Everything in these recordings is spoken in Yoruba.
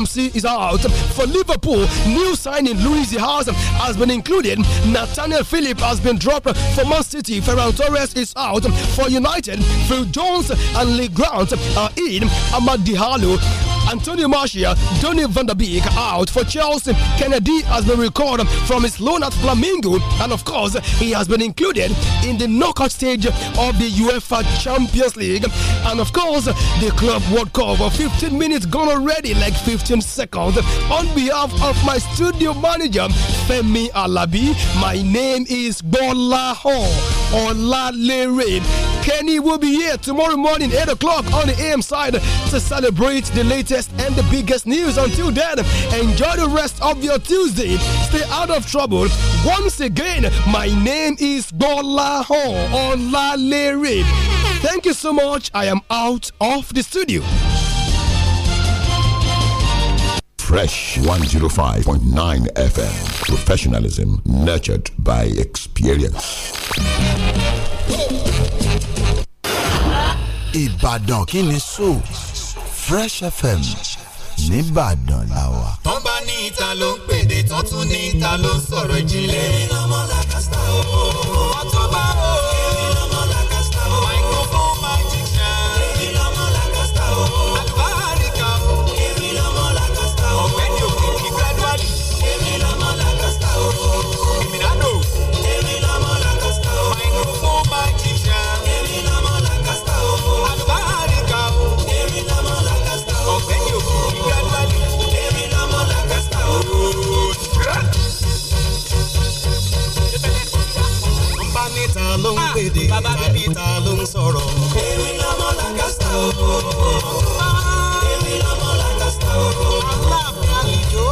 MC is out. For Liverpool, new signing Luis Diaz has been included. Nathaniel Phillip has been dropped for Man City. Ferran Torres is out. For United, Phil Jones and Lee Grant are in. Ahmad Diallo Antonio Martial, Donny van der Beek out for Chelsea. Kennedy has been recalled from his loan at Flamengo, and of course, he has been included in the knockout stage of the UEFA Champions League. And of course, the Club World Cup. 15 minutes gone already, like 15 seconds. On behalf of my studio manager, Femi Alabi, my name is Bola Ho Olalere. Kenny will be here tomorrow morning, 8 o'clock on the AM side to celebrate the latest and the biggest news. Until then, enjoy the rest of your Tuesday. Stay out of trouble. Once again, my name is Ho Bola La Olalere. Thank you so much. I am out of the studio. Fresh 105.9 FM. Professionalism nurtured by experience. Ìbàdàn kí ni so Fresh FM nìbàdàn la wà. tán bá ní ìta ló ń pèdè tán tún ní ìta ló ń sọ̀rọ̀ ìjìnlẹ̀. ẹ̀yin ọmọ làkàtà ó ọ̀tọ̀ bá ó. ló ń pèdè àbí ta ló ń sọ̀rọ̀. èmi lọ́mọ làkàṣà o. èmi lọ́mọ làkàṣà o. aláàfin àlejò.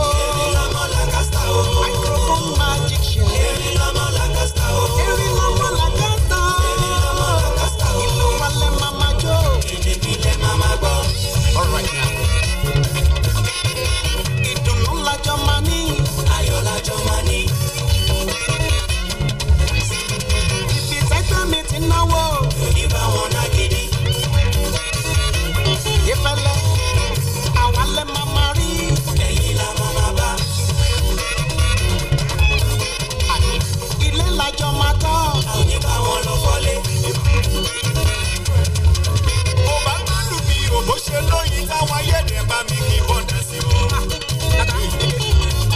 ṣe lóyìn táwọn ayédè bá mi kí bọ́dà sí o.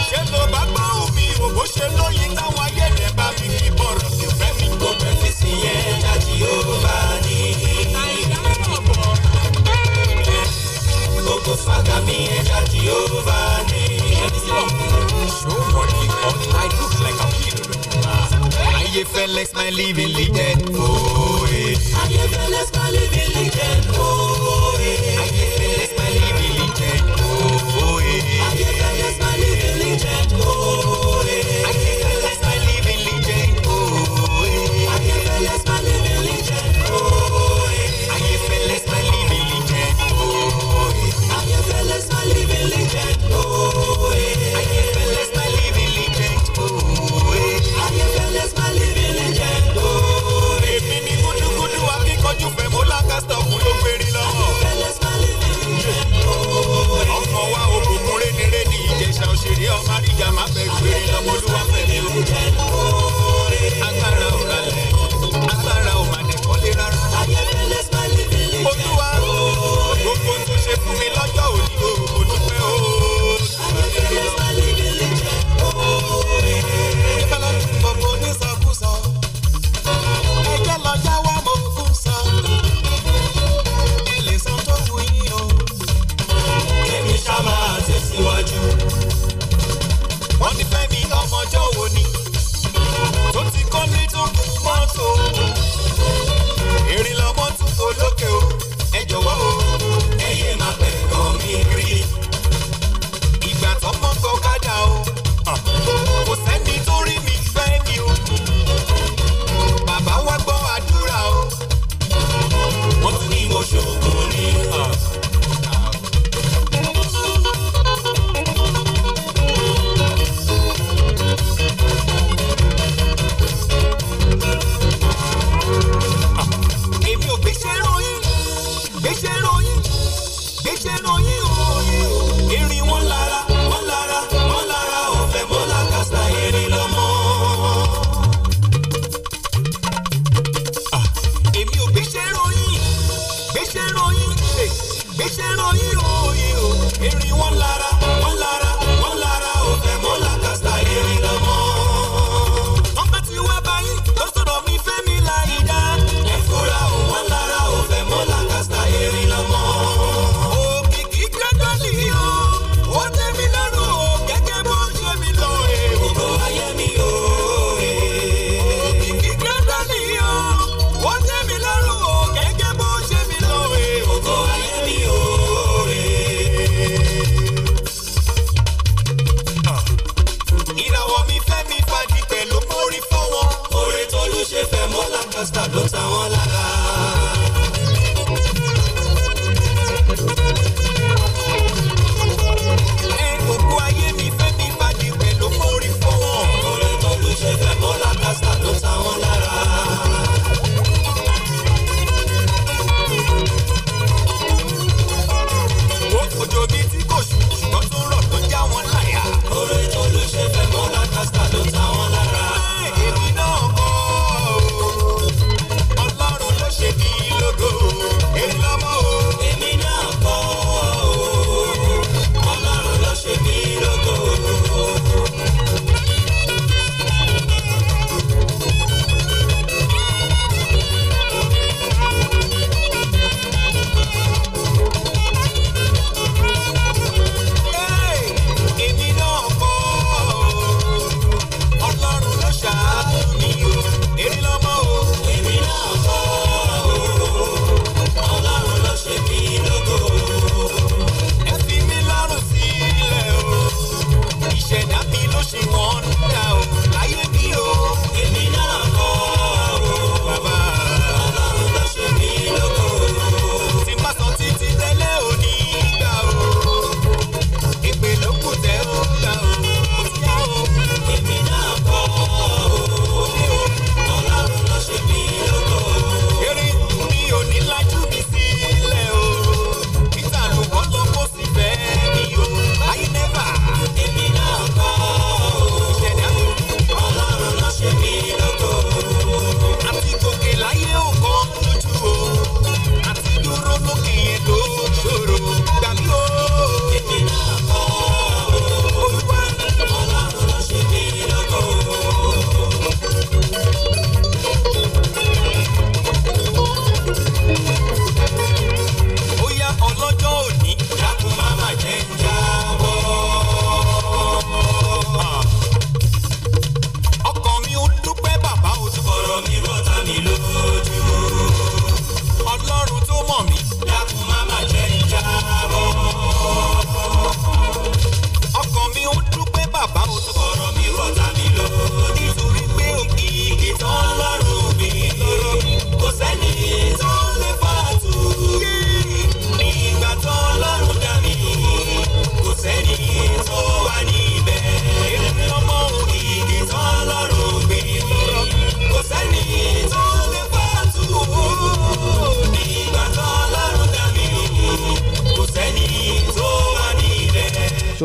ṣé ló bá gbọ́ omi òwò ṣe lóyìn táwọn ayédè bá mi kí bọ́rọ̀ sí fẹ́mi. kò fẹ́ fi sí yẹn jáde ó bá ní. Koko faga mi ẹja Jehova ni. Show money I look like a hero. Ayé fẹ́ lex my living legend. Oh. Oh, oh, oh. religion ooo. Ayéfẹ́lẹ́ smiley religion ooo. Ayéfẹ́lẹ́ Oh, oh, oh.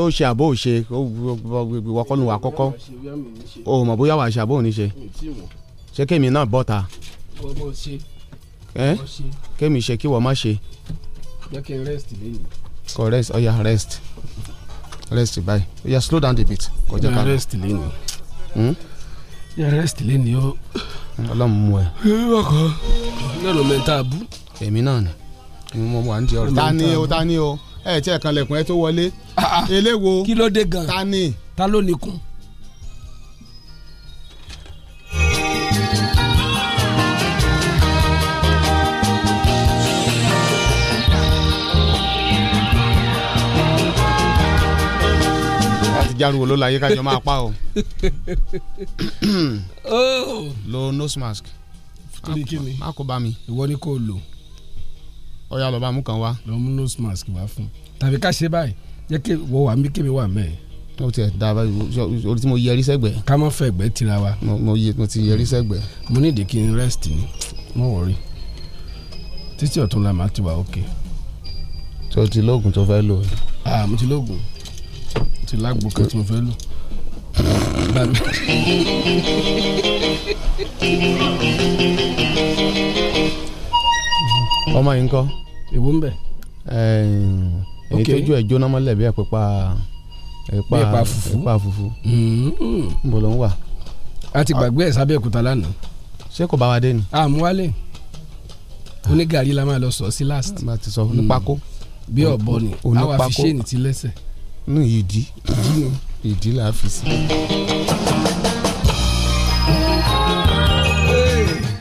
ó ṣe àbó ò ṣe ìwọ kọ́ ni wà kọ́kọ́ o mọ̀ bóyá wà ṣe àbó ò ní ṣe ṣé kémi náà bọ́ ta kémi ṣe kí wọ́n má ṣe. jẹ́ kí n rest lẹ́yìn. kò rest ọ̀ya oh yeah, rest rest bye. oh ọ̀ya yeah, slow down a bit kò jẹ́ ká. rest lẹ́yìn. Hmm? yẹ rest lẹ́yìn o. ọlọ́run mú ẹ. ọkọ náà ló mẹ́ta bú. èmi náà ni mo wà ní ti ọ̀rọ̀ ta ni o ta ni o ẹ tí ẹ kan lẹ̀kùn ẹ tó wọlé. eléwo kí ló dé gan ta ni ló nìkún. járù kájọ máa pa o. Oh! lo nose mask. torí kíni má kó bá mi. ìwọ ni kò lò. ọ̀ya lọ́ba mú kan wá. lọ mú nose mask wá fún. tàbí ká ṣe báyìí jẹ́ kí wọ́n wà mí kémi wà mẹ́ẹ̀. ó ti ẹ̀ dábàá orí tí mo yẹrí sẹ́gbẹ̀ẹ́. ká mọ́ fẹ̀gbẹ́ tira wa. mo ti yẹrí sẹ́gbẹ̀ẹ́. mo ní ìdíkì rest ni mo wọ̀rí títí ọ̀tún la máa ti wà òkè. tó ti lóògùn tó fẹ́ lò. ah mo ti lóògùn mo ti lágbo kan tí mo fẹ́ lò. ọmọ yìí ń kọ́. èwo ń bẹ̀ ẹni tójú ẹ̀ jóná mọ́lẹ̀ bí ẹ̀pẹ́pà ẹ̀pà fufu, ẹ̀pà fufu. Hmm. níbo ló ń wà. a ti gbàgbé ẹ̀ sábẹ́ òkúta lánàá. ṣé kò bá wa dé ni. a mú wálé ah. onígàrí la máa lọ sọ sí last. a ti sọ ní hmm. pákó. bí ọ̀bọ ni a wà fi ṣéènì ti lẹ́sẹ̀. ní ìdí ìdí là á fi sí.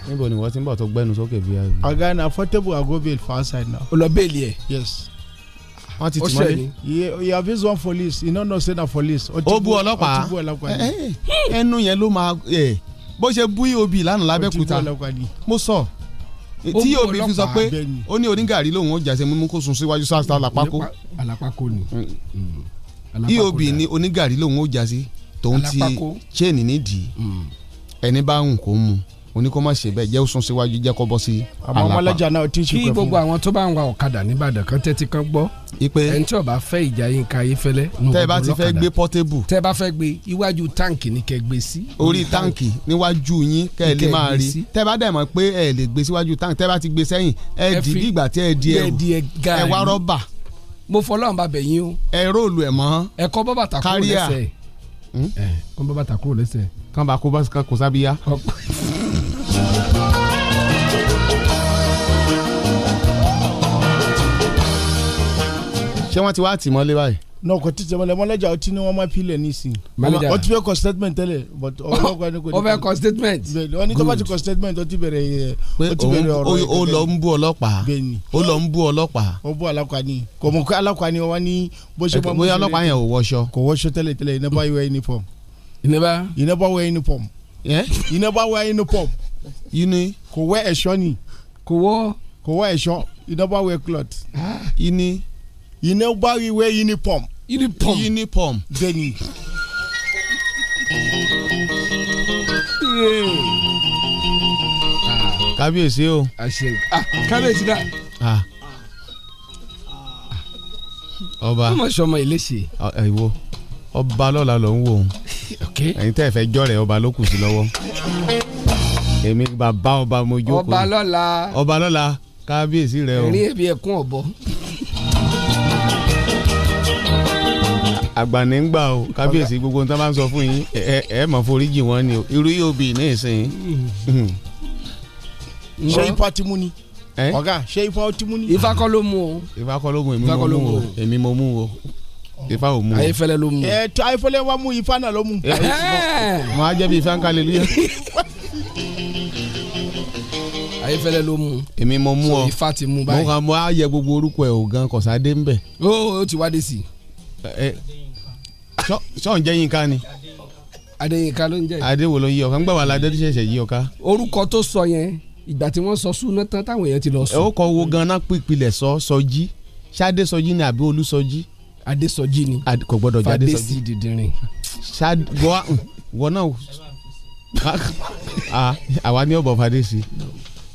níbo ni wọ́n ti ń bọ̀ tó gbẹ́nu sókè bí i. ọ̀gá na affordable i go bail for outside now. o lọ bẹ́ẹ̀lì ẹ̀. yes wọ́n ti tìmọ́lé. ó have used one police You no know say na police. ó bú ọlọ́pàá ó bú ọlọ́pàá eh, eh. ẹnu yẹn ló máa eh, bó ṣe bú e obì lánàá lábẹ́kúta mo sọ tí obì fi sọ pé ó ní onígàrí lòun ó jàṣẹ mímú kó sun síwájú sáà alápákó. alápákó ni. Mm. Mm. eob ni onígàrí lòun ó jàṣẹ tòun ti chain nídìí mm. ẹni bá ń kó mu. Mm oníkọ́mọ̀ ṣe bẹ́ẹ̀ jẹ́ sún síwájú jẹ́ kọ́ bọ́ sí àlàpà. àwọn ọmọlẹ́jà náà ti ń ṣe pé fún mi. kí gbogbo àwọn tó bá ń wa ọ̀kadà nìbàdàn kan tẹ́tí kan gbọ́. ipe ẹni tí ó bá fẹ́ ìjà yín ka yé fẹ́lẹ́. tẹ́ ẹ bá ti fẹ́ gbé pọ́tébù. tẹ́ ẹ bá fẹ́ gbé iwájú táǹkì ni kẹ́ gbé sí. orí táǹkì níwájú yín kẹ́ ẹ lè máa rí tẹ́ ẹ bá dẹ̀ mọ̀ pé ẹ lè gbé síwájú táǹkì tẹ́ ẹ bá ti gbé sẹ́yìn ẹ dì bí ìgbà tí hmm? kó bá kó sábíyá. ṣé wọ́n ti wá tì mọ́lé báyìí. náà kò títí mọ́lẹ̀ mọ́lẹ́jà ọtí ni wọ́n máa pilẹ̀ nísìnyí. mọ́lẹ́jà ọtí fẹ́ kọ statement tẹ́lẹ̀ but ọlọ́pàá ni kò ní. ó kọ statement. bẹ́ẹ̀ wọ́n ní tó bá ti kọ statement ọtí eh, bẹ̀rẹ̀ ọ̀rọ̀ yìí. ó lọ ń bú ọlọ́pàá. ó lọ ń bú ọlọ́pàá. ó bú alákwani kò mọ̀ alákwani wọn ní bó ṣe bá mú sílẹ̀. bóyá yẹn ò wọṣọ. kò wọṣọ tẹ́lẹ̀ never wear uniform. he never. he never wear uniform. he never wear uniform. kò wọ ẹ̀ṣọ́ ni. kò wọ. kò wọ wear cloth. yìí ni you nobody wear uniform. uniform uniform. bẹ́ẹ̀ni. Ah. kábíyèsí o. Ah, ah, kábíyèsí dá. ọba ọmọ sọmọ ìlẹsẹ. ìwo ọba lọ́la ló ń wò ó ẹ̀yin tẹ́ ẹ fẹ́ jọ́rẹ̀ ọba ló kù sí lọ́wọ́ èmi bàbá ọba mo jókòó ọba lọ́la ọba lọ́la kábíyèsí rẹ o. rí ebi ẹ̀kún ọ̀bọ. àgbànígbà o kábíyèsí gbogbo nǹkan bá ń sọ fún yín ẹ ẹ mọ̀ foríjì wọn ni o irú yóò bí ní ìsìn. Hmm. Hmm. ṣé ipò ti mú ni ọ̀gá ṣé ifá ó ti mú ní. ifá kọ́ ló mú o. ifá kọ́ ló mú èmi mo mú o èmi mo mú o ifá ò mú o. ayéfẹ́lẹ́ ló mú o. ẹ tó ayéfẹ́lẹ́ wa mú ifá náà ló mú. mo á jẹ́bi ifá ń kalẹ̀ lóye. ayéfẹ́lẹ́ ló mú. èmi mo mú o. ifá ti mú báyìí. mo kàn mọ àyẹ gbogbo orúkọ ẹ̀ ò gan kọ̀sádé ń bẹ̀. Oh, ó ti wá dé sí sọ̀n jẹ́ yín ká ni. adéyínká ló ń jẹ́. adéwo ló ń yí ọ̀ká ńgbà wà ládé tó ṣẹ̀ṣẹ̀ yí ọ̀ká. orúkọ tó sọ yẹn ìgbà tí wọ́n sọ súná tán táwọn èèyàn ti lọ sùn. ó kọ wo ganan pípilẹ̀ sọ sọjí ṣáde sọjí ni àbí olú sọjí. adé sọjí ni kò gbọdọ̀ jáde sọjí. fàdésì dìdìrín. ṣáde wọ náà àwa ni ọ̀bọ̀ fàdésì.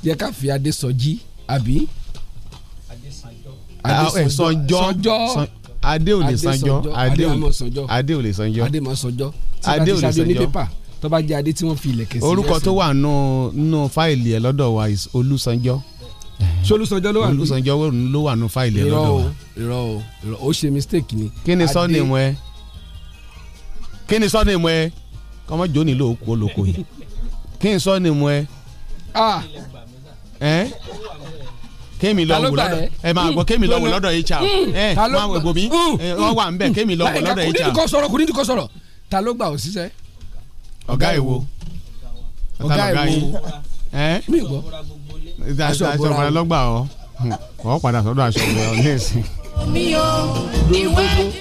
jẹ́ ká fi Ade sọjí àbí. adé sọjọ́. adé sọjọ́ adé ò lè sanjọ́ adé ò lè sanjọ́ adé ò lè sanjọ́ adé máa sanjọ́ adé ò lè sanjọ́ tó bá jẹ́ adé tí wọ́n fi ilẹ̀kẹ̀ sí. orúkọ tó wà nù fáìlì ẹ̀ lọ́dọ̀ wa is olùsanjọ́ solusanjọ ló wà nù olùsanjọ ló wà nù fáìlì ẹ lọ́dọ̀ wa. irọ́ o irọ́ o ṣe mistake ni. kí ni sọ́ọ̀nì mu ẹ kí ni sọ́ọ̀nì mu ẹ kọ́mọ jóni ló kú olóko yìí kí ni sọ́ọ̀nì mu ẹ. ẹ kémi lọ wò lọ́dọ̀ ẹ máa hmm. gbọ́ kémi lọ wò hmm. lọ́dọ̀ HR hmm. ẹ máa wò gbòmí ọ wà ń bẹ kémi lọ wò lọ́dọ̀ HR. kò ní kò sọ̀rọ̀ kò ní kò sọ̀rọ̀ ta ló gbà ọ́ síṣẹ́. ọ̀gá ìwo ọ̀gá ìwo mi gbọ́ aṣọ ìbora lọ́gbà ọ́ ọ̀ padà sọ́dọ̀ aṣọ ìbora ọ̀ lẹ́sìn.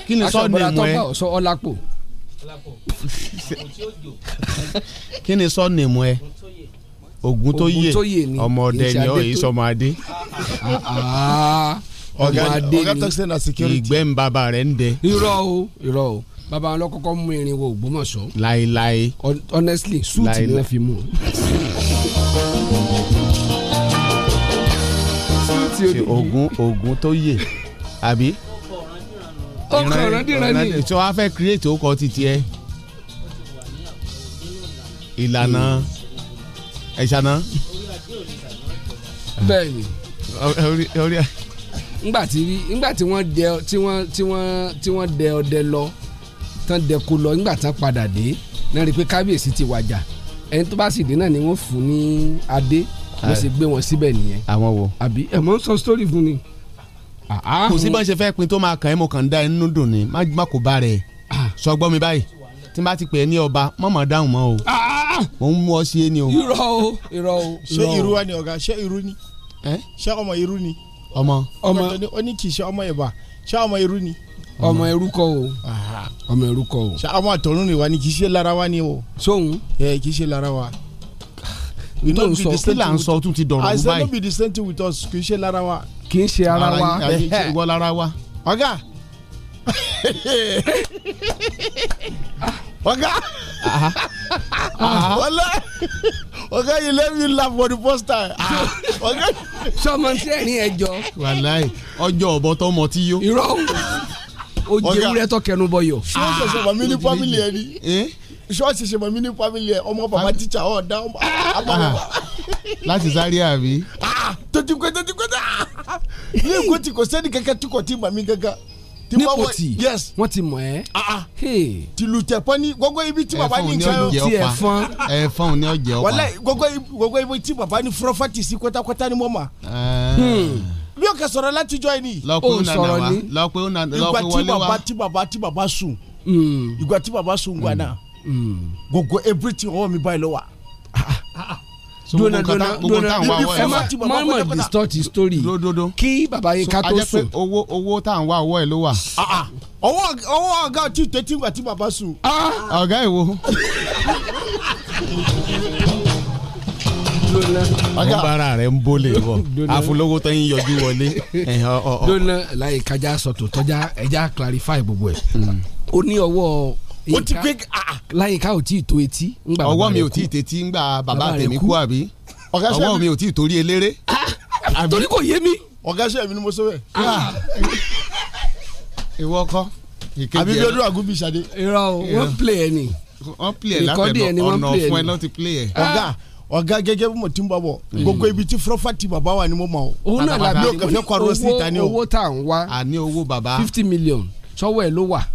kí ni sọ́ọ̀nì mu ẹ aṣọ ìbora tó kí ni sọ́ọ̀nì mu ẹ ogun tó yè ọmọ ọdẹ ni ọ yìí sọmọ adé. Ah, ah, ọmọ adé ni ìgbẹ́ ń bàbá rẹ̀ ń dẹ. irọ́ o irọ́ o bàbá wọn lọ́kọ́kọ́ mú irin wo Ògbómọ̀ṣọ́. láéláé. honestly suit ni wọ́n fi mú. ogun ogun tó yè àbí. ọkọ ìrandíran ni. tí wọ́n á fẹ́ create ó kọ́ ẹ. ìlànà. Mm ẹ ṣáná. bẹ́ẹ̀ni. orí orí ẹ. ngbà tí ngbà tí wọ́n dẹ tí wọ́n tí wọ́n tí wọ́n dẹ ọdẹ lọ tán dẹ kó lọ ngbà tán padà dé náà rí i pé kábíyèsí ti wàjà ẹni tó bá sì dé náà ni wọ́n fún ní adé wọ́n sì gbé wọn síbẹ̀ nìyẹn. àwọn wo. àbí ẹ mọ sọ sítórì fún ni. kò sí bá ń ṣe fẹ́ pin tó máa kàn ẹ́ mo kàn ń da ẹ nínú dùn ni má kò bá rẹ̀ ah. sọ gbọ́ mi báyìí tí n bá ti pè é ní ọba mọ̀mọ́ dáhùn mọ́ o. Ah. Ah! mo ń mú ọ sí ẹni o. irọ́ o irọ́ o. ṣé irú wa ni ọ̀gá ṣé irú ni ṣé ọmọ irú ni. ọmọ ọmọ ó ní kì í ṣe ọmọ ẹ̀bà ṣé ọmọ irú ni. ọmọ irú kọ́ o ọmọ irú kọ́ o. ṣé ọmọ àtọ̀run ni wa ni kì í ṣe lára wa ni o. sóhun. ẹ kì í ṣe lára wa tó ń sọ kí là ń sọ tún I say no be the same thing with us kì í ṣe lára wa. kì í ṣe ara wa. ọ̀gá. Oga. Ah, wala. Oga you let me laugh for the first time. Ah, Oga. Sọmọ sí ẹ̀rín ẹjọ́. Wàláì ọjọ́ ọ̀bọ tó mọ tí yó. Irọ́ o jẹ ewúrẹ́ tó kẹnu bọ yọ. Ṣọ́ọ̀ṣì ṣe màmí ní fámìlì ẹ ni. Ṣọ́ọ̀ṣì ṣe màmí ní fámìlì ẹ ọmọ bàbá tíṣà ọ̀dà ọmọ ah. bàbá. Láti sáré àbí. Tó ti pẹ́ tó ti pẹ́ tó. Ní ìkó tí kò sẹ́ni kankan tí kò tí màmí kankan nípò tí wọ́n ti mọ̀ ẹ́. Ah, ah. tìlù tẹ̀pọ́ ní gbogbo ibi tí bàbá ní nǹkan ẹ̀fọn ẹ̀fọn ni ọ̀jẹ̀ ọ̀pá. wàlẹ́ gbogbo ibi tí bàbá ní fúrọ́fà ti sí kọ́tàkọ́tà ni mo mà. Eh. Hmm. bí o kẹ sọ̀rọ̀ látijọ́ yìí ni. lọ́pẹ́ ó nà wá ìgbà tí bàbá tí bàbá tí bàbá sùn hmm. ìgbà tí bàbá sùn gbà hmm. náà gbogbo everything ọwọ́ mi báyìí lọ wà. Ah, dona dona dona má má distort story kí baba yín ká tó sùn. owó owó tá à ń wá owó ẹ ló wà. ọwọ́ ah, ah. ọwọ́ ọ̀gá ọtí tètè ìgbà tí baba sùn. Ah! ọ̀gá ìwo. ọjà bàrà rẹ ń bólè bọ àfọlọ́wọ́ tó ń yọjú wọlé. Eh, oh, oh, oh. dona láyé kájà sọ̀tò tọ́já ẹja clarify gbogbo ẹ̀ hmm. ó ní ọwọ́ o ti gbé ah, ah. láyìnká ò tí ì tó etí. ọwọ́ mi ò tí ì tetí ńgbà bàbá tèmi kú àbí ọwọ́ mi ò tí ì torí eléré. Ah, torí kò yé mi. ọ̀gá ṣe mi ni mo sọ bẹ́ẹ̀. ìwọ kọ́ àbí bí ọdún àgùnbí ṣadé. irọ́ wọ́n play ẹ ni wọ́n play ẹ látẹnu ọ̀nà fún ẹ náà ti play ẹ. ọ̀gá ọ̀gá gẹ́gẹ́ bí mo ti ń bọ̀ bọ̀ hmm. gbogbo ibi tí fúrọ́fàtì bàbá wa ni mo mọ̀ o. òun náà làbí owó tá à ń wá. àní fifty million sọ́wọ́ ẹ̀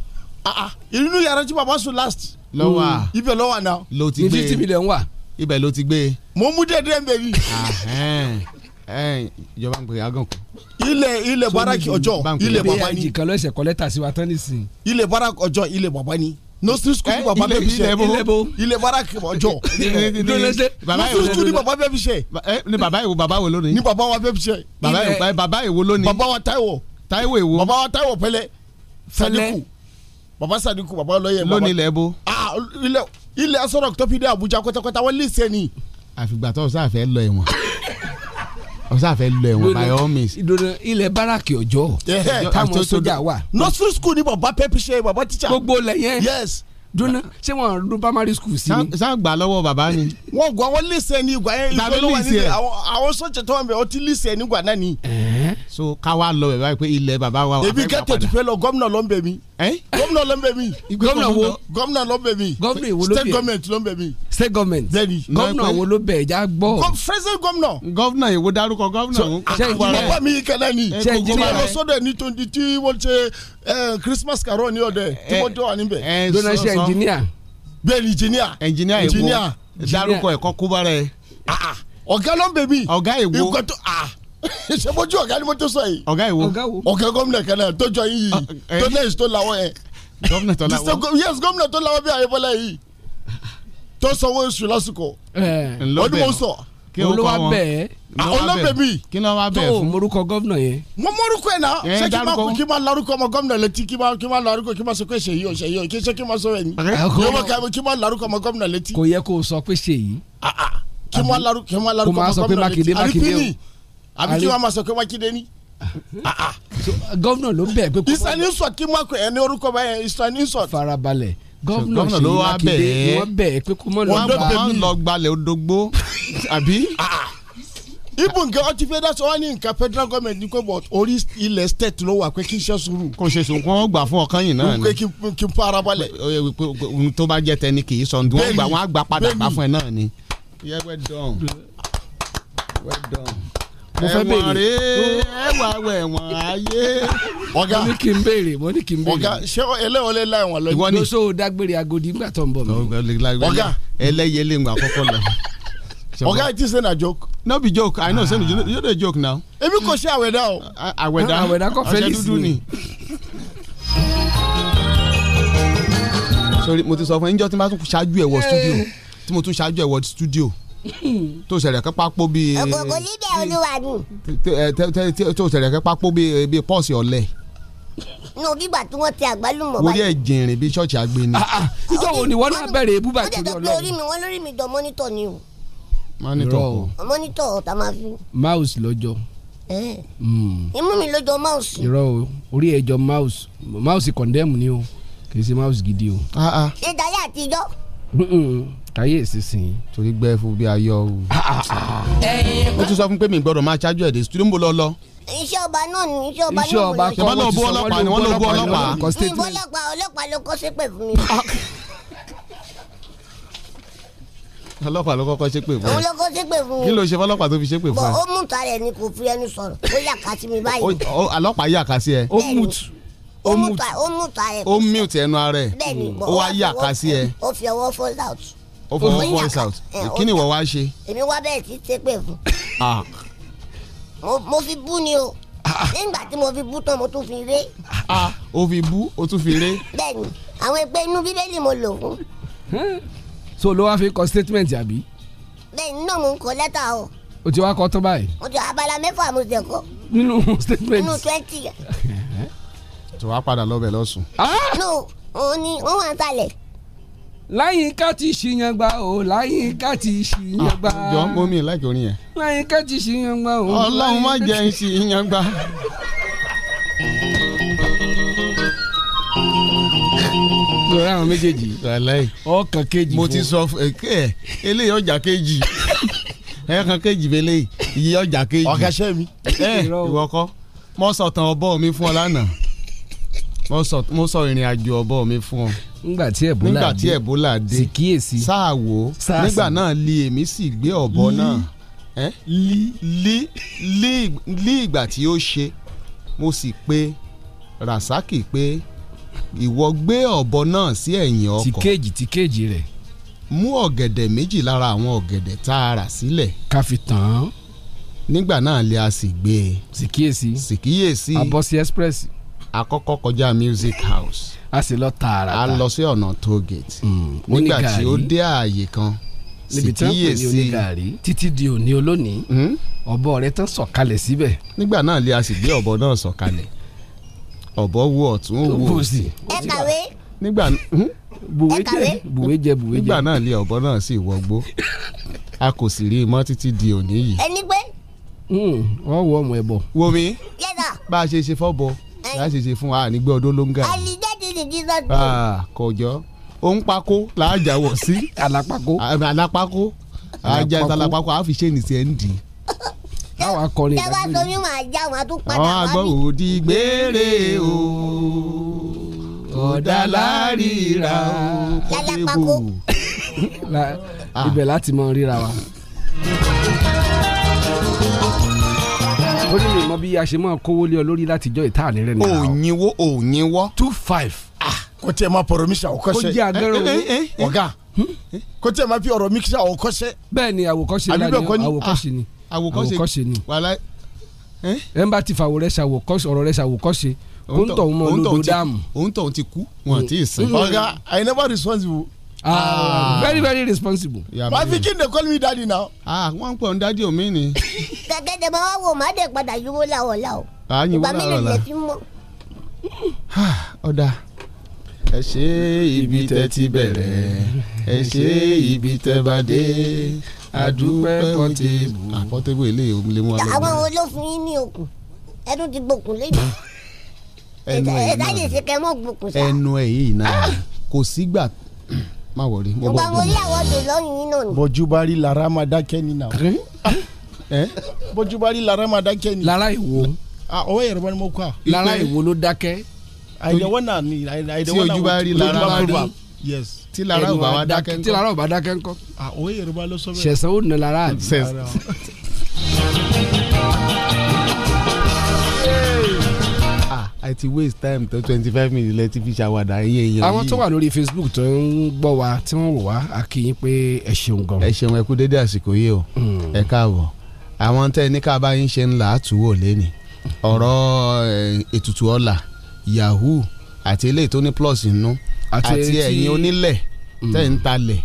Ah, ah. inú yàrá tí bàbá sùn last. lọ́wọ́ a ibẹ̀ lọ́wọ́ náà. ló ti gbé ní fifty million wà. ibẹ̀ ló ti gbé. mo mú dẹ́dẹ́ mbẹ́bí. ìjọba ń pè ágàn kù. ilẹ̀ ilẹ̀ baraki ọjọ́ ilẹ̀ bàbá ni. kan lọ́sẹ̀ kọ́lẹ́tà sí wa tán nísìnyí. ilẹ̀ baraki ọjọ́ ilẹ̀ bàbá ni nursery school ni bàbá bẹ́ẹ̀ fi ṣe ilẹ̀ baraki ọjọ́ nursery school ni bàbá bẹ́ẹ̀ fi ṣe. ni bàbá yìí wo bàbá wo lónìí. ni bàbá wa bẹ́ẹ̀ fi ṣe. bàbá yìí wo lónìí. bàbá wa Táíwò. Táíwò èwo. bàbá wa Táíwò Pẹ́lẹ́. Fẹ́lẹ́kù baba sadiku baba lọ́yẹ̀ baba lónìí lẹ́bó. Ah, ilẹ̀ ilẹ̀ asọ́rọ̀ tọ́pídé Abuja kọ́tàkọ́tà wọ́n lè sẹ́ni. àfìgbà tó ọ̀sán àfẹ́ lọ ẹ̀wọ̀n ọ̀sán àfẹ́ lọ ẹ̀wọ̀n by all means. ìdòdò ilẹ̀ báràkì ọjọ́ eh, eh, táwọn sójà wà. nursery school ni baba pepi ṣe baba teacher. gbogbo lẹ̀ yẹn. yes dunu ṣé wọn lu primary school sí. sá gbà lọ́wọ́ bàbá ni. wọn gba wọn lè sẹ́ni ìgbà yẹn ìgbà lọ́wọ́ nílẹ̀ àwọn sọ́jà tó wà mí ọtí lè sẹ́ni ìgbà náà ni. Eh. Eh? so ká wá lọ bẹ̀ báyìí pé ilẹ̀ bàbá wa. èmi kẹ́tẹ̀ tó fẹ́ lọ gómìnà ló ń bẹ̀ mí. Eh? gómìnà ló ń bẹ̀ mí. gómìnà wo gómìnà ló ń bẹ̀ mí. gómìnà wo ló bẹ̀ state government ló ń bẹ̀ mí. state government bẹ́ẹ̀ni. gómìnà wo ló bẹ̀ já gbọ́. president gómìnà. gómìnà èwo dárúkọ gómìnà òun. bàbá mi kẹlẹ́ ni. gómìnà lọ sọ́dọ̀ ní tonti tí wọ́n ṣe eh, christmas carol ní ọ̀dẹ̀ tí wọ́n jọ wà níbẹ̀. donald ṣe engineer. bẹ́ẹ̀ni engineer. engineer èwo dárúkọ ẹ̀kọ́ kúbárẹ̀ ah, ah. ọ̀gá ló ń bẹ̀ mí. ọ̀gá èwo ìgbà tó ah ṣe bójú ọ̀gá ni mo tó sọ yìí. ọ̀gá ìwo ọ̀gá gómìnà kan náà tó jọ yín yìí tó náà tó lawọ́ yẹn. gómìnà tó lawọ́ yes gómìnà tó lawọ́ bí Ayébọ́lá yìí tó sanwó oṣù lásìkò ọdún mo sọ. kí o kọ wọn olóògbé mi kí ló wá bẹ̀ fún. tó o morúkọ gómìnà yẹn. mo morúkọ ẹ̀ náà ṣé kí n máa kú kí n máa larúkọ ọmọ gómìnà létí kí n máa larúkọ kí n máa sọ pé ṣèyí o ṣèyí o kí n sọ kí n máa o sọ pé ṣèyí. kí àbí kí wọ́n máa sọ pé Mákindé ni ah, ah. gọ́vnà ló bẹ̀ pé. ìsàn insult kí mọ̀ pé ẹni orúkọ bá yẹn ìsàn insult. farabalẹ̀ gọ́vnà Ṣèyí Mákindé wọ́n bẹ̀ pé kó mọ̀ lọ́wọ́. wọ́n ń lọ gbalẹ̀ odogbo àbí. Ah, ibu nǹkan ọtí fẹ́dá sọ wọ́n ní nǹkan federal government ní kò bọ̀ orí ilẹ̀ state ló wà pé kí n ṣe sùúrù. kò ṣe sùn kó wọ́n gbà fún ọkàn yìí náà ni. pé kí n farabalẹ̀. tó bá jẹ́ tẹni kì í sọ wọn á gbà padà bá fún ẹ náà ni. yeah well done well done mo fẹ́ béèrè. ẹ̀wọ̀n rèé ẹ̀wà ẹ̀wọ̀n ayé. ọ̀gá mo ní kí n béèrè mo ní kí n béèrè. ọ̀gá ṣé eléwọ́ lè la ẹ̀wọ̀n lọ. ìwọ ni gbèsò dágbére agodi nígbà tó ń bọ̀ mí. ọ̀gá ẹlẹ́yẹ lè ń àkọ́kọ́ lọ. ọ̀gá it is na joke. no be joke i know say you dey joke now. èmi kò ṣe àwẹ̀dá o. àwẹ̀dá àwẹ̀dá kọ́ fẹ́lísì ni sorry mo ti sọ fún ẹ níjọ́ tí mo bá tún ṣáájú ẹ wọ studio tí mo tún ṣáájú ẹ wọ studio tó ṣẹlẹ̀ kẹ́ pápó bíi. ògògò lídẹ̀ olúwa nù. tó ṣẹlẹ̀ kẹ́ pápó bíi pọ́ọ̀sì ọ̀lẹ́ nù bíbà tí wọ́n ti àgbálùmọ̀ báyìí. orí ẹ̀ jìnrìn bíi ṣọ́ọ̀ṣì àgbẹ̀ni. ìjọ wo ni wọ́n náà bẹ̀rẹ̀ búbà tó yọ lọ. ó dẹ̀ tó pé orí mi wọ́n lórí mi jọ mọ́nítọ̀ ni o. mọ́nítọ̀ o. mọ́nítọ̀ ọ̀tá máa fi. mouse lọ́jọ́. Hmm. imú mi ló jọ mouse. irọ́ o orí ẹ̀ jọ mouse mouse condemn ni o kì í ṣe mouse gidi o. Ah, ah. ìdáyà àtijọ́ káyèsí sìn ín torí gbẹ́ fún bí ayọ̀ o. ó ti sọ fún pé mi gbọ́dọ̀ máa ṣáájú ẹ̀ dé studio ń bọ̀ lọ lọ. iṣẹ́ ọba náà ni iṣẹ́ ọba náà iṣẹ́ ọba kọ́ wọ́n ti sọ wọ́n ló bú ọlọ́pàá ọlọ́pàá ọlọ́pàá ló kọ́ ṣépè fún mi. ọlọ́pàá ló kọ́kọ́ ṣépè fún ẹ. òun ló kọ́ ṣépè fún mi. kí ló ṣe fọlọ́pàá tó fi ṣépè fún ẹ. bọ̀ ó mú ta rẹ̀ ni kò fi ẹnu sọ̀rọ̀ ó yà ká sí mi báyìí. ọlọ́pàá yà ká sí ẹ. ó mú tù ó mú ta ẹ. ó mú tẹ ẹnu ara ẹ. bẹ́ẹ̀ni bọ ó wá yà ká sí ẹ. ó fi ọwọ́ fall out. O fọwọ́ voice out kí ni ìwọ wá ṣe. èmi wá bẹ́ẹ̀ tí ṣe pé fún. Ah. mo fi bú ni o ah, ah. nígbà tí mo fi bú tán mo tún fi ré. o fi bú o tún fi ré. bẹ́ẹ̀ni àwọn ẹgbẹ́ inú bíbélì mo lò fún. Hmm. so ló wá fi kọ statement àbí. bẹ́ẹ̀ni náà mo ń kọ lẹ́tà o. o ti wá kọ tán báyìí. mo ti abala mẹ́fà mo ti kọ. nínú statement. nínú twenty. tó wá padà lọ bẹ̀ lọ́sùn. no òun ni òun wà ń sálẹ̀ láyìíká ti ṣìyàngbà o láyìíká ti ṣìyàngbà. Ah, jọ mo mi láìkí orin yẹn. láyìíká ti ṣìyàngbà o. ọlọ́run má jẹ́ ń ṣìyàngbà. lórí àwọn méjèèjì. ọkàn kejì. mo ti sọ ẹ eléyìí ọjà kejì ẹ̀ẹ̀kan kejì bẹ́lẹ̀ yìí ọjà kejì. ọ̀gá ṣẹ́ mi. ẹ ìwọ kọ́ mọ́sọ̀tàn ọbọ̀ mi fún ọ lánàá mo sọ ìrìn àjò ọ̀bọ mi fún ọ nígbà tí ẹ̀bólà dé nígbà tí ẹ̀bólà dé sì kíyèsí sáà wò nígbà náà li èmi sì gbé ọ̀bọ náà li li li ìgbà tí ó ṣe mo sì pe rasaki pé ìwọ gbé ọ̀bọ náà sí ẹ̀yìn ọkọ̀ tíkèjì tíkèjì rẹ̀ mú ọ̀gẹ̀dẹ̀ méjì lára àwọn ọ̀gẹ̀dẹ̀ tá a rà sílẹ̀ ká fi tàn án nígbà náà lè a sì gbé e. sì kíyèsí sì kíyèsí. abọ́sí express àkọ́kọ́ kọjá music house. a sì lọ tààrà ta a lọ sí ọ̀nà toll gate. Mm, nígbà tí ó dé ààyè kan sì kíyèsí títí di òní olónìí hmm? ọ̀bọ rẹ̀ tán sọ̀kalẹ̀ síbẹ̀. nígbà náà lè a sì gbé ọ̀bọ náà sọ̀kalẹ̀ ọ̀bọ wo ọ̀tún ó wo òsì. ẹ kàwé. nígbà hmm? bùwé jẹ bùwé jẹ bùwé jẹ. nígbà náà lè ọ̀bọ náà sì wọgbó a kò sì rí mọ́ títí di òní yìí. ẹni pé. Hmm, wọ́n wọ ọmọ ẹ̀ bọ̀. wo mi. bá a ṣe ṣe fọ́ bọ láti ṣe fún wa nígbẹ́ ọdún ló ń ga. àlìjáde lè di sọ́dọ̀. kọjọ òun pako làájà wọ̀ sí. alápako. alápako àjà ìtàlápako àfi ṣe ní sẹ́ńdì. báwa kọrin ìdájọ́ yìí. tẹ́wá sọmi máa já wọn tún padà wá àwọn àgbọ̀ òdi gbére o ọ̀dà láríra o. alápako. Ah. ibẹ̀ láti mọ ríra wa ó ní mímọ bí a ṣe máa kówó lé ọ lórí látijọ́ ìta àní rẹ nìyà. òyìnwó òyìnwó. two five. Ah. kò tiẹ̀ máa pọ̀rọ̀ mi ṣe àwòkọ́ṣe. kò jẹ́ agẹ́rẹ́ eh, eh, o. Eh, ọ̀gá hmm? kò tiẹ̀ máa fi ọ̀rọ̀ mi ṣe àwòkọ́ṣe. ni àwòkọ́ṣe la ni àwòkọ́ṣe ni ah, àwòkọ́ṣe ni wàhálà. ẹ ń bá ti fàwọ̀ rẹ ṣàwòkọ́ṣe ọ̀rọ̀ rẹ ṣàwòkọ́ṣe kó ń tọ̀ wọn lódò dáàmú. òun tọ̀ ti kú wọn àti ìsìn. Hmm. ọ̀gá I never responsible Ah. ah. very very responsible. my pikin dey call me daddy now. ah wọn pọ̀ daddy dájú omi ni. gẹ́gẹ́ dẹ̀ bá wà wò má dẹ̀ padà yíwó làwọ̀ la o. à ń yíwó làwọ̀ la ọ̀dà ẹ ṣe ibi tẹ́ ti bẹ̀rẹ̀ ẹ ṣe ibi tẹ́ bá dé àdúpẹ́ pọ́tébù. àpọ́tébù ilé ìwé lè mú wa lọ. àwọn olófin yín ní òkun ẹnu ti gbòkun lẹ́yìn. ẹnu ẹ̀yìn náà ẹnu ẹ̀yìn náà kò sígbà má wọrí. ìgbà wo ní àwọn òde lọ́yìn yín náà ni. bọ́jú bá rí lára máa dákẹ́ ní náà. bọ́jú bá rí lára máa dákẹ́ ní. lára ìwo. Ah, ọwọ́ yẹrẹ bá ní mo kọ́ a. lára ìwo ló dákẹ́. àìdẹ̀wọ́ náà ni àìdẹ̀wọ́ náà. tí ojú bá rí yes tí lára ò bá wa dákẹ́ ńkọ́ tí lára ò bá dákẹ́ ńkọ́. Ah, ọwọ́ yẹrẹ bá lọ sọ bẹ́ẹ̀. sẹ̀sán ó nà lára i ti waste time tó twenty five minutes lẹ ti fi ṣàwàdà iye èèyàn yìí. àwọn tó wà lórí facebook tó ń gbọ́ wa tí wọ́n wò wá a kì í pé ẹ ṣeun gan. ẹ ṣeun ẹ kú dédé àsìkò yìí o hmm. ẹ káàbọ̀ àwọn tẹ́ ẹ ní ká bá yín ṣe ń là á túwò lẹ́nìí ọ̀rọ̀ eh, ètùtù ọ̀la yahoo àti eléyìí tó ní plus nínú àti ẹ̀yin onílẹ̀ hmm. tẹ́ ń talẹ̀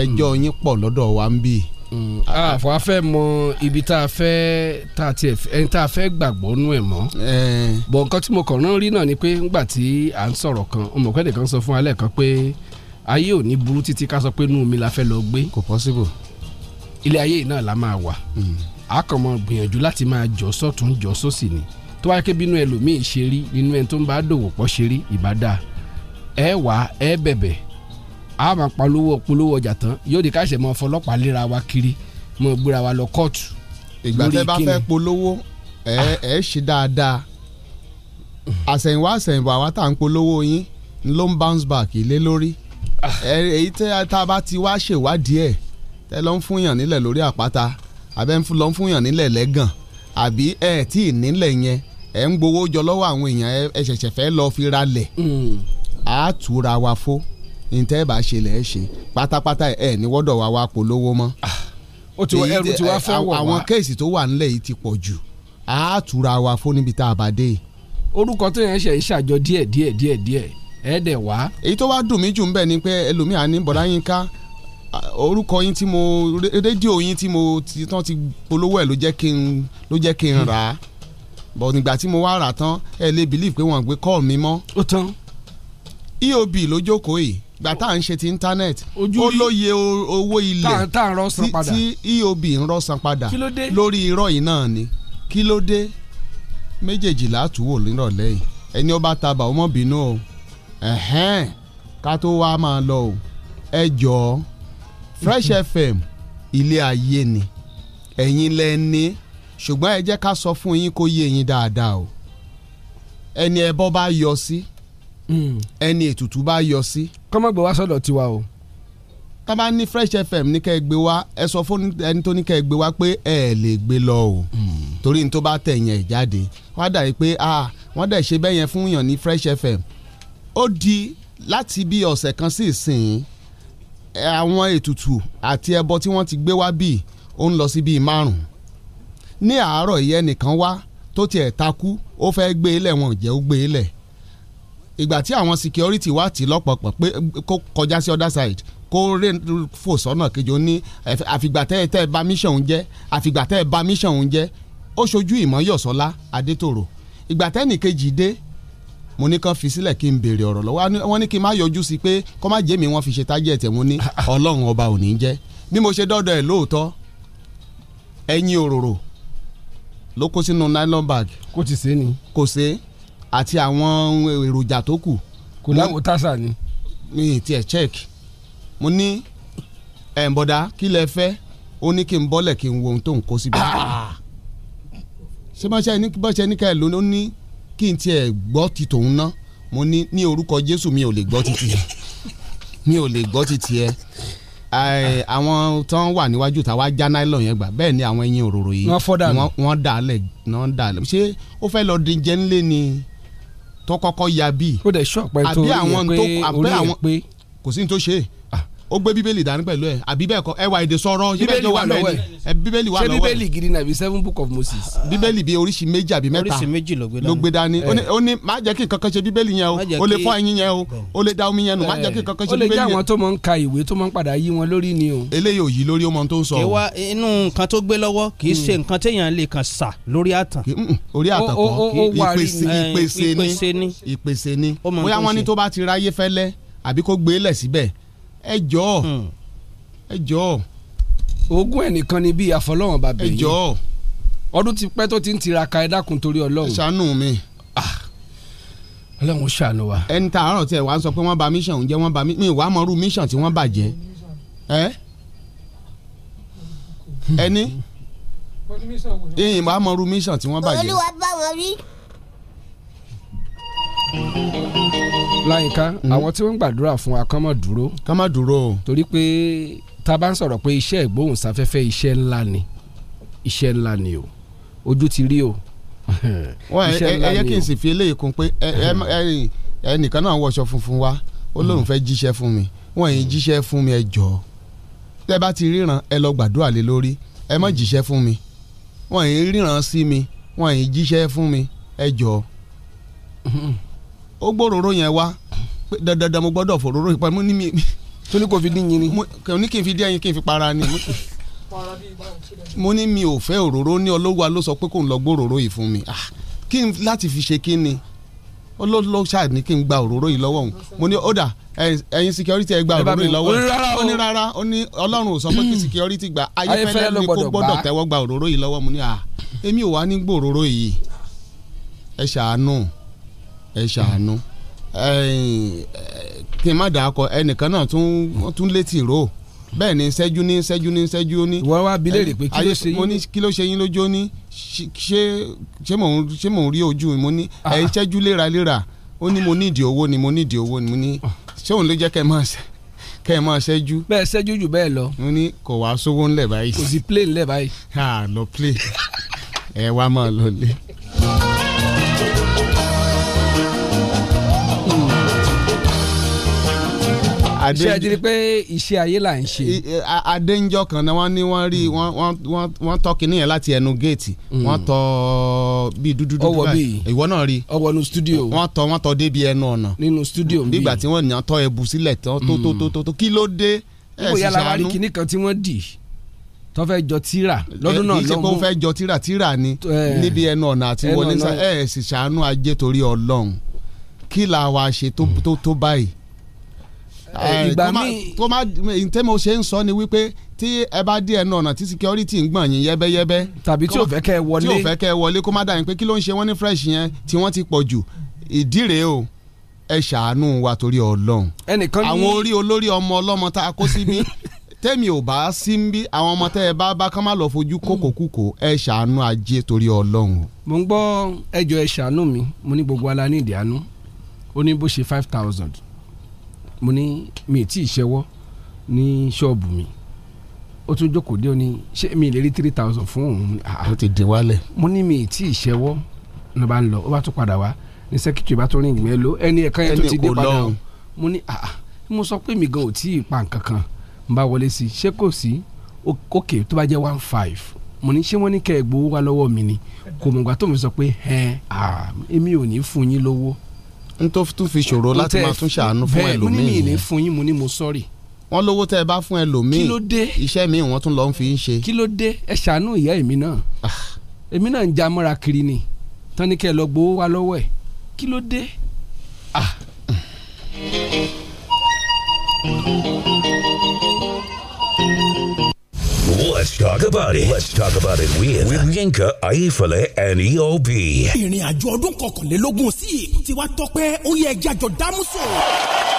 ẹjọ́ hmm. yín pọ̀ lọ́dọ̀ wa ń bíi àfọ mm, afẹ́ ah, mọ ibi tá a fẹ́ tá a tiẹ̀ ẹni tá a fẹ́ gbàgbọ́ nú ẹ̀ mọ́ eh. bọ̀ nǹkan tí mo kàn rán rí náà ni pé ńgbà tí à ń sọ̀rọ̀ kan ọmọkùnrin kan sọ fún alẹ́ kan pé ayé ò ní burú títí ká sọ pé inú mi la fẹ́ lọ gbé kò possible ilé ayé yìí náà la máa wà hmm. a kàn mọ gbìyànjú láti máa jọ sọ́tún jọ sósì ni tó wáyé pé bínú ẹlòmíì ṣe rí nínú ẹni tó ń bá dòwò pọ̀ ṣe rí ìbá dáa ẹ wá ẹ bẹ̀bẹ̀ a máa polówó polówó ọjà tán yóò di káṣẹ mọ fọlọ́pàá léra wa kiri mọ gbéra wa lọ kóòtù. ìgbà tẹ bá fẹ́ polówó ẹ ah. ẹ ṣe dáadáa àsẹ̀yìnwá àsẹ̀yìnbọ̀ àwa tá à ń polówó yín ló ń bounce back ilé lórí ah. èyí tá a bá ti wá ṣèwádìí ẹ̀ tẹ ló ń fúnyàn nílẹ̀ lórí àpáta abẹ́ ló ń fúnyàn nílẹ̀ lẹ́gàn àbí ẹ̀ tí ì nílẹ̀ yẹn ẹ̀ ń gbowó jọ lọ́wọ́ àwọn èèyàn ẹ̀ ṣẹ̀ṣẹ̀ fẹ́ lọ́ọ́ fi ralẹ̀ àtúra hmm. wa fó. Mm ntẹ́ bá ṣe lẹ́ẹ̀ ṣe pátápátá ẹ̀ ní wọ́dọ̀ wa wa polówó mọ́. Ah, ó ti wọ ẹrù ti wá fọwọ́ wa. àwọn kéèsì tó wà nílẹ̀ yìí ti pọ̀ jù á tura wa fún níbi tá a bá dé. orúkọ tó yẹn ṣe ń ṣàjọ díẹ̀ díẹ̀ díẹ̀ díẹ̀ ẹ dẹ̀ wá. èyí tó wá dùn mí jù ń bẹ̀ ni pé ẹlòmíà ní bọ̀dá yín ká orúkọ yín tí mo rédíò yín tí mo tán ti polówó ẹ̀ ló jẹ́ kí n rà á bọ̀ nígbà tí mo wá rà tán ẹ lè bìlíì pé wọ́n gbé kọ́ọ̀ mi mọ́. ó tán. eob ló jókòó yìí gbà tá à ń ṣe ti internet ó lóye owó ilẹ̀ tí EOB ń rọ́ san padà lórí irọ́ yìí náà ni kí ló dé méjèèjì látúwò nírọ̀lẹ́ yìí ẹni ó bá tabà ó mọ̀ bínú o ẹ̀hẹ́n ká tó wá máa lọ o ẹ jọ̀ọ́ Fresh FM ilé ayé ni ẹ̀yin lẹ ní ṣùgbọ́n ẹ jẹ́ ká sọ fún yín kó yé yín dáadáa o ẹni ẹbọ bá yọ sí. Si Hmm. ẹni ètùtù bá yọ sí. kọ́mọ́ gbé wá sọ́dọ̀ tiwa o. tá bá ní Fresh FM ní kẹ́ ẹ gbé wá ẹ sọ fún ẹni tó ní kẹ́ ẹ gbé wá pé ẹ lè gbé lọ o hmm. torí ní tó bá tẹ̀yìn ẹ̀ jáde wọ́n á dàrí pé wọ́n dẹ̀ ṣe bẹ́yẹn fún yàn ní Fresh FM ó di láti bí ọ̀sẹ̀ kan sí ìsìn àwọn ètùtù àti ẹbọ tí wọ́n ti gbé wá bíi ó ń lọ sí bíi márùn-ún ní àárọ̀ ìyẹn nìkan wá tó tiẹ̀ takú ó fẹ́ gbé ilẹ̀ e wọn jẹ́ ó gbé ilẹ̀ e ìgbà tí àwọn security wá tì lọ́pọ̀pọ̀ pé kó kọjá sí other side kó rè fò sọ́nà kejì ó ní àfìgbà tẹ́ ẹ tẹ́ ẹ bá mission òun jẹ́ àfìgbà tẹ́ ẹ bá mission òun jẹ́ ó ṣojú ìmọ̀yọ̀sọ́lá adétòrò ìgbà tẹ́nì kejì dé mo ní kán fi sílẹ̀ kí n béèrè ọ̀rọ̀ lọ́wọ́ wọn ní kí n má yọjú sí pé kó má jẹ́ mi wọ́n fi ṣe tájẹ̀tẹ̀ mo ní ọlọ́run ọba ò ní jẹ́ bí mo ṣe dọ́dọ̀ ẹ̀ lóòótọ́ ẹ̀yìn òróró ló kó sínú nylon bag kò ti ṣe ni kò ṣe àti àwọn èròjà tó kù. kò tásà ni. mi ì tiẹ̀ check mo ní ẹ̀ ń bọ̀dá kí lẹ fẹ́ ó ní kí n bọ́lẹ̀ kí n wo ohun tó ń kó síbi. Ah! ṣé bọ́sẹ̀ ní bọ́sẹ̀ ní ká ló ní kí n tiẹ̀ gbọ́ ti tòun ná mo ní ní orúkọ Jésù mi ò lè gbọ́ ti tiẹ̀ mi ò lè gbọ́ ti tiẹ̀ àwọn tó ń wà níwájú ta wá já nylon yẹn gbà bẹ́ẹ̀ ni àwọn ẹyin òróró yìí wọ́n dà á lẹ̀ ṣé ó fẹ́ lọ dín jẹ́ ni tó kọ́kọ́ ya bíi. ó dẹ̀ ṣọ́ọ̀pẹ́ tó rí pé orí ẹ pé kò sí ní tó ṣe é ó gbé bíbélì dání pẹ̀lú ẹ̀ àbí bẹ́ẹ̀ kọ́ ẹ wà èdè sọ̀rọ̀ bíbélì wà lọ́wọ́ ẹ̀ bíbélì wà lọ́wọ́ ẹ̀ ṣé bíbélì gidi nàbí seven book of Moses. bíbélì bíi oríṣi méjì àbí mẹ́ta oríṣi méjì ló gbé dání ó ní má jẹ́ kí kankan ṣe bíbélì yẹn o ó lè fọ́ ẹyin yẹn o ó lè da omi yẹn nù má jẹ́ kí kankan ṣe bíbélì yẹn. ó lè jẹ́ àwọn tó máa ń ka ìwé tó máa ń padà yí wọn lórí ni o. eléyìí ò yí lórí ọmọ tó ń sọ. ìwà inú nǹkan tó gbé lọ́wọ́ kì í hmm. ṣe nǹkan téèyàn lè kàn sà lórí àtàn. Hmm, orí àtàn kan eh, ìpèsè ni ìpèsè ni bóyá wọ́n ní tó bá ti ráyé fẹ́lẹ́ àbí kó gbé lẹ̀ síbẹ̀ ẹ jọ̀ọ́ hmm. ẹ jọ̀ọ́. oògùn ẹ̀ nìkan ni bíi àfọlọ́wọ̀n bá bẹ̀yìn ẹ jọ̀ọ́. ọdún ti pẹ́ tó ti ń tiraka ẹ dákun torí ọlọ́run. ẹ ṣàánú mi. Ah. ọlọ́run ṣàánú wa. ẹni tá àárọ̀ tẹ̀ wá ń sọ pé wọ́n bà mission ń jẹ́ wọ́n bà mí mi ìwà mọ́rú mission tí wọ́n bàjẹ́ ẹ́ ẹni ìyìnbá mọ́rú mission tí wọ́n bàjẹ́. olúwa bá wọn rí láyìnká mm-hmm. àwọn tí wọ́n ń gbàdúrà fún wa kán má dúró. kán má dúró o. torí pé tá a bá ń sọ̀rọ̀ pé iṣẹ́ ìgbóhùnsáfẹ́fẹ́ iṣẹ́ ńlá ni iṣẹ́ ńlá ni o ojú ti rí o. wọ́n ẹ yẹ kí n sì fi eléyìí kún pé ẹnìkan náà wọṣọ funfun wa ó lóun mm-hmm. fẹ́ jíṣẹ́ fún mi wọ́n yìí jíṣẹ́ fún mi ẹ jọ̀ọ́ tẹ́ bá ti ríran ẹ lọ gbàdúrà lé lórí ẹ má mm-hmm. jíṣẹ́ fún mi wọ́n yìí ríran sí mi wọ́n yìí jíṣẹ́ fún mi ẹ jọ̀ọ́ ó gbòòrò yẹn wá dandandan mo gbọ́dọ̀ fòróró ìpa mo ní mi. tó ní kò fi dín yín ni. mo ní kí n fi dín ẹyin kí n fi para ni. mo ní mi ò fẹ́ òróró ní olówó ló sọ pé kò ń lọ gbòòrò yìí fún mi ah, kí n láti fi ṣe kí ni olóòlò ṣáà ní kí n gba òróró yìí lọ́wọ́ òun mo ní ọ̀dà ẹ̀yin security ẹ gba òróró yìí lọ́wọ́ ó ní rárá ó ní ọlọ́run ò sọ pé kí security gba ayéfẹ́lẹ́ ni kó gbọ́dọ̀ tẹ́wọ́ gba òróró yìí lọ́wọ́ mo ní à ah. èmi ò wá ní gbòòrò yìí ẹ ṣàánú ẹ ṣàánú kí n má dàá kọ ẹnìkan náà tún létí rò bẹ́ẹ̀ ni ṣẹ́jú ní ṣẹ́jú ní ṣẹ́jú ní. wọ́n wá bi léèrè pé kí ló ṣe yín. mo ní kí ló ṣe yín lójú ó ní ṣé ṣé mò ń ṣé mò ń rí ojú mo ní ah. ẹ ṣẹ́jú léraléra ó ní mo nídìí owó ni mo nídìí owó ni mo ní ah. ṣé òun ló jẹ́ kẹ́ ẹ máa ṣe kẹ́ ẹ máa ṣẹ́jú. bẹ́ẹ̀ ṣẹ́jú jù bẹ́ẹ̀ lọ. mo ní kò wá sówó ńlẹ̀ báyìí. kò sí plane ńlẹ̀ báyìí. ha ah, lọ plane ẹ wá máa lọ lé. ṣé ẹ ti rí pé iṣẹ́ ayé là ń ṣe. adéńjọ kan náà wọ́n ní wọ́n rí wọ́n tọ́ kinní yẹn láti ẹnu géètì hmm. wọ́n tọ́ bí dúdú dúdú báyìí ìwọ náà rí ọwọ́ nu studio wọ́n tọ́ wọ́n tọ́ débi ẹnu ọ̀nà nínú studio bíi nígbà tí wọ́n yàn tọ́ ẹbu sílẹ̀ tó tó tó tó kí ló dé ẹ̀ sì ṣàánú. ó yàrá wa rí kinní kan tí wọ́n dì tó fẹ́ jọ tíra lọ́dún náà lọ́mú. ìṣèpọ̀ fẹ́ jọ tíra tíra ni níbi ẹnu ọ̀nà àti wọlé ẹ̀ sì ṣàánú ajé torí ọlọ́run kí la wa ṣe tó hmm. báyìí Eh, ìgbà mi, tó má ntẹ́ mo ṣe ń sọ ni wípé tí ẹ bá dí ẹnu ọ̀nà tí security ń gbọ̀n yín yẹ́bẹ́yẹ́bẹ́ tàbí tí ò fẹ́ kẹ́ ẹ wọlé tí ò fẹ́ kẹ́ ẹ wọlé kó má dà yín pé kí ló ń ṣe wọ́n ní fresh yẹn tí wọ́n ti pọ̀ jù ìdí rèé o ẹ ṣàánú wa torí ọlọ́run àwọn orí olórí ọmọ ọlọ́mọ tá a kó síbí tẹ́mi ò bá sí ń bí àwọn ọmọ tẹ́ ẹ bá bá kán má lọ fojú kókòkúkò ẹ ṣàánú ajé torí ọlọ́run. mo ń gbọ́ ẹjọ́ ẹ ṣàánú mi mo ní gbogbo ala ní ìdí àánú ó ní bó ṣe five thousand mo ní mi ì tí ì ṣẹwọ́ ní ṣọ́ọ̀bù mi ó tún jókòó dé ó ní ṣé mi lè rí three thousand fún òun. ó ti dín wálẹ̀. mo ní mi ì tí ì ṣẹwọ́ ní bá ń lọ ó bá tún padà wá ní sẹ́kítì bá tún rìn ìgbẹ́ ló ẹni ẹ̀ka yẹn tún ti dé padà o mo ní àà ah, ah. mo sọ pé mi gan ò tí ì pa nǹkan kan n bá wọlé sí ṣé kò sí òkè tó bá jẹ́ one five mo ní ṣé wọ́n ní kẹ́ ẹ̀ gbowó wá lọ́wọ́ mi ni kò mọ̀gbà tó mi sọ pé ẹ̀ ẹ̀ èmi ò ní fún yín lówó n tó tún fi ṣòro láti máa tún ṣàánú fún ẹlòmíì nìyẹn. bẹ́ẹ̀ mo ní fún yín mo ní mo sọ́ọ̀rì. wọ́n lówó tẹ́ ẹ bá fún ẹlòmíì iṣẹ́ mi wọ́n tún lọ ń fi ń ṣe. kí ló dé ẹ ṣàánú ìyá èmi náà ah. èmi náà ń ja mọ́ra kiri ni tán ni kẹ́ ẹ lọ gbowó wa lọ́wọ́ ẹ̀ kí ló dé. Ah. Let's talk about it. Let's talk about it with, with Yinka Ayefele and EOB. Ìrìn àjò ọdún kọkànlélógún sí ti wá tọpẹ́ ó yẹ ẹja jọ dámúsọ̀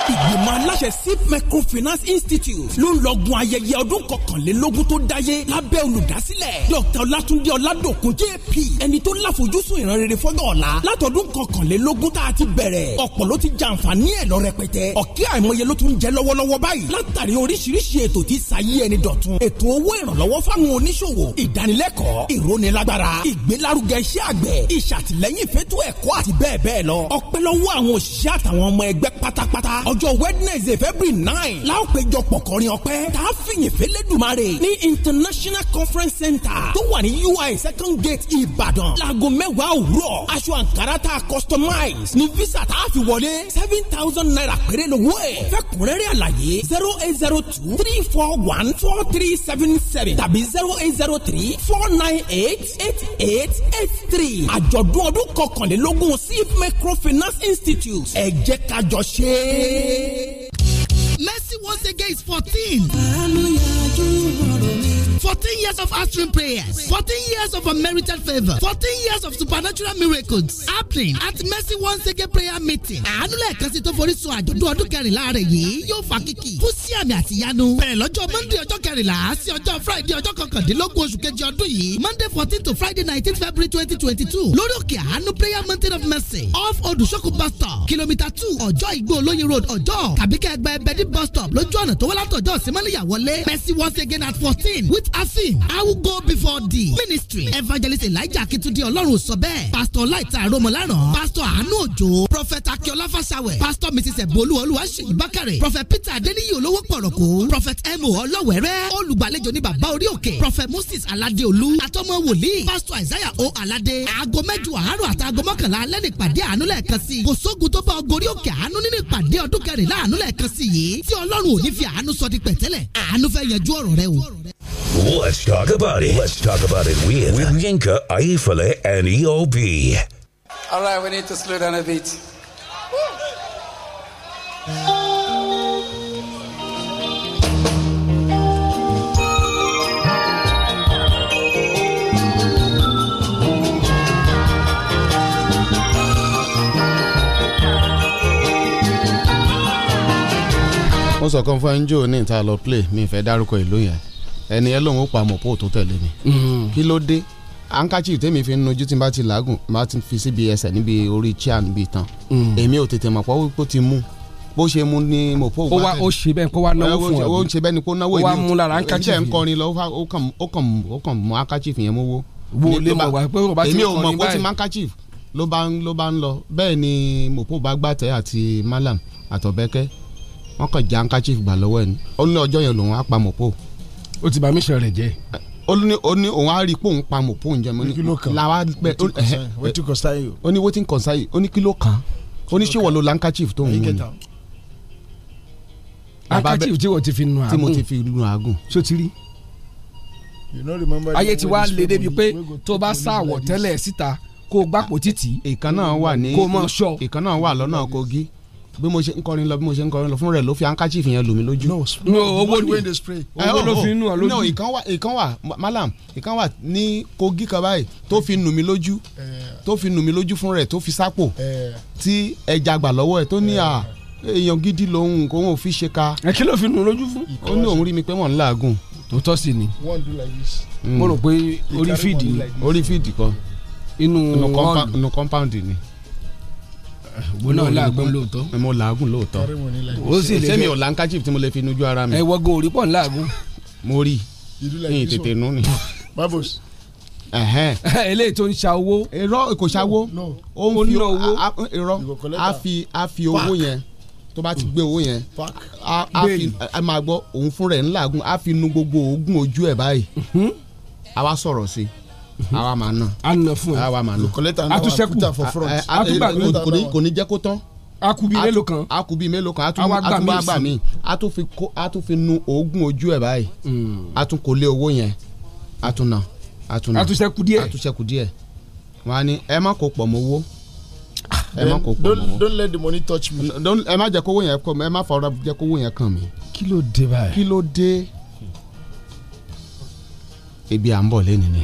ìgbìmọ̀ aláṣẹ sip microfinance institute ló ń lọ́gun ayẹyẹ ọdún kọkànlélógún tó dáyé lábẹ́ olùdásílẹ̀ dr olatunde ọládòkun jp ẹni tó láfojúsùn ìran rere fọ́jọ́ ọ̀la látọdún kọkànlélógún tá a ti bẹ̀rẹ̀ ọ̀pọ̀ ló ti jàǹfààní ẹ̀ lọ rẹpẹtẹ ọ̀kẹ́ àìmọye ló tún jẹ́ lọ́wọ́lọ́wọ́ báyìí látàrí oríṣiríṣi ètò tí sayé ẹni dọ̀tun ètò owó ẹ̀ ìrànlọ́wọ́ fáwọn oníṣòwò ìdánilẹ́kọ̀ọ́ ìrónilágbára ìgbélárugẹ iṣẹ́ àgbẹ̀ ìṣàtìlẹ́yìn fẹ́tọ́ ẹ̀kọ́ àti bẹ́ẹ̀ bẹ́ẹ̀ lọ ọpẹ́ lọ́wọ́ àwọn òṣìṣẹ́ àtàwọn ọmọ ẹgbẹ́ pátápátá ọjọ́ Wednesday February nine láòpéjọpọ̀ kọrin ọpẹ́ tá a fìyìn fẹ́lẹ́dùmarè ní International Conference Center tó wà ní UI Second Gate Ìbàdàn láago mẹ́wàá òwúrọ̀ aṣọ àǹkárá tá a customize ní visa tá wọlé seven thousand naira péré lówó ẹ̀ fẹ́kùnrẹ́rẹ́ àlàyé zero eight zero two three four one four three seven six seven tàbí zero eight zero three four nine eight eight eight eight three àjọ̀dún ọdún kọkànlélógún sif microfinance institute ẹ jẹ́ ká jọ ṣe é. mercy once again is fourteen. àánú yàjú ọ̀rọ̀ mi. 14 years of answering prayers, 14 years of unmerited favor, 14 years of supernatural miracles happening at Mercy Once Again prayer meeting. Àánú lẹ́ẹ̀kan sí tó forí sọ àjọ̀dún ọdún kẹrìnlá rẹ̀ yìí yóò fa kíkì. Kú sí àmì àti ìyanu. Bẹ̀rẹ̀ lọ́jọ́ Monday ọjọ́ kẹrìnlá sí ọjọ́ Friday ọjọ́ kọkàndínlógún oṣù kejì ọdún yìí. Monday fourteen to Friday nineteen February twenty twenty two. Lórí òkè àánú prayer mountain of mercy off Odùsókù bus stop kìlómítà two ọjọ́ Ìgbó Olóyin road ọjọ́ tàbí kẹ́gbẹ́ Bẹ́dí bus stop lójú ọ̀nà tó wọ́lá tọ̀jọ́ sí Mọ́níyà wọlé. Mercy Once Again at fourteen with afim i will go before the ministry evangelist elijah akitunde ọlọ́run sọ bẹ́ẹ̀ pastor laita aromolaran pastor anu ojo prophet akiola fasawẹ pastor mrs ebolu oluwaseyi Ibakare. prophet peter adeniyi olówó pọ̀rọ̀kọ́ prophet emo ọlọ́wẹ̀rẹ́ olùgbàlejò ní bàbá orí òkè prophet moses aladeolu atọ́mọ wòlíì pastor isaiah o alade aago mẹ́jọ àárọ̀ àti aago mọ́kànlá alẹ́ ní ìpàdé àánú lẹ́ẹ̀kan sí i kò sógun tó bá ọgọ́rí òkè àánú nínú ìpàdé ọdún kẹrìnlá àánú lẹ́ẹ̀kan sí i yìí tí ọlọ́run ò ní fi àánú sọ Let's talk about it. Let's talk about it with, with Yinka, Aifale, and EOB. All right, we need to slow down a bit. mo sọ kan fún ẹnjọ ní ìta lọ play mi ìfẹ́ dárúkọ ìlú yẹn ẹni ẹ lóun ó pa mọ̀ pọ̀ tó tẹ̀lé mi hmm. kí ló dé handkerchief tèmi fi ń nujú tí n bá ti làágùn má ti fi síbi ẹsẹ̀ níbi orí chair níbi tán hmm. èmi ò tètè mọ̀ pọ̀ pé ó ti mú bó ṣe mu ni mo pò wá. ó wá ó ṣe bẹ́ẹ̀ kó wá náwó fún ọ. ó ń ṣe bẹ́ẹ̀ ni kó náwó ìlú. ó wá mú lára handkerchief. ẹ̀ ń kọrin lọ ó kàn ó kàn mú handkerchief yẹn mú wó. wo lè mọ̀ wá pé yorùbá ti kọrin báyìí. èmi ò mọ̀ kó ti mú handkerchief ló bá ń ló bá ń lọ bẹ́ẹ̀ ni mo pò bá gbàtẹ́ àti malam àtọ̀bẹ́kẹ́ wọ́n kàn já handkerchief gbà lọ́wọ́ ẹ̀ ní. ó ní ọjọ́ yẹn lòun á pa mọ̀ pò ó ti bà mí sọ̀rọ̀ jẹ́ ó ní ó ní òun á rí i pé òun pa mò pé òun jẹ mọ́ ní làwa pẹ wetin concern you ó ní wetin concern you ó ní kí ló kàn ó ní ṣé wọ́n lo handkerchief tó ń wọ́n ni. handkerchief tí wọ́n ti fi nu àgùn tí mo ti fi nu àgùn. ṣó ti rí. ayé ti wá lè débi pé tó bá sáwọ̀ tẹ́lẹ̀ síta kó gbàpò títì. ìkan wà ní kó mọ̀ ṣọ́. ìkan wà lọ́nà kogi bí mo ṣe ń kọrin lọ bí mo ṣe ń kọrin lọ fún rẹ ló fi handkerchief yẹn lù mí lójú. no owó ni owó ló fi nù ọ lójú. ìkan wà malam ìkan wà ní kogi kan báyìí tó fi nù mí lójú eh. tó fi nù mí lójú fún rẹ tó fi sápò eh. tí ẹja gbà lọ́wọ́ ẹ̀ tó ní à eh. ah, èèyàn gidi lòun kò wọn ò fi ṣe ka. ẹ kí ló fi nù lójú fún. ó ní òun rí mi pé mò ń làágùn. tòótọ́ sí ni mo rò pé orí fíìdì orí fíìdì kan inú compound ni wo náà làágùn lóòótọ́. mo làágùn lóòótọ́ o sì lè sẹ́mi ọ̀la handkerchief tí mo lè fi nujú ara mi. ẹ wọ́gọ̀ orí pọ̀ ńláàgùn. mo rí i tètè nú ni. babos eléyìí tó ń ṣa owó. irọ́ kò ṣa owó ó ń fi owó irọ́ a fi a fi owó yẹn tó bá ti gbé owó yẹn a a fi a máa gbọ́ òun fún rẹ̀ ńláàgùn a fi nu gbogbo oògùn ojú ẹ̀ báyìí mhm. a wá sọ̀rọ̀ sí i àwa máa nà. a fún ẹ àwa máa nà. àtúnṣekù àtúgbà kò ní jẹ́ akubi mélòó kan akubi mélòó kan atún bá gbà mí atún nu oògùn ojú ẹ báyìí hmm. atún kò lé owó yẹn atún na atún na atún ṣẹ́kù díẹ̀ atún ṣẹ́kù díẹ̀ wọ́n á ní ẹ má kó don't let the money touch me. ẹ má jẹ́ kówó yẹn kàn mí ẹ má fọwọ́ jẹ́ kówó yẹn kàn mí. kí ló dé báyìí kí ló ibi à ń bọ̀ lẹ́nu ni.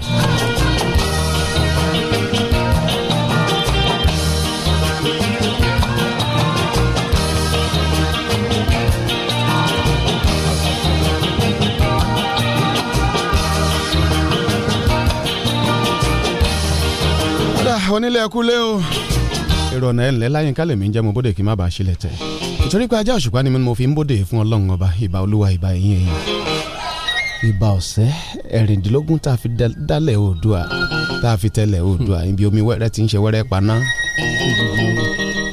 onílé ẹkúlé o èrò ọ̀nà ẹ̀ńlẹ́ láyínká lèmi ń jẹ́ mo bóde kí n má bàa ṣílẹ̀ tẹ̀ nítorí pé ajá òṣùpá ni mo fi ń bóde fún ọlọ́run ọba ìbà olúwa ìbà ẹ̀yìn ẹ̀yìn ibà ọ̀sẹ́ ẹ̀rìndínlógún tá a fi dálẹ̀ oòdùà tá a fi tẹ̀lẹ̀ oòdùà hmm. ibi omi wẹ́rẹ́ ti ń ṣe wẹ́rẹ́ paná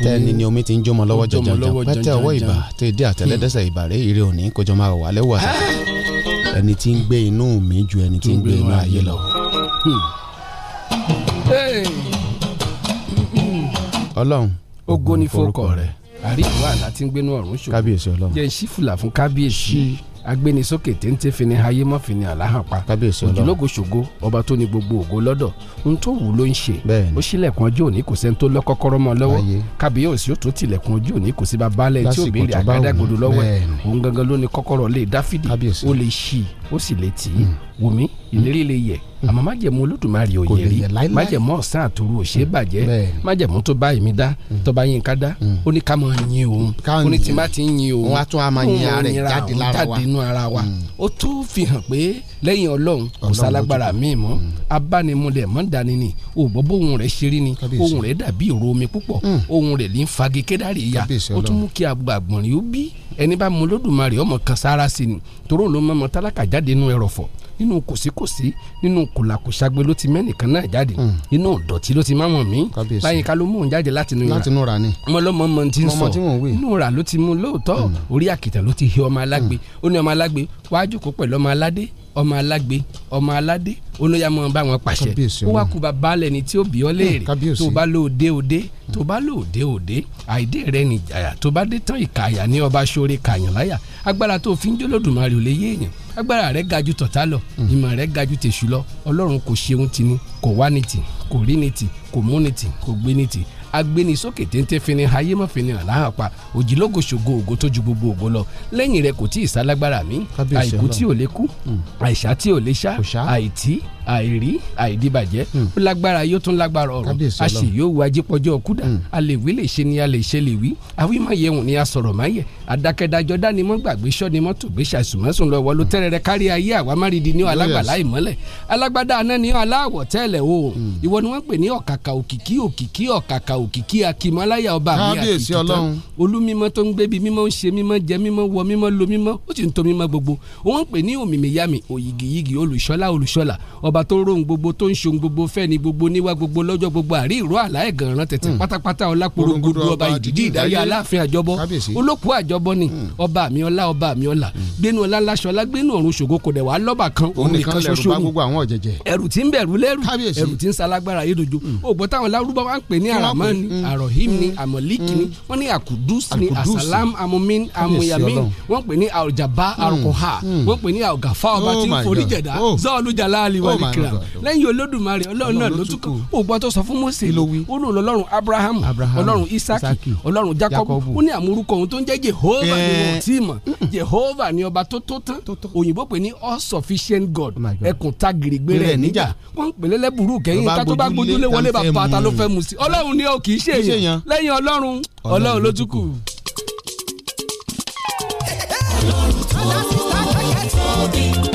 tẹ́ni ni omi ti ń jómọ lọ́wọ́ jọjọjọ pẹ́tẹ́ ọwọ́ ibà tó ìdí àtẹlẹ́dẹ́sẹ̀ ibà rẹ̀ ìrẹ́ òní kójọ máa wà lẹ́wọ̀ ah! ẹni tí ń gbé inú mi ju ẹni tí ń gbé inú ayé lọ. Hmm. Hmm. ọlọ́run ògo ni fọkọ rẹ̀ àríwá àlá tí ń gbénú ọ̀run ṣòro kábíyèsí ọlọ́run jẹ́ ìṣífùlà fún kábíyèsí agbénisókè téńté fini ayé mọ́ fini àláhàpá òjìlógo ṣògo ọba tó ní gbogbo ògo lọ́dọ̀ ohun tó wù ló ń ṣe ó ṣílẹ̀kùn ọjọ́ òní kò sẹ́ni tó lọ kọ́kọ́rọ́ mọ́ lọ́wọ́ kábíyèsí ó tún tilẹ̀kùn ọjọ́ òní kò sí bá balẹ̀ tí ò béèrè àgádágodo lọ́wọ́ òun gangan ló ní kọ́kọ́rọ́ lé dáfídì ó lè ṣí ó sì lè tì í hmm wùmí ìlérí lè yẹ àmọ́ májẹ̀mú olódùmarè ò yẹ rí májẹ̀mú ọ̀sán àtòru ò ṣe é bàjẹ́ májẹ̀mú tó bá èmi dá mm. tọ́ba yín ká dá mm. ó ní ká máa yin òun ó ní tí má ti ń yin òun wọ́n á tún á máa yin ara rẹ̀ jáde lára wa inú ara wa ó tún fi hàn pé lẹ́yìn ọlọ́run kò sálágbára míì mọ́ mm. abánimúlẹ̀ mọ́ ni òògbọ́ bóun rẹ̀ ṣe rí ni ohun rẹ̀ dàbí ìró omi púpọ̀ ohun rẹ̀ ní fagi kédàrí ya ó tún mú kí agbàgbọ̀nrín ó bí ẹni bá mu lódùmarè ọmọ kan sára sí ni toró nínú kòsíkòsí nínú kòlàkòṣagbe ló ti mẹ́nìkan náà jáde hmm. inú ọ̀dọ̀tí ló ti má mọ̀ mí báyìí ká ló mú òun jáde láti inú ra ni mo lọ́mọ mọ ń sọ inú ra ló ti mú lóòótọ́ hmm. orí àkìtàn ló ti hi ọmọ alágbe hmm. ó ní ọmọ alágbe wájú kó pẹ̀lú ọmọ aládé ọmọ alágbe ọmọ aládé olóyàmọ bá wọn pàṣẹ ó wá kú bàbá lẹni tí ó bí ọ hmm, léèrè tó bá lóde òde tó bá lóde òde àìdè rẹ nìjàyà tó bá dé tán ìkàyà ní ọba sóore kàyàn láyà agbára tó fi ń jólódùmarè ò lè yé èèyàn agbára rẹ ga ju tọ̀tá lọ hmm. ìmọ̀ rẹ ga tèṣù lọ ọlọ́run kò ṣeun tinú kò wá ní tì kò rí ní tì kò mú ní tì kò gbé ní tì agbénisókè téńté fini ayé mọ́ fini hàn láhàn pa òjìlógo ṣògo ògo tó ju gbogbo ògo lọ lẹ́yìn rẹ̀ kò tí ì sálágbára mi àìkú hmm. tí ò lè kú àìsá tí ò lè sá àìtí àìrí àìdíbàjẹ́ hmm. ó lágbára yóò tún lágbára ọ̀rọ̀ àṣì yóò wá jípọ̀jọ́ kúdà àlèwí hmm. lè ṣe ni àlè ṣe lè wí àwímọ̀ yẹun ni asọ̀rọ̀ máa yẹ àdákẹ́dájọ́ dánimọ̀ gbàgbé sọ́nimọ̀ tó gbé ṣàṣùmọ́sùn lọ́wọ́ ló hmm. tẹ́rẹ̀rẹ̀ kárí ayé àwa márìndín ní alágbàlá ìmọ́lẹ̀ alágbádá aná ní aláwọ̀ tẹ́lẹ̀ o ìwọ ni wọ́n pè ní ọ̀kàkà òkìkí òkìkí ọ̀kàkà òkìkí akímọ́láyà ọba mi àkìkí tán olúmímọ́ tó ń gbé bi mímọ́ ń ṣe mímọ́ jẹ mímọ́ wọ mímọ́ lo mímọ́ ó sì ń to mímọ́ gbogbo wọ́n pè ní òmìmíyàmì òyìgìyìgì olùṣọ́lá olùṣọ́lá ọba ọba tó rohun gbogbo tó ń ṣohun gbogbo fẹ́ni gbogbo níwá gbogbo lọ́jọ́ gbogbo àrí ìró àláẹ̀gànràn tẹ̀tẹ̀ hmm. pátápátá ọlápòrò gbogbo ọba ìdíjí ìdáyé aláàfin àjọbọ olókùú àjọbọ ni hmm. ọba mi ọlá ọba mi ọlá hmm. gbénu ọlá láṣọlá gbénu ọ̀run ṣògo kò dẹ̀ wá lọ́ba kan òun nìkan ṣoṣo ni ẹrù tí ń bẹ̀rù lẹ́rù ẹrù tí ń salágbára ayédojo ògbó táwọn lárúbá wa ń pè ní àràmọ́ ni àròhìm ni àmọ̀líkì ni wọ́n ní ni àsálàm amọ̀mín amọ̀yàmín wọ́n pè ní àròjàbá àròkọ̀hà wọ́n pè ní àrògàfà ọba oh tí ń forí jẹ̀dá oh. zọ́ọ̀lù jalali wàlí oh ìkìlà lẹ́yìn olódùmarè ọlọ́run náà ló tún kàn ó gbọ́ tó sọ fún Mósè ó lò lọ́lọ́run Abrahamu ọlọ́run Isaki ọlọ́run Jacob ó ní àmúrúkọ ohun tó ń jẹ́ Jehova ni wọ́n ti mọ̀ Jehova ni ọba tó tó tán òyìnbó pè ní all sufficient God ẹkùn ta gèrègbè rẹ̀ níjà wọ́n ń pèlè lẹ́bùrú kẹ́yìn ká tó bá gbójúlé wọlé bàbá ta ló fẹ́ mu sí ọlọ́run ni ó kì í ṣèyàn lẹ́yìn ọlọ́run ọlọ́run ló tún kù. ọlọ́run tó lásìkò kẹ́kẹ́ tóbi.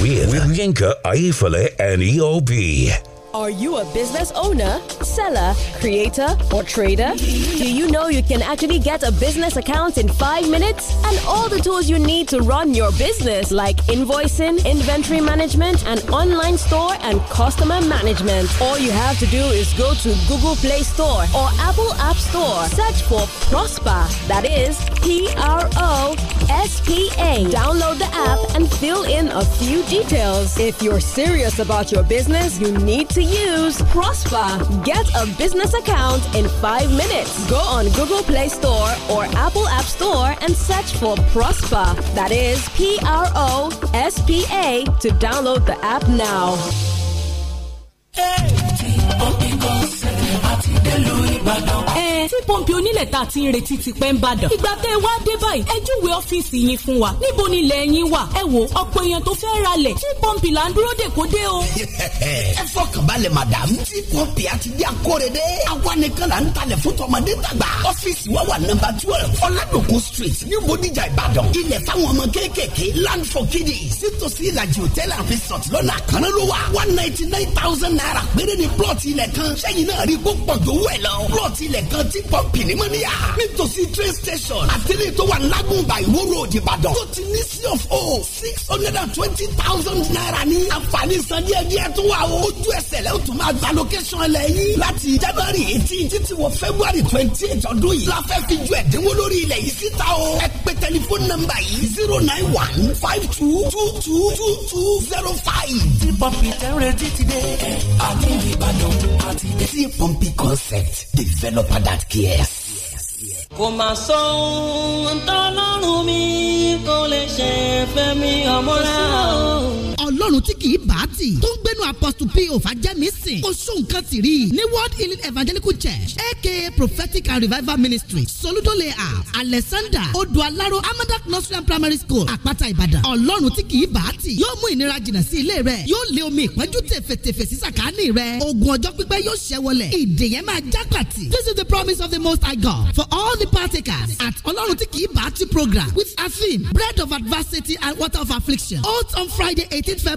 with Yinka Aifale and EOB. Are you a business owner, seller, creator, or trader? Do you know you can actually get a business account in five minutes? And all the tools you need to run your business, like invoicing, inventory management, an online store, and customer management. All you have to do is go to Google Play Store or Apple App Store. Search for Prosper, that is P R O S P A. Download the app and fill in a few details. If you're serious about your business, you need to use use Prosper. Get a business account in five minutes. Go on Google Play Store or Apple App Store and search for Prosper. That is P R O S P A to download the app now. Hey. tí pọ́ǹpì onílẹ̀ tá a ti ń retí ti pẹ́ ń bàdàn. ìgbà tẹ́ ẹ wá dé báyìí ẹ júwe ọ́fíìsì yín fún wa níbo ni ilẹ̀ yín wà ẹ wò ọ̀pọ̀ èèyàn tó fẹ́ ra lẹ̀ tí pọ́ǹpì là ń dúró dè kó dé o. ẹ fọkàn balẹ̀ madam tí pọ́ǹpì àti bí akóredé àwa nìkan là ń talẹ̀ fún tọmọdé tàgbà ọ́fíìsì wa wà nọ́mbà twelve ọ̀làdòkò street ní bódìjà ìbàdàn ilẹ̀ fáwọn ọmọ kéékèèké land for kiddies sítòsí ìlàjì and resort lọ́nà àkànná one ninety nine thousand naira péré ni plọ̀tì ilẹ̀ kan sẹ́yìn náà rí gbó pọ̀ kan tí pọ́ǹpì ní mọ́níyà nítòsí train station àtẹ̀lé tó wà lágùnbà ìwó road ìbàdàn tó ti ní sí of o oh, six hundred and twenty thousand naira ní àǹfààní san díẹ̀ díẹ̀ tó wà o ojú ẹsẹ̀ lẹ́yìn tó máa gba location ẹlẹ́ yìí láti january eighteen títí wọ february twenty eight ọdún yìí la fẹ́ fi ju ẹ̀dínwó lórí ilẹ̀ yìí síta o ẹ pè tẹlifóònù nọ́mbà yìí zero nine one five two two two two two zero five. tí pọ́ǹpì tẹ́rẹ̀ títí dé àti ìbàdàn àti ìdẹ́sí pọ́ǹpì concept developer that cares. kò mà sọ ohun tọ́lọ́run mi kò lè ṣe fẹ́mi ọmọ rẹ̀ o ọlọ́run tí kì í bá tì tó ń gbénu apostle p òfàjẹ́mísìn oṣù nǹkan ti rí ní world healing evangelical church aka prophetic and revival ministry soludo layout alexander odualaro amadak nursery and primary school àpáta ìbàdàn ọlọ́run tí kì í bá tì yóò mú ìnira jìnnà sí ilé rẹ yóò lé omi ìpẹ́jù tẹ̀fẹ̀tẹ̀fẹ̀ sí sàkáání rẹ ogun ọjọ́ pípẹ́ yóò ṣẹ́ wọlé ìdè máa já pàtì this is the promise of the most high god for all the partakers at ọlọ́run tí kì í bá tì program with a theme bread of adversity and water of affliction out on friday eighteen february.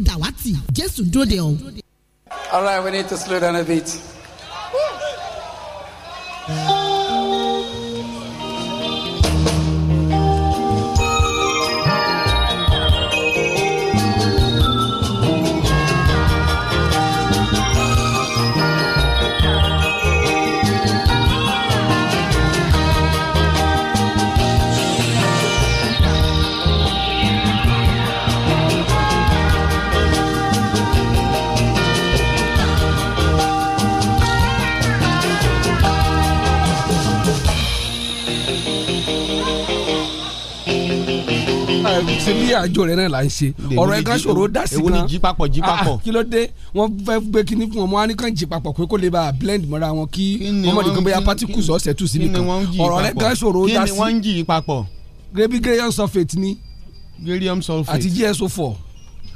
Dàwátì Jésù dúró de All right, we need to slow down a bit. Yeah. ṣe bí àjò rẹ náà là ń ṣe ọ̀rọ̀ ẹ̀ ṣòro dá sí kan èwo ni jí papọ̀ jí ah, papọ̀ kí ló dé wọ́n fẹ́ gbé kinní fún wọn wọ́n á ní kàn jí papọ̀ pé kó lè bá a blend mọ́ra wọn kí ọmọdé kan bóyá particles ọ̀sẹ̀ tù sí nìkan ọ̀rọ̀ rẹ̀ ṣòro dá sí. kí ni wọ́n ń jí papọ̀. gravy graham sulfate ni graham sulfate àti gso four.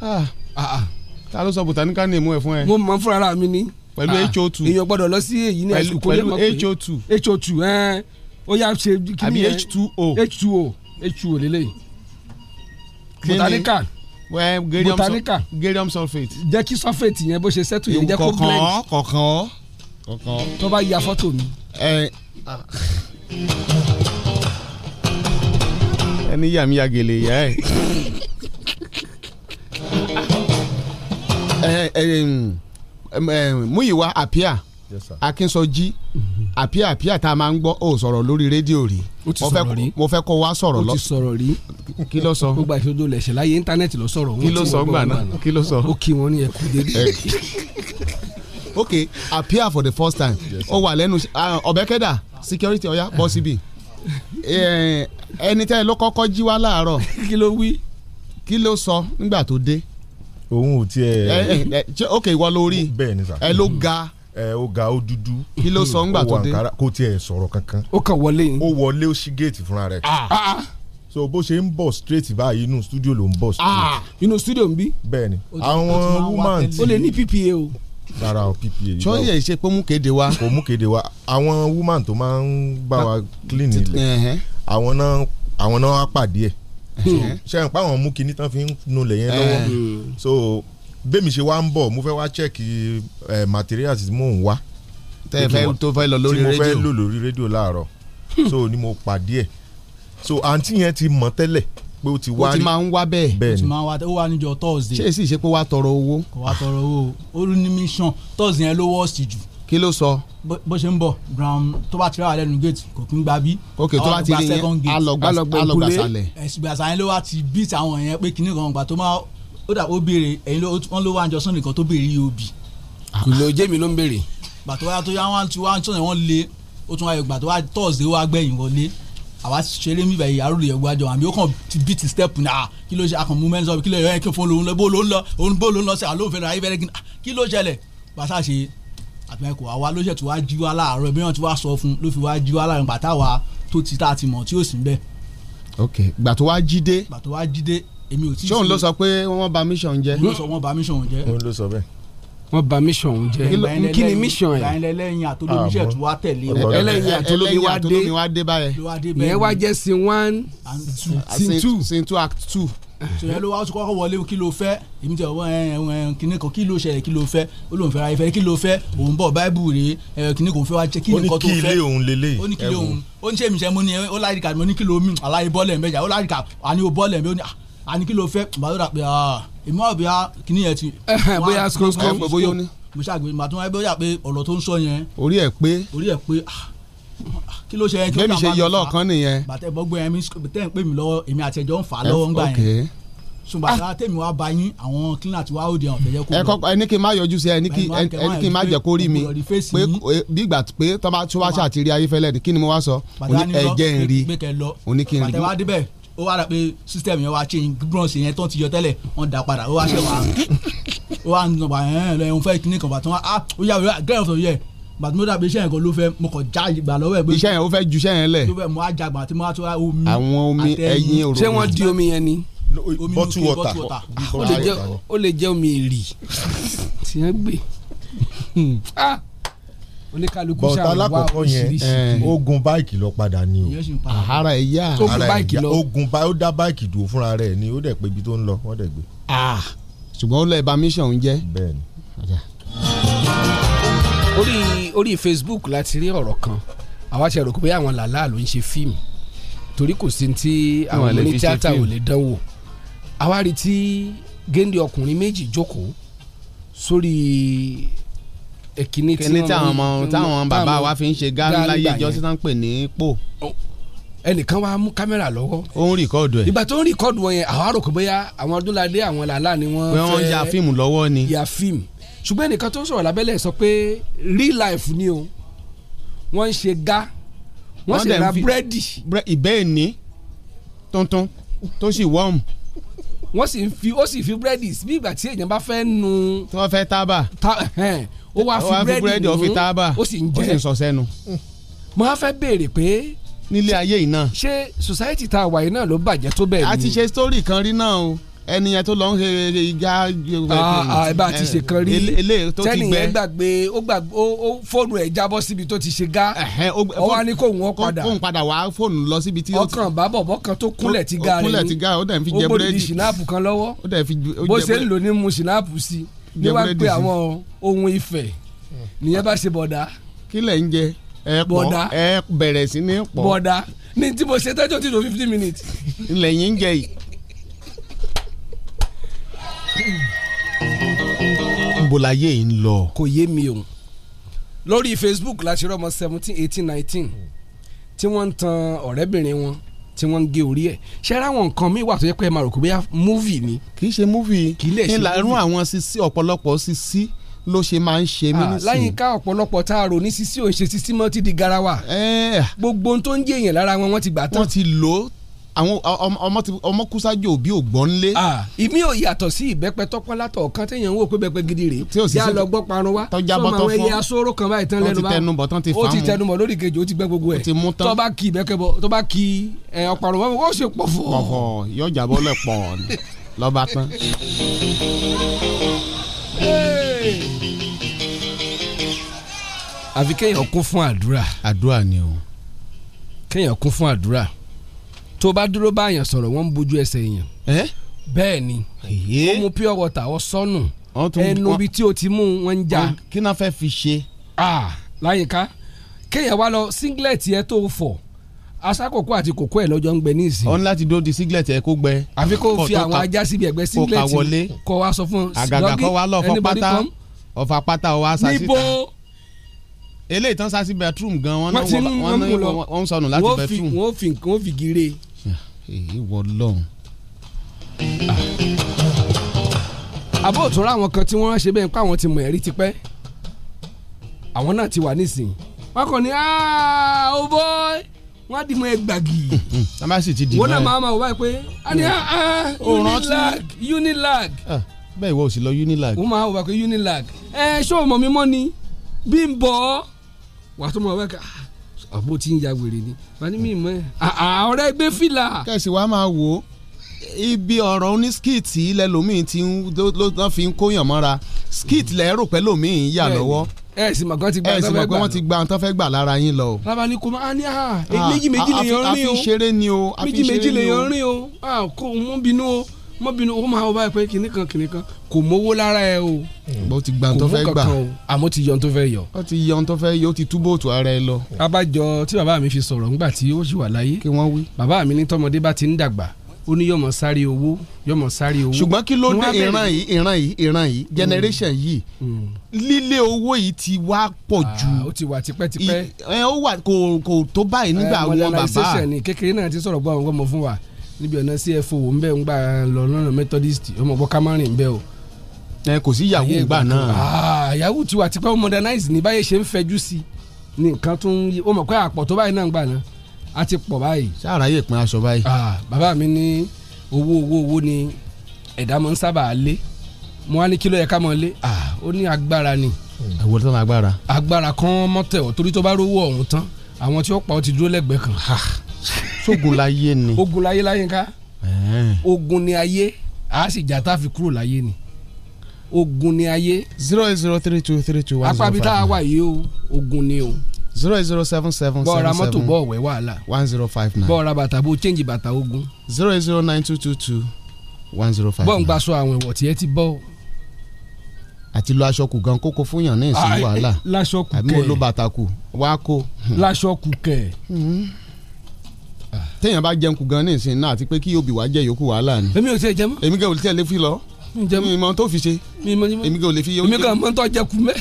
Ah. Ah, ta ló sọ botanical name ẹ fún ẹ. mo mọ fúnra mi ni. pẹ̀lú ho two èèyàn gbọ́dọ̀ lọ sí èyí ní ẹ̀sùn kó mọ̀ pé ho two ho two eh, ó yà ṣe kí ni ẹ h two o h two o h two o lélẹ́yìn botanical botanical gerium sulfate. jẹ́ kí sulfate yẹn bó ṣe sẹ́tù yẹn jẹ́ kó blend. kọ̀ọ̀kan kọ̀ọ̀kan. tó bá ya fọ́tò mi. ẹni yà mí yagele yà ẹ. Múyìwá àpíà. Akínsọjí àpíà àpíà tá a máa ń gbọ́ ò sọ̀rọ̀ lórí rédíò rí mo fẹ́ kó wá sọ̀rọ̀ lọ. o ti sọ̀rọ̀ rí kí ló sọ. gbogbo àìsòdò lẹ̀sẹ̀ láyé íńtánẹ́ẹ̀tì lọ sọ̀rọ̀. kí ló sọ gbà náà kí ló sọ. ó kí wọn ní ẹkú dédé. ok appear for the first time ó wà lẹ́nu ah, ọ̀bẹ́kẹ́dà security ọ̀yá bọ́ síbi ẹni tẹ́ ẹ ló kọ́kọ́ jí wá láàárọ̀. kí ló wí. kí ló sọ nígbà tó dé. òun ò tiẹ̀. ok ìwọ ló ẹ ló ga ó ga ó dúdú. kí ló sọ ńgbà tó dé kó tiẹ̀ sọ̀rọ̀ kankan. ó kàn wọlé yín. ó wọlé ó ṣí géètì fúnra rẹ̀. Ah. Ah, ah. so bó ṣe ń bọ̀ straight báyìí inú studio ló ń bọ̀ straight. inú studio ń bí. bẹ́ẹ̀ni àwọn woman ti. ó lè ní ppa o rárá o ppa. sọ́yẹ̀ ṣe pé mú kéde wa. kò mú kéde wa àwọn woman tó máa ń bá wa clean ilẹ̀ àwọn náà àwọn náà á pàdé ẹ̀ ṣe ń pa àwọn mú kinní tán fi ń nulẹ̀ yẹn lọ́wọ́ so bẹ́ẹ̀ mi ṣe wá ń bọ̀ mo fẹ́ wá chẹ́ẹ̀kì eh, materials tí mò ń wá tẹ́ ẹ fẹ́ tó fẹ́ lọ lórí rédíò tí mo fẹ́ lò lórí rédíò láàárọ̀ so ni mo pàdé ẹ̀ so àǹtí yẹn ti mọ̀ tẹ́lẹ̀ pé ó ti wá rí ó ti máa ń wá bẹ́ẹ̀ bẹ́ẹ̀ ni o ti máa ń wá ó wá níjọ thursday ṣé èsì ṣe pé wàá tọrọ owó kò wá tọrọ owó ó ní mission thursday yẹn ló wọ́ọ̀sì jù kí ló sọ. bó ṣe ń bọ̀ brown tó bá ti rà lẹ́nu gate kò kí ń gba bí. ok tó bá ti yẹn alọgbàsálẹ̀. ẹ̀sùn gbàsálẹ̀ ló wá ti beat àwọn yẹn pé kíní kan gbà tó máa ó dà ó béèrè ẹ̀yin wọ́n ló wá àjọ sunday tó béèrè yìí òbí. kò jẹ́mi ló ń béèrè. bàtọ́ wa tó yá wọn ti wá sunday wọn lé ó tún ayọ̀ gbàtọ́ wa tọ́sídẹ̀ẹ́ wa gbẹ̀yìn wọlé àwa ṣeré mi báyìí arúgbó yẹn gbájọ àmì ó kàn ti bí ti step náà ah, kí ló ṣe akàn mú mẹ́rin sọ kí ló yẹ kí fún lòun lọ bó lòun lọ òun bó lòun lọ sí àlóhùn fẹ́ràn ayébẹ́rẹ́ gíga ah, kí ló ṣẹlẹ̀ bàtà ṣe àtìmẹ́kọ̀ àwa ló ṣẹ̀ tó wá jí wá láàárọ̀ ẹ̀mí náà ti wá sọ fún ló fi wá jí wá láàárọ̀ bàtà wa tó ti tá a ti mọ̀ tí ó sì ń bẹ̀. ok gbà tó jí dé. gbà tó jí dé èmi ò tí ì sí. sóun ló sọ pé wọ́n bà mission jẹ́. ló sọ wọ́n bà mission jẹ́. òun ló sọ bẹ́ẹ̀. wọ́n bà mission jẹ́ kí ni mission yẹn. ìlànà ẹlẹ́yin àtolómi ṣẹ̀ ah, tún wá tẹ̀lé. ẹlẹ́yin àtolómi wá dé báyẹn. ìyẹn wá jẹ́ sin one sin two sin two act two sọyẹ ló wá kọ́kọ́ wọlé kí ló fẹ́ èmi tẹ ọwọ́ kìnìún kan kí ló ṣẹlẹ̀ kí ló fẹ́ ó lòun fẹ́ra ìfẹ́ kí ló fẹ́ òun bọ̀ báìbù rèé kìnìún kan fẹ́ wá jẹ́ kí nìkan tó fẹ́ ó ní kí ilé òun lélẹ̀ ó ní kí ilé òun ó ní sẹ́mi sẹ́mi ó ní ó láyé kàdé mo ní kí ló mi aláyé bọ́ọ̀lù ẹ̀ mẹ́jà ó láyé kà á ní o bọ́ọ̀lù ẹ̀ mẹ́jà ó ní à ah, àní kí ló fẹ́ bàdúrà pé ah, èmi wà bóyá kíní yẹn ti. bóyá skroskom bóyá ó ní. mo ṣàgbé màá tún wáyé bóyá pé ọ̀rọ̀ tó ń sọ yẹn. orí ẹ̀ pé. orí ẹ̀ pé ah, kí ló ṣe yẹn kí ló ṣe yọ lọ́ọ̀kan nìyẹn. bàtẹ bọ́gbọ́n yẹn mi tẹ́ ń pè mí lọ́wọ́ èmi àtẹ̀jọ́ ń fà á lọ́wọ́ ńgbà yẹn ṣùgbọ́n àti ah. tèmi wá bá yín àwọn cleaner ti wá òde àwọn fẹ̀yẹ́ kó lọ. ẹ kọ́ ẹni kí n má yọjú sí ẹni kí ẹni kí n má jẹ́ kó rí mi pé eh, bígbà pé tọ́ba tí wọ́n ṣàtìrí ayé fẹ́lẹ́ ni kí ni mo wá sọ ẹ̀jẹ̀ ń rí oníkìnrin. bàtẹ́ wá débẹ̀ ó wá rà pé system yẹn wá change bronze yẹn tó ti yọ tẹ́lẹ̀ wọ́n dá padà ó wá ṣe wá ó wá nù bá ẹ̀ ẹ̀ òun fẹ́ kíní kan bàtún wá á ah, ó yà wíwá gẹ́rẹ́ ọ̀sán yẹ bàtí mo dàbí iṣẹ́ yẹn kan ló fẹ́ mo já ìgbà lọ́wọ́ ẹ̀ pé iṣẹ́ yẹn ó fẹ́ ju iṣẹ́ yẹn lẹ̀ ló fẹ́ mo á jàgbà tí mo á tó omi àwọn omi ẹyin òrò ṣé wọ́n di omi yẹn ni bottle water ó lè jẹ́ omi èrì tí oníkàlùkù ṣàwọ̀ wá oríṣiríṣi. Eh, ogun báìkì lọ padà ni o ara ẹ̀ yá ogun báìkì lọ ogun báìkì ó dá báìkì dùn fúnra rẹ̀ ni ó dẹ̀ pé ibi tó ń lọ wọ́n dẹ̀ gbé. ṣùgbọ́n ó lọ ẹ̀ bá mission ń jẹ́. bẹ́ẹ̀ni. orí orí Facebook láti rí ọ̀rọ̀ kan àwa ṣe rò pé àwọn làlá ló ń ṣe fíìmù torí kò sí ti àwọn oní tíátà ò lè dánwò àwa rí ti géńdé ọkùnrin méjì jókòó sórí ẹ̀kíní eh, tí wọ́n máa táwọn bàbá wa fi ń ṣe gáàrí láyé ìjọ sí náà ń pè ní pò. Oh, ẹnìkan wa mú kámẹ́rà lọ́wọ́. ó ń rìkọ́ọ̀dù ẹ̀. ìgbà tó ń rìkọ́ọ̀dù wọn yẹn àwọn àròkọ bóyá àwọn Ọdúnládé àwọn làlá ni wọ́n fẹ́. wọ́n ya fíìmù lọ́wọ́ ni. ya fíìmù ṣùgbọ́n ẹnìkan tó ń sọ̀rọ̀ lábẹ́lẹ̀ sọ pé real life ni o wọ́n ń ṣe gá wọ́n sì ra búrẹ́dì. ìbẹ́ tuntun tó sì wọ́ọ̀mù wọ́n sì fi búrẹ́dì bí ìgbà tí èèyàn bá fẹ́ nu. tí wọ́n fẹ́ tábà ó wá fi búrẹ́dì ó fi tábà ó sì ń jẹ ó sì ń sọ sẹ́nu. mo á fẹ́ béèrè pé. nílé ayé yìí náà. ṣé society tá a wà yìí náà ló bàjẹ́ tó bẹ́ẹ̀ ni. a ti ṣe story kan rí náà o ẹni yẹn tó lọ ń ṣe ìjà. Ah, ah, ẹ bá ti ṣe kan rí tẹ́nìyẹn gbàgbé ó gbàgbé ó fóònù ẹ̀ jábọ́ síbi tó ti ṣe gá ọ wá ní kóun ọ padà kóun padà wá fóònù lọ síbi tí ó ti. ọkàn bábọ̀ bọ́kan tó kúnlẹ̀ ti ga rẹ̀ ni ó gbòdì sinapu kan lọ́wọ́ bó ṣe ń lò ní mu sinapu sí ní wàá pé àwọn ohun ìfẹ́ nìyẹn bá ṣe bọ̀dá. kí lẹ̀ ń jẹ ẹ pọ ẹ bẹ̀rẹ̀ sí ní pọ. bọ̀dá ní tí mo ṣe tẹ́jọ́ tí lo fifteen minutes. ilẹ̀ yín ń jẹ yìí. bolaye yìí ń lọ. kò yé mi o lórí Facebook láti rọmọ seventeen eighteen nineteen tí wọ́n ń tan ọ̀rẹ́bìnrin wọn tí wọ́n ń gé orí ẹ̀ ṣe ara àwọn nǹkan míì wà tó yẹ pé ẹ máa rò kó bóyá múvì ni. kì í ṣe múvì kì í lè ṣe múvì ìlànà àwọn sisi ọ̀pọ̀lọpọ̀ sisi ló ṣe máa ń ṣe mí ah, nísìnyí. láyìíká ọ̀pọ̀lọpọ̀ tá a rò ní sisi ò ń ṣe sisi mọ́ ti di garawa. Eh. gbogbo ohun tó ń jẹ́ èèyàn lára wọn wọ́n ti gbà tán. wọ́n ti lò ó àwọn ọmọ kú sájú òbí ò gbọ́n lé. ìmí ò yàtọ̀ sí ìbẹ́pẹ tọpọ́látọ̀ kan téèyàn ń wò pé bẹ́pẹ gidi rèé yà lọ gbọ́ parun wá sọmọ àwọn ẹyẹ asóró kan báyìí tán lẹ́nu bá ó ti tẹnumọ̀ lórí kejì ó ti gbẹ́ gbogbo ẹ̀ tó bá kí ìbẹ́kẹ bọ tó bá kí ọparun wọn ó ṣe pọ̀ fún àdúrà. àdúrà kún fún àdúrà tó bá dúró báyàn sọ̀rọ̀ wọ́n ń bójú ẹsẹ̀ èèyàn bẹ́ẹ̀ ni ó mu pure water ọ sọ́nù ẹnu ibi tí o ti mú wọn ń jà. kí náà fẹ́ fi ṣe. láyìíká kéèyàn wá lọ singlet yẹn tó fọ̀ asakoko àti kòkó ẹ lọ́jọ́ ń gbẹ ní ìsìn. ọ̀n láti dó di singlet ẹ kó gbẹ. àfi kó fi àwọn ajá síbi ẹ̀gbẹ́ singlet kó wa sọ fún un. àgàgà kó wa lọ fọ pátá ọ̀fà pátá ọ̀wá sasita. níbo eléyìí tán sasi bathroom gan wọn náà wọn ń sọnù láti bathroom. wọ́n fi gire èyí wọ lọ́hùn. Ah. àbó òtún ra àwọn kan tí wọ́n ṣe bẹ́ẹ̀ pé àwọn ti mọ̀ ẹ̀rí tipẹ́ àwọn náà ti wà nísìnyí wọ́n kàn ní ó ah, oh bọ́ wọ́n á di mọ́ ẹ gbàgì. tá a bá sì ti di mọ́ ẹ. wọ́n náà máa ma wọ́n báyìí pé a ní ah, unilag unilag. bẹ́ẹ̀ ìwọ ò sì lọ unilag. wọ́n máa wọ́n bá pé unilag ẹ ṣé o mọ̀ mi mọ́ ni bí n bọ̀ wàá tó mọ̀ wọ́n bá àmọ́ tí ń ya wèrè ni wọn ni mímọ ẹ ọ̀rẹ́ gbé fìlà. kẹ̀sì wa máa wò ó ibi ọ̀rọ̀ ní skit ilẹ̀ lomiin ti ló fi ń kóyàn mọ́ra skit lẹ́rù pẹ́ lomiin yà lọ́wọ́ ẹ sì mọ̀ kí wọ́n ti gba ọ̀tọ́ fẹ́ gbà lára yín lọ. bàbá ni kò máa ní à ah, méjì méjì lèyàn rìn o méjì méjì lèyàn rìn o kò mú bínú o mọ́bìnrin ó máa wọ báyìí pé kinní kan kinní kan kò mówó lára ẹ o. Hmm. bó ti gbà tó fẹ́ gbà àmọ́ ti yọ tó fẹ́ yọ. ó ti yọ tó fẹ́ yọ ó ti túbọ̀ òtù ara ẹ lọ. abájọ tí bàbá mi fi sọ̀rọ̀ ńgbà tí ó sì wà láyé. kí wọ́n wí. bàbá mi ní tọmọdé bá ti ń dàgbà ó ní yọmọ sáré owó yọmọ sáré owó. ṣùgbọ́n kí ló dé ìran yìí ìran yìí ìran yìí hmm. generation yìí hmm. lílé owó yìí ti wá pọ̀ ah, jù. ó ti wà tipẹ́tipẹ́. ẹ ó wà kò kò tó báyìí eh, nígbà àwọn bàbá. modernization ni kékeré náà ti sọ̀rọ̀ gbọ́ àwọn ọmọ fún wa níbi ọ̀nà CFO ń bẹ̀ ń gbà lọ lọ́nà Methodist ọmọ ọgbọ́n kamarin ń bẹ̀ o. ẹ kò sí yahoo gbà náà. Ah, yahoo tiwa tipa ó modernize ní báyìí ṣe ń fẹjú sí ní nǹkan tó ń yí ó mọ̀ pé àpọ̀ tó báyìí náà ń gbà náà a ti pọ̀ báyìí. sáàrà yìí pin aṣọ báyìí. Ah, bàbá mi ní owó owó owó ni ẹ̀dá mọ́ ń sábà lé mo wá ní kí ló yẹ ká mọ́ lé ah, ó ní agbára ni. ìwọ tán agbára. agbára kan mọ́tẹ̀ ọ̀ torí tó bá rówó ọ̀hún tán àwọn tí ó pa ó ti dúró lẹ́gbẹ̀ẹ́ kan sógun láyé ni ogun láyé láyé ká ogun ni ayé a sì jà tá a fi kúrò láyé ni ogun ni ayé. zero eight zero three two three two one zero five. apá ibi tá a wà yìí o ogun ni o zero eight zero seven seven seven seven bọ́ọ̀ra mọ́tò bọ́ọ̀ wàhálà one zero five nine bọ́ọ̀ra bàtà bó change bàtà ogun zero eight zero nine two two two one zero five nine bọ́ọ̀ ń gbaṣọ àwọn ẹ̀wọ̀ tiẹ̀ ti bọ́ àti lo aṣọ kù gan kókó fún yàn ní ìsìn wàhálà àbí mo kù wá kó. láṣọ kù kẹ̀. Hmm téèyàn bá jẹun kù gan ní ìsìn náà àti pé kí obì wá jẹ yòókù wàhálà ni. èmi ò tiẹ̀ jẹ mọ́. èmi gan ò tiẹ̀ lè fi lọ. mi mọ tó fi ṣe. èmi gan ò lè fi yẹ. èmi gan mọ tó jẹ kú mẹ́.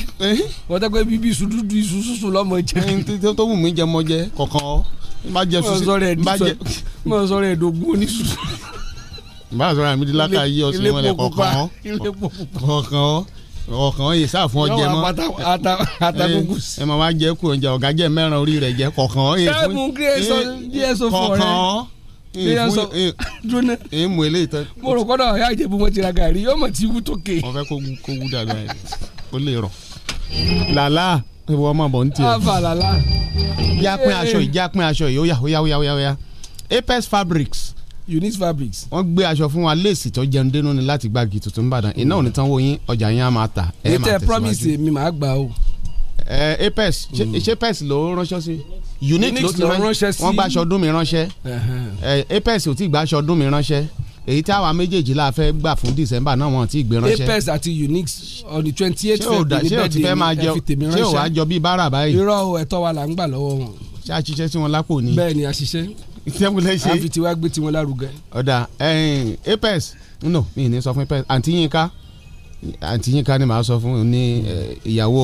wọ́n tẹ́ pé bíbí iṣu dúdú iṣu sùsù lọ́mọ jẹ. tó wù mí jẹ mọ jẹ kọ̀ọ̀kan ọ. má jẹ sùsù má jẹ. mọ sọ̀rọ̀ ẹ̀dógún oníṣùsù. bá a sọ̀rọ̀ àmì ọkàn yìí sáfún ọjẹ mọ atagungu sí. ẹ máa wá jẹ kú ọjà ọ̀gá jẹ mẹ́rin orí rẹ̀ jẹ kọ̀ọ̀kan yìí fún eh, kọ̀ọ̀kan èyí eh, eh, mú eléyìí tán. mo rò kọ́dọ̀ ọ̀yá ìjẹ̀bú mo ti ra gàrí yóò mọ̀ tí wú tó ké. wọ́n fẹ́ kó wú dàgbà yẹn ó lè rọ̀. làlá ìwọ ọmọ bọ̀ ń tiẹ̀. àfà làlá. jápín aṣọ yìí jápín aṣọ yìí ó yá ó yá ó yá ó yá. Apex Fabrics unique fabrics. wọ́n gbé aṣọ fún wa léèsì tó jẹun dénú ni láti gbági tuntun nìbàdàn iná ò ní tán wo yín ọjà yín á máa tà ẹ máa tẹ̀síwájú. ètò promise mi máa gbà o. ẹ apex ṣé hmm. apex ló ránṣẹ́ sí unique ló ti ránṣẹ́ sí wọ́n gba aṣọ ọdún mi ránṣẹ́ apex ò tí ì gba aṣọ ọdún mi ránṣẹ́ èyí tí àwa méjèèjì la fẹ́ gbà fún december náà wọn ti gbé ránṣẹ́. apex àti unix on the twenty eight february ṣé o ti fẹ́ máa jẹ ṣé o wá jọ bí bára báyìí. irọ́ ẹ̀tọ́ wa là ń gbà lọ́wọ́ wọn. ṣé àṣìṣe tí wọn lápò ni. bẹ́ẹ̀ ni àṣìṣe ìṣẹ́wulẹ̀ ṣe. a fi tiwa gbé tiwọn lárugẹ. ọ̀dà apex no mi ni sọ fún apex àǹtí yínká àǹtí yínká ni màá sọ fún ní ìyàwó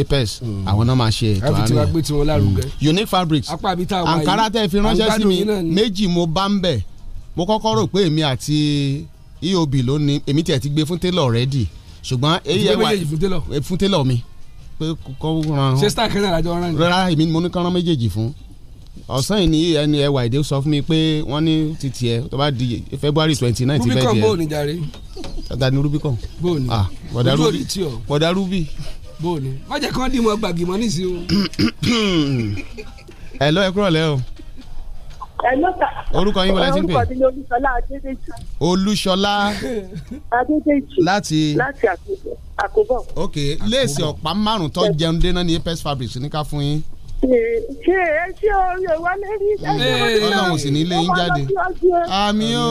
apex hmm. àwọn náà máa ṣe ètò àárín. a tiwa gbé tiwọn lárugẹ. Hmm. unique fabrics àǹkárá tẹ́ fi ránṣẹ́ sí mi méjì mo bá ń bẹ̀ mo kọ́kọ́ rò pé èmi àti eob ló ní èmi tiẹ̀ ti gbé fún tailor rẹ́dì ṣùgbọ́n eh, fún tailor mi pé kọ́ ran. ṣé star kẹ́nà àjọ rán ni. rárá èmi ni mo ní kán rán méjèèjì fún ọ̀sán yìí ni ẹni ẹwà èdè sọ fún mi pé wọ́n ní títì ẹ tó bá di february twenty nine ti fẹ́ di ẹ. rubicon bóòni jàre. ọ̀dà ni rubicon. bóòni ah, ojú Rubi. tí o. bọ̀dà rubi. bóòni má jẹ́ kí wọ́n dì mọ́ gbàgìmọ́ nísìnyí o. ẹ lọ ẹ kúrò lẹ́ o orúkọ yín bọ̀lá ti ń pè olúṣọlá adédèjì láti láti àkóbọ̀. ok léèsì ọ̀pá márùn-ún tó jẹun dénà ní apes fabric ní ká fún yín ṣe ẹ ṣe orí ọwọ́ lérí. Ọlọ́run sì ní ilé jáde àmì o.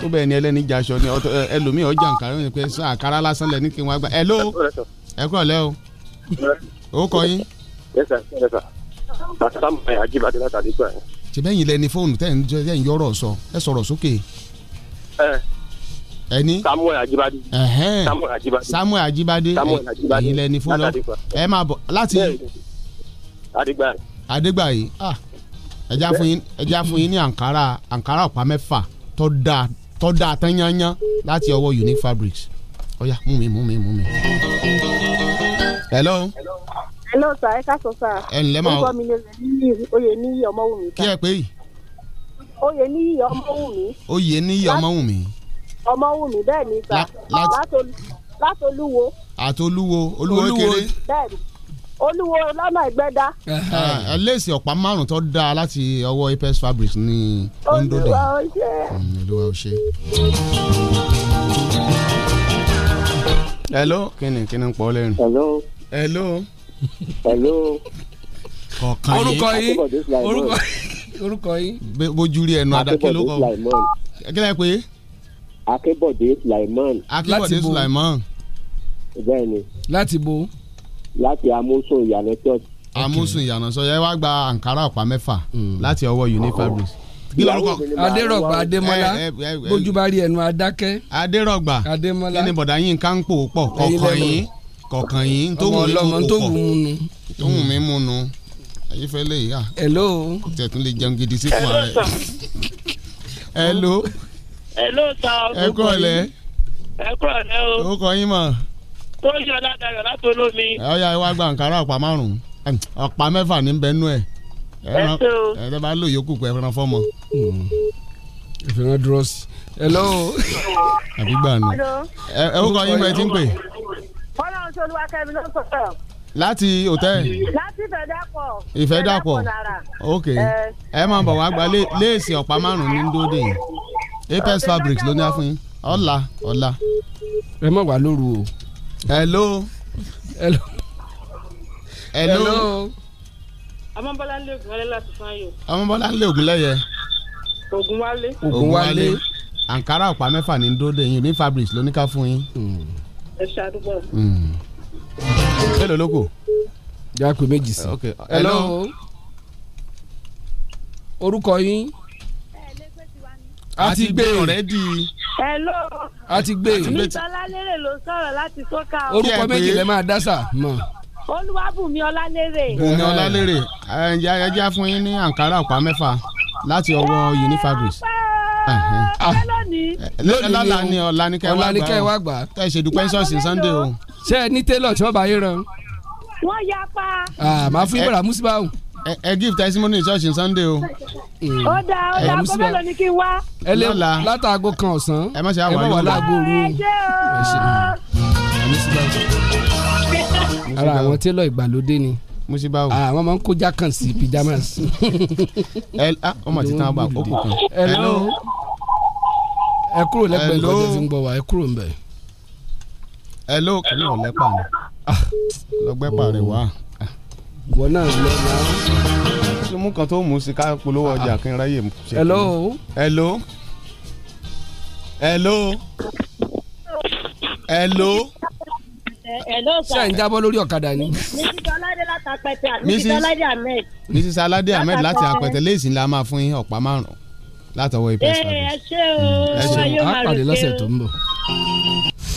tó bẹ́ẹ̀ ni ẹlẹ́ni jaṣọ ni ẹlòmíì ọjà nǹkan ló ń sọ àkàrà lásán lẹ́ni kí wọ́n á gbà ẹ ló ẹ kọ́ lẹ́ o ó kọ yín. ṣe bẹ́ẹ̀ yín lẹ́ni fóònù tẹ̀ ń yọ̀rọ̀ sọ ẹ sọ̀rọ̀ sókè ẹni Samuel Ajibade Samuel Ajibade Samuel Ajibade ẹ̀yin lẹni fún lọ ẹ máa bọ̀ láti Adégbàyí Adégbàyí ah ẹja fún yín ẹja fún yín ní Ankara Ankara ọ̀pá mẹ́fà tó dáa tó dáa tán láti ọwọ́ Unique Fabrics ọ̀ya mú mi mú mi mú mi. hello. hello sir ẹ káàsán sir. ẹ ǹlẹ́ máa orúkọ mi ni oyè níyì ọmọ wù mí. kí ẹ pé yìí. oyè níyì ọmọ wù mí. oyè níyì ọmọ wù mí ọmọwùmí bẹ́ẹ̀ ni sà látolúwo. àtolúwo olúwo kéré. olúwo lọ́nà ìgbẹ́dá. léèsì ọ̀pá márùn-ún tó dáa láti ọwọ́ Apex Fabric ní Ondo olúwa ó ṣe. Mm, hello kíni kíni ń pọ̀ lẹ́rìn. hello. hello. hello. kọ̀ọ̀kan yìí orúkọ yìí orúkọ yìí. bójú rí ẹnu adakẹ́ ló kọ. kí ló ń pè é akébọ̀dé sulaiman. akébọ̀dé sulaiman. bẹ́ẹ̀ni. láti bo. láti amósùn ìyànà church. amósùn ìyànà sọ yẹ wá gba àǹkárá ọ̀pá mẹ́fà hmm. láti ọwọ́ unifabrics adérọ̀gbà adémọ́lá eh, eh, eh, bójúbárí ẹnu adákẹ́. adérọ̀gbà adémọ́lá kí ni bọ̀dá yín ká ń pò pọ̀ kọ̀ọ̀kan yín kọ̀ọ̀kan yín tó wù mí tó wù mí tó mú nu ayífẹ́lẹ́ yìí à. hello. tẹ̀tún lè jẹun gidi sí fún ara ẹ̀. hello. hello hello sir. ẹ kúrọ̀ lẹ́. ẹ kúrọ̀ lẹ́ o. o yín mọ̀. tó ń yọ ládàyọ̀ láti ẹ ya iwá gba nkàrà ọ̀pá ọ̀pá mẹ́fà ní bẹ́ẹ̀ nú ẹ̀. ẹ bá lò fẹ́ràn fọ́mọ. ẹ dúró sí. hello. àbí gbà nù. ẹ yín ẹ ti ń pè. olúwa ok ẹ Apex Fabrics ló ní á fún yín ọ̀la ọ̀la. ẹ má wà lóru o. hello. hello. hello. amọ́bọ́lá ń lé ògùn lẹ́yẹ láti fún ayò. amọ́bọ́lá ń lé ògùn lẹ́yẹ. ògùn wálé. ògùn wálé. àǹkárá ọ̀pá mẹ́fà ní dóde yín ní Fabrics ló ní ká fún yín. Hmm. ẹ ṣe àdúgbò. Hmm. mélòó ló jákè méjì sí. hello. orúkọ yín a ti gbé ọ̀rẹ́dì. hello. a ti gbé. nítorí lérè ló sọ̀rọ̀ láti sọ́ka. orúkọ méjì lè máa dá sà mọ́. olúwàbùnmi ọlálérè. bùnmi ọlálérè ẹ jẹ́ fún yín ní àǹkárá ọ̀pá mẹ́fà láti ọwọ́ unifabrics lọ́la ni ọ̀la ni kẹ́ wá gbà á tẹ̀ ṣe dúpẹ́ sọ́ọ̀sì sunday o. ṣé ẹ ní tẹ́lọ̀ tí wọ́n bá yín rán. wọ́n yapa. Ah, màá fún ibùdó àmúṣibáwò ẹ give testimony ṣọ́ọ̀ṣì sunday o. ó dáa ó dáa kó mélòó ni kí n wá. ẹ lè látàgò kan ọ̀sán ẹ má ṣe àwọn àyùbá ẹ ṣe o. ara àwọn télọ̀ ìgbàlódé ni musibawo. aa ah, wọn máa ń kójá kan sí pyjamas. ẹ a ah, ọmọ ti tán ọba òkú kan. hello. ẹ kúrò lẹ́gbẹ̀ẹ́ nǹkan tó fi ń gbọ́ wa ẹ kúrò ń bẹ̀. hello. hello lẹ́pà ni ah. lọ́gbẹ́pà rẹ̀ wá ìwọ náà lọ náà. ṣé mú kan tó mú sí ká polówó ọjà kí n ráyè ṣe. hello. hello. hello. hello. hello sir. ṣé à ń jábọ́ lórí ọ̀kadà ni. mrs alade láti apẹtẹ mrs alade ahmed. mrs alade ahmed láti apẹtẹ léèsì ńlá máa fún yín ọ̀pá márùn-ún látọwọ́ ipa service. Eh, ẹ ṣe o hmm, ẹ ṣe o a pàdé lọ́sẹ̀ tó ń bọ̀.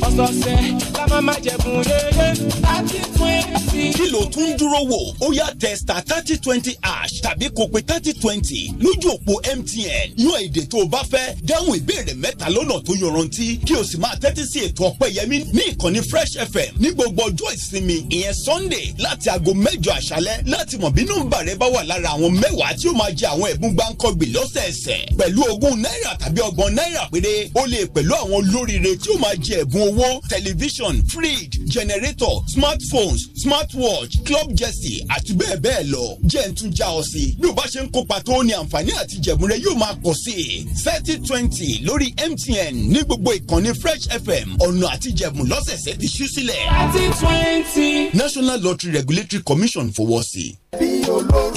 ọ̀sọ̀ọ̀sẹ̀ la máa ma jẹ̀bùn rere thirty twenty. kí ló tún ń dúró wò ó yá testa thirty twenty ash tàbí kó pe thirty twenty lójú òpó MTN yan èdè tó o bá fẹ́ dáhùn ìbéèrè mẹ́ta lọ́nà tó yọrantí kí o sì máa tẹ́tí sí ètò Ọpẹ́yẹmí ní ìkànnì Fresh FM ní gbogbo ọjọ́ ìsinmi ìyẹn Sunday láti aago mẹ́jọ àṣálẹ́ láti mọ̀ bí nọ́mbà rẹ bá wà lára àwọn mẹ́wàá tí ó máa jẹ àwọn ẹ̀bùn gbáǹkọ́gbè lọ́sẹ̀ẹsẹ̀ pẹ̀lú ogún náírà tàbí ọgbọ̀n náírà péré o lè pẹ̀lú àwọn olóríire tí ó máa jẹ ẹ̀bùn owó tẹlifíṣàn fridge generator smartphones smartwatch club jersey àti bẹ́ẹ̀ bẹ́ẹ̀ lọ jẹ́ ń tún já ọ sí bí o bá ṣe ń kópa tó ní àǹfààní àti jẹ̀mú rẹ yóò máa pọ̀ sí thirty twenty lórí MTN ní gbogbo ìkànnì Fresh FM ọ̀nà àti jẹ̀mú lọ́sẹ̀ẹ̀sẹ̀ ti ṣú sílẹ̀. thirty twenty National Lottery Regulatory Commission fọwọ́ sí. bí olórí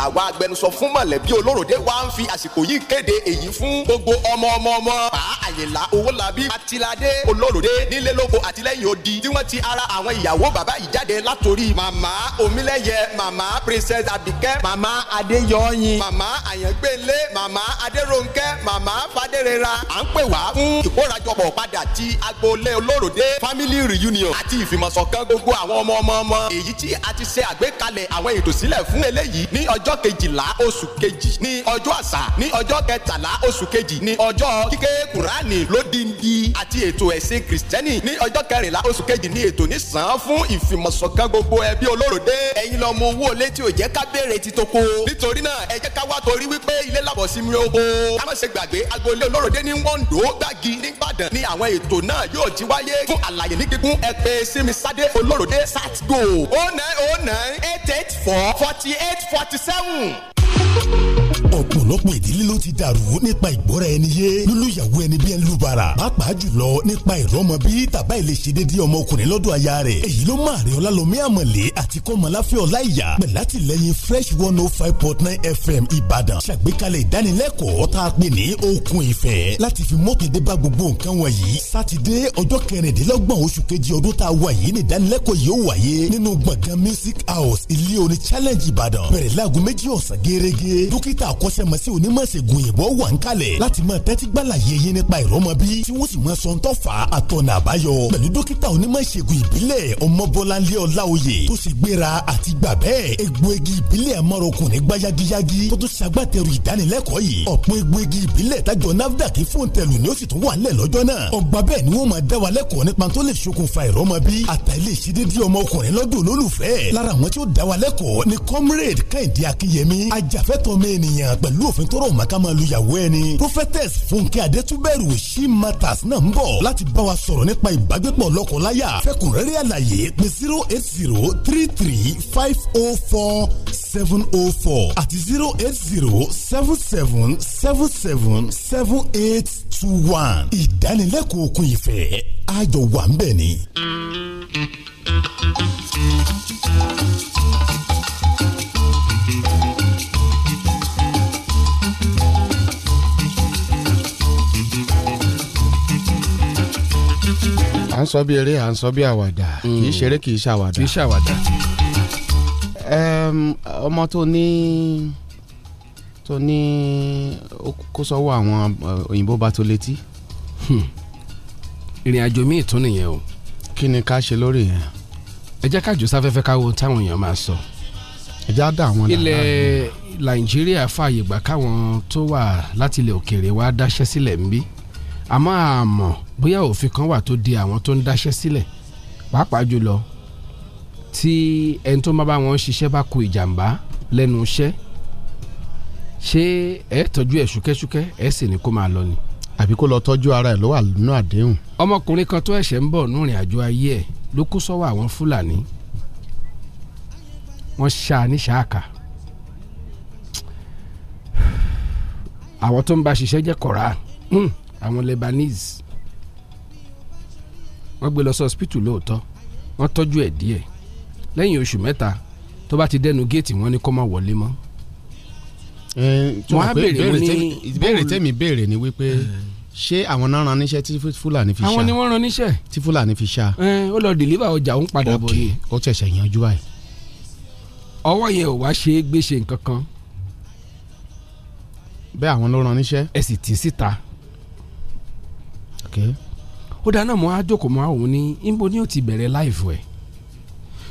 làwọn agbẹnusọ fún mọ̀lẹ́bí olóròdé wa ń fi àsìkò yìí kéde èyí fún gbogbo ọmọ ọmọ ọmọ pa àyìnlá owólabí atilade olóròdé nílé lóko àtìlẹ́yìn odi tí wọ́n ti ara àwọn ìyàwó bàbá yìí jáde látòrí màmá omílẹ̀yẹ màmá princess abike màmá adéyọyìn màmá àyàngbélé màmá adéròǹkẹ́ màmá fadérera à ń pè wá fún ìkórajọpọ̀ padà ti agboolé olóròdé family reunion àti ìfìmọ̀sọ̀kan gbogbo àwọn ọmọ ọmọ ọmọ èyí tí a ti ṣe àgbékalẹ̀ àwọn ètò sílẹ̀ fún eléyìí ní ọjọ́ ọjọ́ kejìlá oṣù kejì ní ọjọ́ àṣà ní ọjọ́ kẹtàlá oṣù kejì ní ọjọ́ kíké kùránì lódìndí àti ètò ẹ̀sìn kìrìsìtẹ́nì ní ọjọ́ kẹrìnlá oṣù kejì ní ètò nísàn fún ìfìmọ̀ṣọ̀kan gbogbo ẹbí olóròdé ẹ̀yin lọ mú owó létí òjẹ́ ká béèrè ti tó kó nítorí náà ẹ jẹ́ ká wá torí wípé ilé làbọ̀ sí mi oko ká má ṣe gbàgbé agboolé olóròdé ní Wando Gbági nìbàdàn ní àwọn ètò náà yóò ti wáyé fún àlàyé ní kíkún ẹ pè sími sáde olóròdé satgo oh nine oh nine eight eight four forty eight forty seven seven ọ̀pọ̀lọpọ̀ ìdílé ló ti dàrú nípa ìgbọ́ra ẹni yé lólùyàwó ẹni bí ẹni lùbàrà pàápàá jùlọ nípa ìrọmọ bí tàbá ilé ṣe dédé ọmọ ọkùnrin lọ́dọ̀ aya rẹ̀ èyí ló máa rí ọlálọ́mí àmọ̀lé àti kọ́mọláfẹ́ ọláìyá pẹ̀lú àtìlẹ́yìn fresh one oh five point nine fm ìbàdàn ṣàgbékalẹ̀ ìdánilẹ́kọ̀ọ́ tá a pè ní okun ìfẹ́ láti fi mọ́tòdé bá gbogbo nǹkan wọ̀nyí sátidé ọjọ́ kẹrìndínlọ́gbọ̀n oṣù kejì ọdún tá a wà yìí ní ìdánilẹ́kọ̀ọ́ yìí ó wáyé nínú gbọ̀ngàn music house ilé orin challenge ìbàdàn bẹ̀rẹ̀ láago méjì ọ̀sán géere gerege dókítà akọ́ṣẹ́mọṣẹ́ onímọ̀ṣègùn òyìnbó wà ń kalẹ̀ láti máa tẹ́tí gbàlàyé yín nípa ìrọ́mọbí tí wọ́n sì máa sọ ń tọ́fà àtọ̀nà àbáyọ pẹ̀lú dókítà onímọ̀ṣègùn ìbílẹ̀ ọmọbọ́láńlé ọláoyè tó sì gbéra àti gbà bẹ́ẹ̀ egbòogi ìbílẹ̀ amárokùnrin gbáyagiyagi tó tún ṣagbátẹrù ìdánilẹ́kọ̀ọ́ yìí ọ̀pọ̀ egbòogi ìbílẹ̀ tájọ nafdac fóńtẹ̀lù ni ó sì tún wà nílẹ̀ lọ́jọ́ náà ọgbà bẹ́ẹ̀ ni wọ́n máa dá wa lẹ́kọ̀ọ́ nípa tó lè ṣokùnfà ìrọ́mọbí àtàlẹ́ ìṣedédé ọmọkùnrin lọ́dún ìjàfẹ́tọ̀ ọmọ ènìyàn pẹ̀lú òfin tó rọ̀ màkà máa lu ìyàwó ẹni. prophetess fúnkẹ́ adétúbẹ̀rù she matters náà ń bọ̀ láti bá wa sọ̀rọ̀ nípa ìbágbépọ̀ lọ́kọláya fẹ́kùnrẹ́rẹ́ àlàyé pé zero eight zero three three five oh four seven oh four àti zero eight zero seven seven seven seven seven eight two one. ìdánilẹ́kọ̀ọ́ òkun ìfẹ́ àjọ wà ń bẹ̀ ni. à ń sọ bí eré à ń sọ bí àwàdà kì í mm. ṣeré kì í ṣàwàdà. kì í ṣàwàdà. ọmọ tó ní tó ní kó sọ́wọ́ àwọn eh, òyìnbó bá tó létí. Hmm. ìrìn àjò míì tún nìyẹn o. kí ni ká ṣe lórí yẹn. ẹ jẹ́ ká jù sáfẹ́fẹ́ ká wo táwọn èèyàn máa sọ. ẹ já dá àwọn làlá. ilẹ̀ nàìjíríà fààyè gbà káwọn tó wà láti ilẹ̀ òkèèrè wá dáṣẹ́ sílẹ̀ ń bí a máa mọ̀ bóyá òfin kan wà tó de àwọn tó ń dáṣẹ́ sílẹ̀ pàápàá jùlọ tí ẹni tó má bá wọn ṣiṣẹ́ bá kú ìjàmbá lẹ́nu iṣẹ́ ṣé ẹ tọ́jú ẹ̀ ṣúkẹ́ṣúkẹ́ ẹ sì ní kó máa lọ ni. àbí kó lọ tọ́jú ara ẹ̀ ló wà nínú àdéhùn. ọmọkùnrin kan tó ẹ̀ṣẹ̀ ń bọ̀ nírìn àjò ayé ẹ̀ ló kó sọ́wọ́ àwọn fúlàní wọ́n ṣá ní ṣáàkà àwọn tó ń bá ṣiṣẹ́ jẹ́ kọ̀ọ̀rá. Hmm àwọn Lebanese wọ́n gbé lọ sí hospital lóòótọ́ wọ́n tọ́jú ẹ̀ díẹ̀ lẹ́yìn oṣù mẹ́ta tó bá ti dẹnu géètì wọ́n ní kó má wọlé mọ́. wọ́n á béèrè mo ní ìbéèrè tèmi béèrè ni wípé ṣé àwọn náà ran níṣẹ́ tí fúlàní fi ṣá àwọn ni wọ́n ran níṣẹ́ tí fúlàní fi ṣá. ó lọ dìlíbà ọjà òun padà bọ̀ ni. ó ṣẹ̀ṣẹ̀ yanjú báyìí. ọwọ́ yẹn ò wá ṣe é gbéṣe nǹkan kan. bẹ́ẹ̀ àwọn ló ran níṣẹ́. ẹ sì tì í síta ó dáná mọ́ àjòkó mọ́ àwọn ní níbo ni o ti bẹ̀rẹ̀ láìfù ẹ̀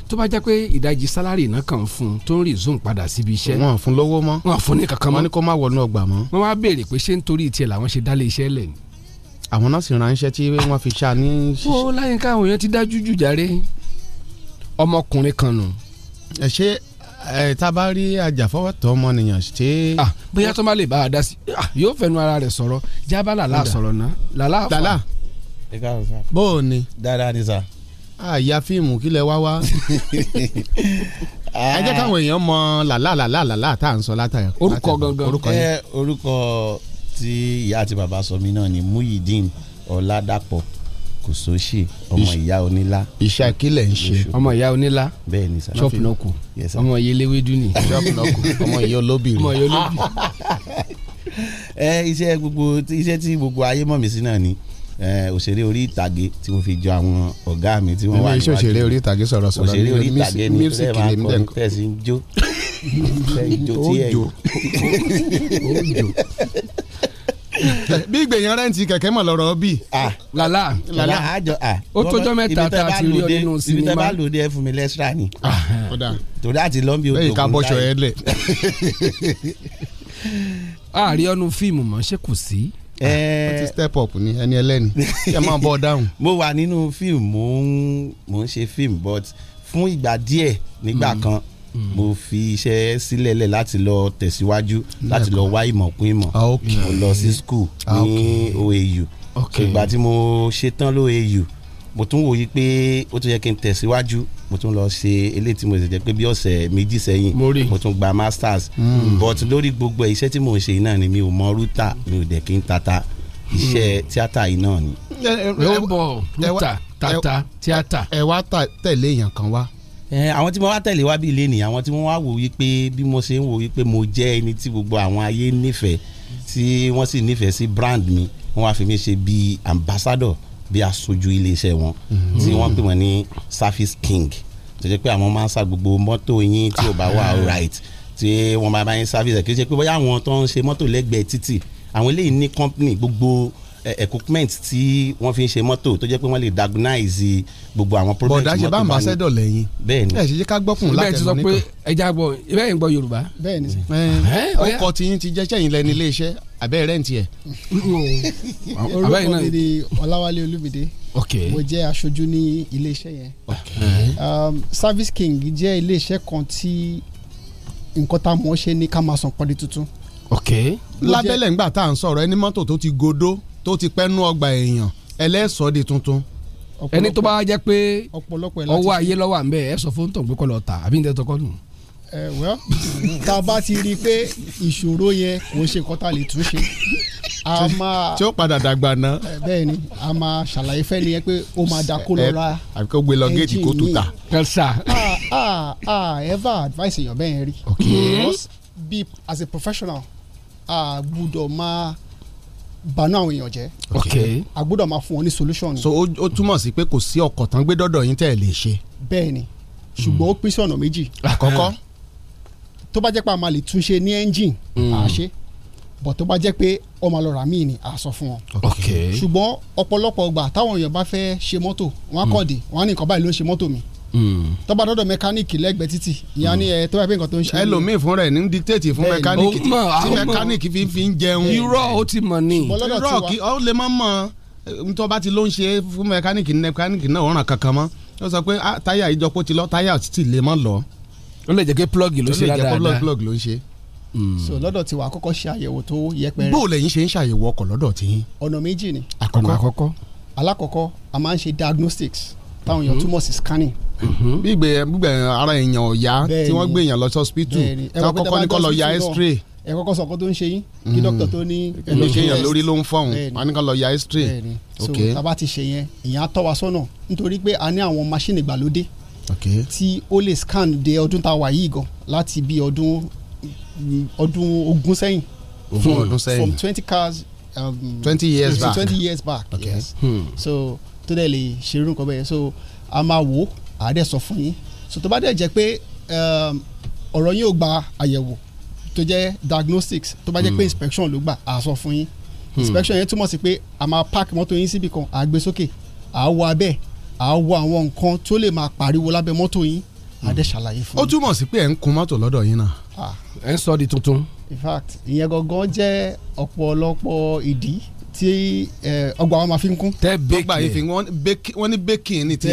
tó bá jẹ́ pé ìdajì sálárì náà kàn fún un tó ń rí zoom padà síbi iṣẹ́. wọn ò fún lọ́wọ́ mọ́ wọn ò fún ní kankan mọ́ wọn ní kó má wọnú ọgbà mọ́. wọn wá béèrè pé ṣé nítorí tiẹ̀ làwọn ṣe dálé iṣẹ́ lẹ̀ ni. àwọn náà sì ránṣẹ́ tí wọ́n fi ṣá ní. ó láyínká àwọn èèyàn ti dájú jù járe ọmọkùnrin kan nù. ẹ ṣe tá a bá rí ajàfọwọ́tọ̀ ọmọnìyàn ṣe. bóyá tó má lè bá a dá sí yóò fẹnu ara rẹ̀ sọ̀rọ̀ jábá làlá sọ̀rọ̀ náà làlá àfọ. làlá bó o ni. dáadáa ni sà. àyà fíìmù kílẹ̀ wá wá. ẹ jẹ́ káwọn èèyàn mọ làlá làlá làlá tá à ń sọ látàrí. orúkọ gangan orúkọ yẹn. orúkọ tí ìyá àti bàbá sọ mí náà ni Muyideen Ọládàpọ̀ kòsóṣì ọmọ ìyá onílá. iṣẹ́ akílẹ̀ ń ṣe. ọmọ ìyá onílá. bẹ́ẹ̀ ni sá. chop nọkù ọmọ ìyá eléwédú ni. chop nọkù ọmọ ìyá olóbìrì. ọmọ ìyá olóbìrì. ẹ eh, iṣẹ́ gbogbo iṣẹ́ tí gbogbo ayé mọ̀ mí sí náà ni eh, òṣèré orí ìtàgé tí mo fi jọ àwọn ọ̀gá mi tí wọ́n wà níwájú. òṣèré orí ìtàgé sọ̀rọ̀ sọ̀rọ̀ òṣèré orí ìtàgé ni tẹ́lẹ̀ máa kọ́ tẹ̀sí ń jó tẹ̀sí jó tí jó bí ìgbẹ̀yìn rẹ́ǹtì kẹ̀kẹ́ mọ̀ lọ́rọ̀ bí. lala lala ó tójọ́ mẹ́ta tá a ti rí ọ nínú sinimá. ibi tẹ́ bá lòdì ẹ fún mi lẹ́sírà ni. Ah, torí àti lọ́nbi odò kò ń ká bọ́ṣọ ẹ lẹ̀. àárí ọ̀nù fíìmù mọ̀ ṣé kò sí ah, ó ti step up ni ẹni ẹlẹ́ni ẹ máa bọ́ dáhùn. mo wà nínú fíìmù mò ń ṣe fíìmù but fún ìgbà díẹ̀ nígbà hmm. kan. Mm Mm. mo fi iṣẹ́ sílẹ̀ lẹ̀ láti lọ tẹ̀síwájú láti lọ wá ìmọ̀ kún ìmọ̀ ah, mo lọ sí school ah, ní OAU ìgbà tí mo ṣetán lóAU mo tún wòye pé ó tún yẹ kí n tẹ̀síwájú mo tún lọ ṣe eléyìí tí mo ṣe pé bí ọ̀sẹ̀ méjì sẹ́yìn mo tún gba masters hmm. but lórí gbogbo iṣẹ́ tí mo ṣe náà ni mi ò mọ rúta mi ò dẹ̀ kí n tata iṣẹ́ hmm. tíátà yìí náà ni. ẹ bọ̀ rúta tata tíátà. ẹ wá tẹ̀lé èèyàn kan wá àwọn tí mo wá tẹ̀lé wá bí ilé nìyí àwọn tí wọ́n wá wò wípé bí mo ṣe ń wò wípé mo jẹ́ ẹni tí gbogbo àwọn ayé nífẹ̀ẹ́ tí wọ́n sì nífẹ̀ẹ́ sí brand mi wọ́n wá fi mi ṣe bíi ambassador bí aṣojú iléeṣẹ́ wọn hmm. tí wọ́n pè wọ́n ní service king tó jẹ́ pé àwọn máa ń sa gbogbo mọ́tò yín tí ò bá wà ah. right tí wọ́n máa bá yín service ẹ̀ kì í ṣe pé bóyá àwọn tó ń ṣe mọ́tò lẹ́gbẹ̀ẹ́ títì àwọn eléyìí ní company gbogbo equipment tí wọ́n fi ń ṣe mọ́tò tó jẹ́ pé wọ́n lè diagnose gbogbo àwọn problem mọ́tò bá ní. bọ̀dá ṣe bá ambassador lẹ́yìn bẹ́ẹ̀ni ẹ̀ ṣe jẹ́ ká gbọ́kùn láti ẹnu nípa. bẹ́ẹ̀ ti sọ pé ẹja gbọ́ bẹ́ẹ̀ ń gbọ́ Yorùbá. bẹ́ẹ̀ni ọkọ̀ tí yín ti jẹ́ sẹ́yìn lẹ́ni ilé abẹ́ rẹ̀ ń tiẹ̀. mi ni Ọláwálé Olúmídé mo jẹ́ aṣojú ní ilé iṣẹ́ yẹn um, Service King jẹ́ ilé iṣẹ́ kan tí nǹkan tá a mọ̀ ṣe ní ká máa san pọ́ndé tuntun. lábẹ́lẹ̀ ńgbà à ń sọ̀rọ̀ ẹni mọ́tò tó ti godó tó ti pẹ́ nú ọgbà èèyàn ẹlẹ́sọ̀ọ́ di tuntun ẹni tó bá jẹ́ pé ọwọ́ ayé lọ́wọ́ à ń bẹ̀ ẹ sọ fún tọ̀gbẹ́ kọ́ lọ tà àbí ní tẹ́tọ́ kọ́ nù. ẹ wẹ́ tá a bá ti rí i pé ìṣòro yẹn kò ṣe kọ́tà lè túnṣe a máa tí ó padà dàgbà ná. bẹ́ẹ̀ ni a máa ṣàlàyé fẹ́ ni yẹn pé ó máa da kó lọ́ra àbí kó gbé lọ géètì kó tù tà. kẹsà. a a ever advice èèyàn bẹ́ẹ̀ rí. okay. because be as a professional a gbúdọ̀ máa banú àwọn èèyàn jẹ́ okay a gbọ́dọ̀ máa fún wọn ní solution. so ó túmọ̀ sí pé kò sí ọkọ̀ tán gbé dọ́dọ̀ yín tẹ́ ẹ̀ lè ṣe. bẹ́ẹ̀ni ṣùgbọ́n hmm. ó pín sí ọ̀nà méjì. àkọ́kọ́. tó bá jẹ́ pé a máa lè túnṣe ní engine àá hmm. ṣe bọ̀ tó bá jẹ́ pé ọmọ lọ́ra míì ni a sọ fún wọn. ṣùgbọ́n ọ̀pọ̀lọpọ̀ ọgbà táwọn èèyàn bá fẹ́ ṣe mọ́tò wọn á kọ̀ dé wọn á ní nǹkan báyìí ló ń ṣe mọ́tò mi tó bá dọ́dọ̀ mẹkáníìkì lẹ́gbẹ̀ẹ́ títì ìyá ni ẹ tó bá pé tó ń ṣe. ẹlòmíì fúnra ẹ̀ ní díktètì fún mẹkáníìkì tí mẹkáníìkì fi fi ń jẹun. irọ́ ó ti mọ̀ ni irọ́ kí ó lè má mọ̀ nítorí ọba ti ló ń ṣe fún mẹkáníìkì ní mẹkáníìkì náà ọ̀ràn kankan mọ́ ó sọ pé ah, táyà ìjọpọ̀ ti lọ táyà ti lè má lọ. ó lè jẹ́ pé plọ́ọ̀gì ló ṣe mm. so lọ́dọ̀ tiwa àkọ́kọ́ ṣe àyẹ̀wò tó yẹpẹrẹ. bó o lẹ́yìn ṣe ń ṣàyẹ̀wò ọkọ̀ lọ́dọ̀ tiyín. ọ̀nà méjì ni. àkọ́kọ́ alákọ̀ọ́kọ́ a máa ń ṣe diagnostics táwọn èèyàn mm-hmm. túmọ̀ sí scanning gbígbé mm-hmm. gbígbé ara èèyàn ọ̀yá tí wọ́n gbé èèyàn lọ sí hospital tí kọ́kọ́ ní kó lọ ya x-ray ẹ kọ́kọ́ sọ kó tó ń ṣe yín kí mm-hmm. dókítà tó ní. ẹni ṣe yàn lórí ló ń fọhùn wọn ní kó lọ ya x-ray. so taba ti ṣe yẹn èèyàn á tọ́ wa sọ́nà nítorí pé a ní àwọn máṣíìnì ìgbàlódé tí ó lè scan de ọdún tá a wà yìí gan láti bí ọdún ọdún ogún sẹ́yìn ogún ọdún sẹ́yìn from twenty cars um, years back 20 years back okay. yes. Hmm. so tó dẹ̀ lè ṣerú nǹkan bẹ́ẹ̀ so a máa wò ó àárẹ̀ sọ fún yín so tó bá dẹ̀ jẹ́ pé um, ọ̀rọ̀ yín ò gba àyẹ̀wò tó jẹ́ diagnostics tó bá jẹ́ pé hmm. inspection ló gbà á sọ fún yín hmm. inspection yẹn túmọ̀ sí pé a máa park mọ́tò yín síbi kan à á gbé sókè à á wọ abẹ́ à á wọ àwọn nǹkan tó lè máa pariwo lábẹ́ mọ́tò yín à hmm. ṣàlàyé fún yín. ó túmọ̀ sí pé ẹ̀ ń kun mọ́tò lọ́dọ̀ yín náà ah. ẹ̀ ń sọ di tuntun. in fact ìyẹn gangan jẹ́ ọ̀pọ̀lọpọ̀ ìdí tí ọgbà wọn máa fi ń kún. tẹ bẹ́ẹ̀kì ọgbà yìí fi wọ́n ní bẹ́ẹ̀kì ni ti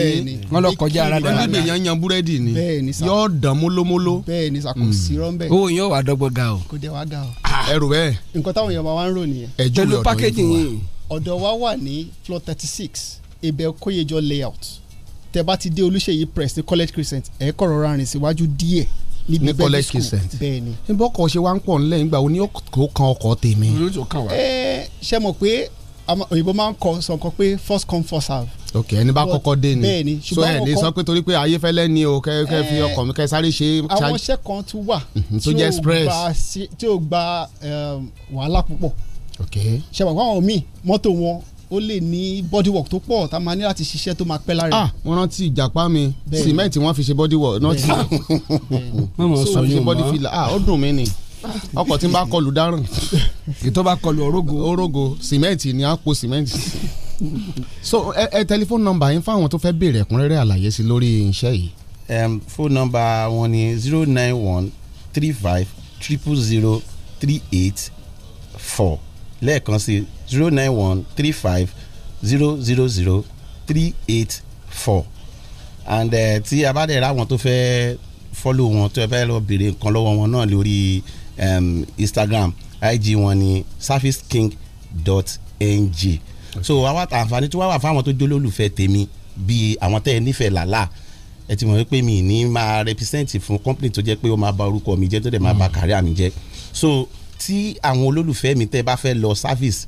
wọ́n lọ kọjá ara dára wọ́n níbi yan yan búrẹ́dì ni yóò dán mólómóló. bẹ́ẹ̀ ni sàkó hmm. sírọ́ ń bẹ̀. owó yóò wá dọ́gbọ́ ga o. kò jẹ́ wá ga o. Ah, ẹrù bẹ́ẹ̀. nǹkan táwọn èèyàn máa ń rò nìyẹn. ẹjọ́ lọ pákéjì yìí. ọ̀dọ̀ wa wà ní floor thirty six Abel Kóyèjọ layout tẹ bá ti dé Olúṣèyí press ní College Crescent ẹ̀ẹ́kọ̀rọ̀ rárin síwájú díẹ̀ níbi bẹ́ẹ̀ school bẹ́ẹ̀ ni. nbọkọ ṣe wá ń pọ̀ nílẹ̀ nígbà wo ni ó kan ọkọ̀ tèmi. ẹ ṣe mọ̀ pé òyìnbó máa ń kọ sọ̀kan pé first come first serve. ok ẹni bá kọ́kọ́ dé ni so ẹ ní sọ pé torí pé ayéfẹ́lẹ́ ni o kẹ́ kẹ́ fi ọkọ̀ mi kẹ́ sáré ṣe. àwọn iṣẹ́ kan tún wà mhm, tó jẹ́ express tí ó gba ehm, wàhálà púpọ̀. ok ṣe mọ̀ pé àwọn míì mọ́tò wọn ó lè ní body work tó pọ̀ tá a máa ní láti ṣiṣẹ́ tó máa pẹ́ lára. ah wọ́n rántí ìjàpá mi sìmẹ́ǹtì wọ́n fi ṣe body work náà ti so ṣe body filler ah ó dùn mí ni ọkọ̀ tí n bá kọlù dáràn. ètò bá kọlù orógo. orógo sìmẹ́ǹtì ni a po sìmẹ́ǹtì. so ẹ ẹ tẹlifóònù nọ́mbà yín fáwọn tó fẹ́ béèrè ẹ̀kúnrẹ́rẹ́ àlàyé sí lórí iṣẹ́ yìí. fóònù nọ́mbà wọn ni zero nine one three five triple zero three eight four lẹ́ẹ̀kan sí i zero nine one three five zero zero zero three eight four and uh, tí a bá dẹ̀ ra àwọn tó fẹ́ follow wọn tó fẹ́ lọ béèrè nǹkan lọ́wọ́ wọn náà lórí um, Instagram IG wọn ni surfaceking.ng so àwa àǹfààní tí wọ́n wà fáwọn tó jólólùfẹ́ tèmi bíi àwọn tẹ́ ẹ nífẹ̀ẹ́ làlá ẹ ti mọ̀ pé mi ní máa represent fún company tó jẹ́ pé ó máa bà orúkọ mi jẹ́ tó dẹ̀ máa bà hmm. career mi jẹ́ so tí àwọn olólùfẹ́ mi tẹ́ bá fẹ́ lọ service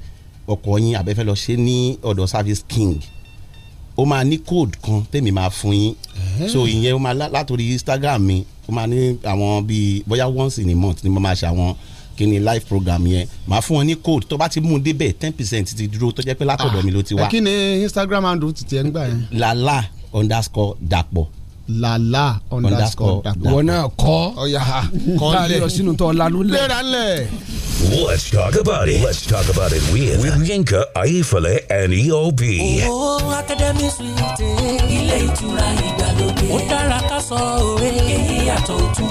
ọkọ̀ yín abẹ́fẹ́ lọ ṣe ní ọ̀dọ̀ service king ó máa ní code kan tèmi máa fún yín eh. so ìyẹn ó máa látòrí instagram mi ó máa ní àwọn bíi bóyá once in a month ni mo máa ṣe àwọn kíni live program yẹn màá fún wọn ní code tó bá ti mú un débẹ̀ ten percent ti dúró tó jẹ́ pé látọ̀dọ̀ ah. mi ló ti wá. kí ni instagram handle ti tiẹ̀ ń gbà yẹn. lala underscore dapò lala underscore dapò. wọn náà kọ kọ lẹ sínú let's talk about it let's talk about it with, with Yinka Ayefele and EOB. owó akademi suwite ilé ìtura ìgbàlódé ó dára ká sọ òwe èyí yàtọ̀ òtún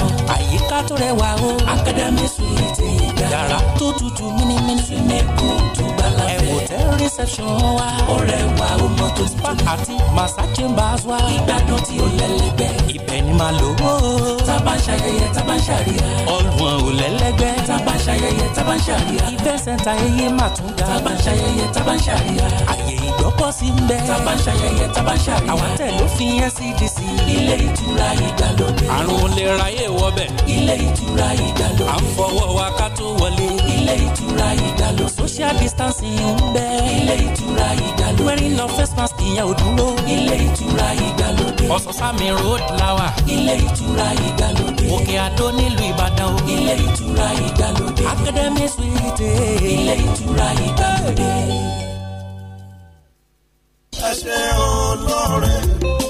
mọ́ àyíká tó rẹwà o akademi suwite yàrá tó tutù mímímí sùnmẹ́kù tó gbàlá hotel reception wa. ọ̀rẹ́ wa ó mọ tó ti tó. àti massa chambers wa. ìgbádùn tí ó lẹ́lẹ́gbẹ́. ibẹ̀ ni màá lò ó. tábà ń ṣayẹyẹ tábà ń ṣàríyá. ọ̀gbun ò lẹ́lẹ́gbẹ́. tábà ń ṣayẹyẹ tábà ń ṣàríyá. ìfẹ́ sẹ́ńtà eyé mà tún ga. tábà ṣayẹyẹ tábà ń àyè ìgbọ́kọ̀ ń bẹ. tábà ṣayẹyẹ tábà ń àwọn tẹ̀ ló fi NCDC. ilé ìtura ìdàlódé. àrùn olè ráyè wọbẹ̀. ilé ìtura ìdàlódé. à ń fọwọ́ wa ká tó wọlé. ilé ìtura ìdàlódé. social distancing ń bẹ. ilé ìtura ìdàlódé. wearing no face mask ìyẹn ò dúró. ilé ìtura ìdàlódé. ọ̀sán-sámi road lawa. ilé ìtura ìdàlódé. òkè àdó nílùú ìbàdàn o. ilé ìtura ìdàlódé. academy suite. ilé ìtura ìdàlódé. ẹ ṣe olóore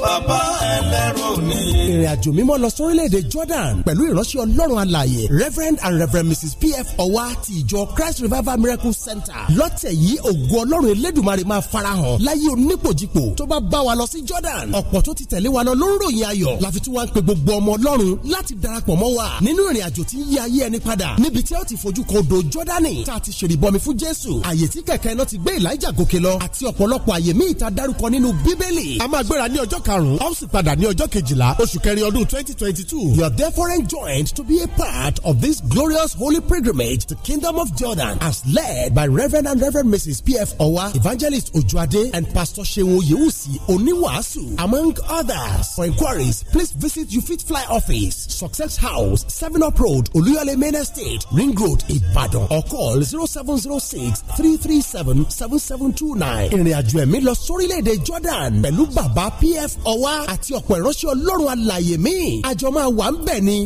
bàbá ìrìn àjò mímọ́ lọ sórílẹ̀-èdè Jordan pẹ̀lú ìránṣẹ́ Ọlọ́run alàyè Reverend and Reverend Mrs P.F. Ọwa ti ìjọ Christ Revival Miracle Center lọ́tẹ̀ yìí ògo Ọlọ́run Elédùmarè máa farahàn láyé onípòjìpò tó bá bá wa lọ sí Jordan ọ̀pọ̀ tó ti tẹ̀lé wa lọ ló ń ròyìn ayọ̀ láfi tí wọ́n ń pe gbogbo ọmọ Ọlọ́run láti darapọ̀ mọ́ wa nínú ìrìn àjò tí ń yí ayé ẹni padà níbi tí ó ti fojú kan odò Jọ́dánì tá a ti ṣèrìbọmi fún Jésù àyè tí kẹ̀kẹ́ iná ti gbé Èlíjà gòkè lọ àti ọ̀pọ̀lọpọ̀ àyè míì ta dárúkọ nínú Bíbélì ní ọjọ́ kejìlá oṣù kẹrin ọdún twenty twenty two you are therefore enjoined to be a part of this glorious holy pilgrimage to kingdom of Jordan as led by Reverend and Reverend Mrs. P.F. Owa Evangelist Ojuade and Pastor Seun Yewusi Oniwasu among others. For inquiries please visit Ufit Fly office Success House Seven Up Road Oluyale Main Estate Ring Road Ibadan or call zero seven zero six three three seven seven seven two nine. Ìrìnàjò ẹ̀mí lọ sórílẹ̀-èdè Jordan pẹ̀lú bàbá P.F. Owa àti ọ̀pọ̀ ọ̀pọ̀ ìránṣẹ́ ọlọ́run alàyè míì àjọ máa wà ń bẹ̀ ni.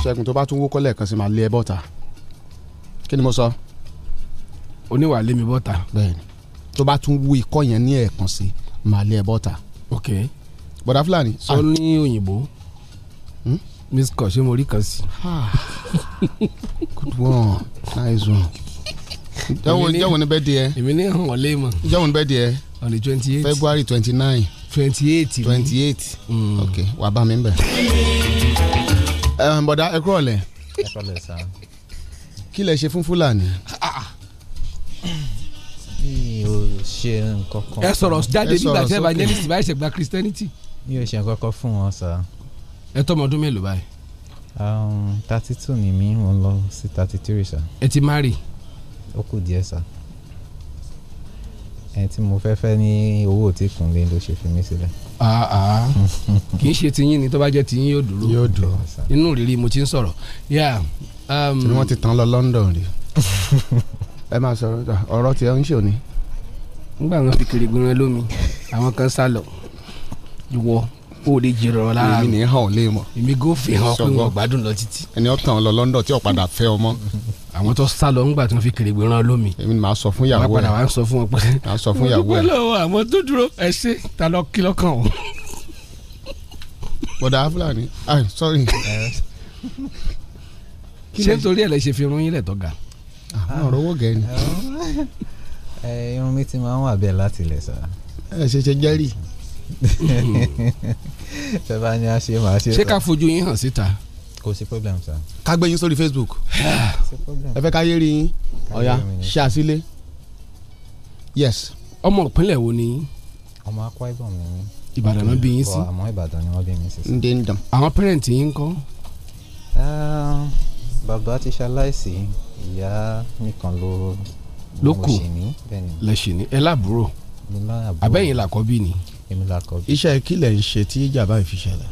ṣẹ́gun tó bá tún wó kọ́lẹ̀ kan sí máa lé ẹ bọ́ta kí ni mo sọ. oníwà lé mi bọ́ta. bẹ́ẹ̀ni tó bá tún wú ikọ́ yẹn ní ẹ̀ẹ̀kan sí máa lé ẹ bọ́ta. ok. bọ̀dá fúlàní. sọ ní òyìnbó miss kọ ṣé mo rí kan sí. good one nice one. jẹ́wọ́ jẹ́wọ́ ní bẹ́ẹ̀ di ẹ. èmi ní hàn ọ́lẹ́ mọ̀. jẹ́wọ́ ní bẹ́ẹ̀ di ẹ. on the twenty eight february twenty nine. twenty eight twenty eight mm. ok wà bá mi ń bẹ̀. bọ̀dá ẹ kúrọ̀ lẹ̀. ẹ kúrọ̀ lẹ̀ sá. kí lẹ ṣe fún fúlàní. mi ò ṣe nǹkan kan. ẹ sọ̀rọ̀ jáde nígbà tí ẹ bá jẹ́ nísìsiyìí báyìí ṣe christianity. mi ò ṣe nǹkan kan fún wọn sá ẹ tọ́mọ ọdún mélòó báyìí. Um, thirty two ni mí mo lọ sí thirty three sa. ẹ ti marry. ó kù díẹ̀ sa ẹni tí mo fẹ́ fẹ́ ní owó tí kùnlé ló ṣe fi mí sílẹ̀. Ah, ah. kì í ṣe tiyín ni tó bá jẹ́ tiyín yóò dúró yóò dúró inú rírí mo ti ń sọ̀rọ̀. Um, tí wọ́n ti tán lọ London rí ẹ máa sọ̀rọ̀ ọ̀rọ̀ tí ẹ ń ṣòní. nígbà wọn fi kiri gbin lómi àwọn kan sá lọ ìwọ o lè jìrọ̀ lára mi èmi ní hàn ọ́ lé mọ̀ èmi gò fi hàn pé wọn gbádùn lọ títí. ẹni ọ̀tàn ọ lọ London tí ọ̀padà fẹ́ ọ mọ́. àwọn tó sá lọ ńgbà tí wọn fi kèrègbè rán lómi. èmi ni màá sọ fún ìyàwó ẹ màá padà wá sọ fún ọ pé. màá sọ fún ìyàwó ẹ. mo dúpẹ́ lọ́wọ́ àwọn tó dúró ẹ ṣe ta lọ kí lọ́kàn o. bọ̀dà fúlàní ah sorry. ṣé nítorí ẹ̀ lẹ ṣe fi irun yín lẹ̀ tó ga. àwọn ah, ọ̀rọ̀ owó gẹ̀ irun mi ti máa ń wà ṣe bá ní a ṣe máa ṣe. ṣé ká fojú yín hàn síta. kò sí problem sir. ká gbé yín sórí facebook. ẹ fẹ́ ká yé rí yín ọ̀ya ṣe àsílẹ̀ yes. ọmọ ìpínlẹ̀ wo ni. ọmọ Akwa Ibom ni mí. ìbàdàn náà bí yín sí. àmọ́ ìbàdàn ni wọ́n bí mi sí. ǹdẹ̀ ǹdàm. àwọn pẹ́rẹ́ǹtì yín kọ́. bàbá ti ṣaláìsí ìyá nìkan ló ló kù lẹ́sìn ní ẹ láàbúrò abẹ́yìn làkọ́bí ni èmi là kọjú. iṣẹ́ kílẹ̀ ń ṣe tí ìjà báyìí fi ṣẹlẹ̀.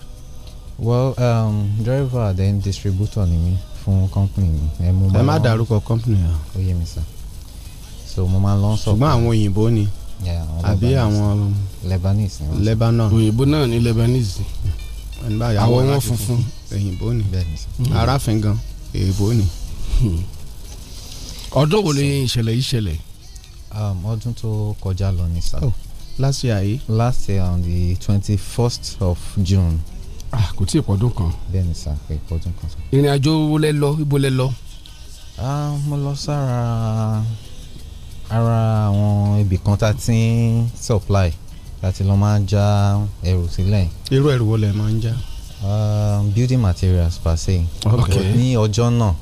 well um, driver then distributor ni mí fún company mi. ẹ má dárúkọ company yẹn. ó yé mi sá so mo máa ń lọ sọ. ṣùgbọ́n àwọn òyìnbó ni àbí àwọn lebanese lebanon òyìnbó náà ni lebanese. àwọn wọn funfun òyìnbó ni aráfin gan èèbó ni. ọdún wo ni ìṣẹ̀lẹ̀ yìí ṣẹlẹ̀. Um, ọdún tó kọjá lọ ní sáà last year yìí. Eh? last year on the twenty first of June. ah kò tí ì pọ́dún kan. bẹ́ẹ̀ni sà pé pọ́dún kan sà. ìrìn àjò wo lẹ lọ ibo lẹ lọ. ah mo lọ sára ara àwọn ibì kan tá a ti ń supply láti lọ máa ń já ẹrù sílẹ̀. irú ẹrù wo lẹ máa ń já. Ah, building materials per se. okay. ní ọjọ́ náà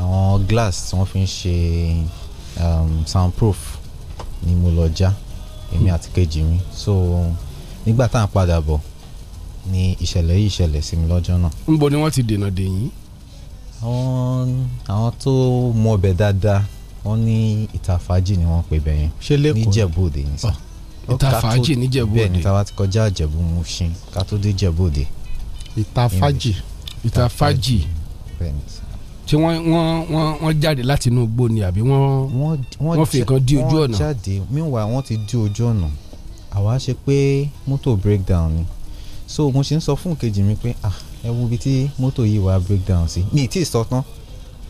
àwọn glass tí wọ́n fi ń ṣe um, soundproof ni mo lọ já. Ja èmi àti kejì mi so nígbà tá à ń padà bọ̀ ni ìṣẹ̀lẹ̀ yìí ṣẹlẹ̀ sí mi lọ́jọ́ náà. níbo ni wọ́n ti dènà dè yín. àwọn àwọn tó mọ ọbẹ̀ dáadáa wọ́n ní ìtafàájì ni wọ́n pè bẹ́yẹn níjẹ̀bú òde ah, ní sá. ìtafàájì níjẹ̀bú òde bẹ́ẹ̀ ni táwa ti kọjá àjẹ̀bú Mushin ká tó dé jẹ̀bú òde. ìtafàájì ìtafàájì ṣé wọ́n wọ́n wọ́n wọ́n jáde láti inú igbó ni àbí wọ́n wọ́n fi nǹkan di ojú ọ̀nà. wọ́n jáde meanwhile wọ́n ti di ojú ọ̀nà àwa ṣe pé mọ́tò breakdown ni so mo ṣe ń sọ fún ìkejì mi pé ah ẹ wo ibi tí mọ́tò yìí wà breakdown sí mi tí ì sọ tán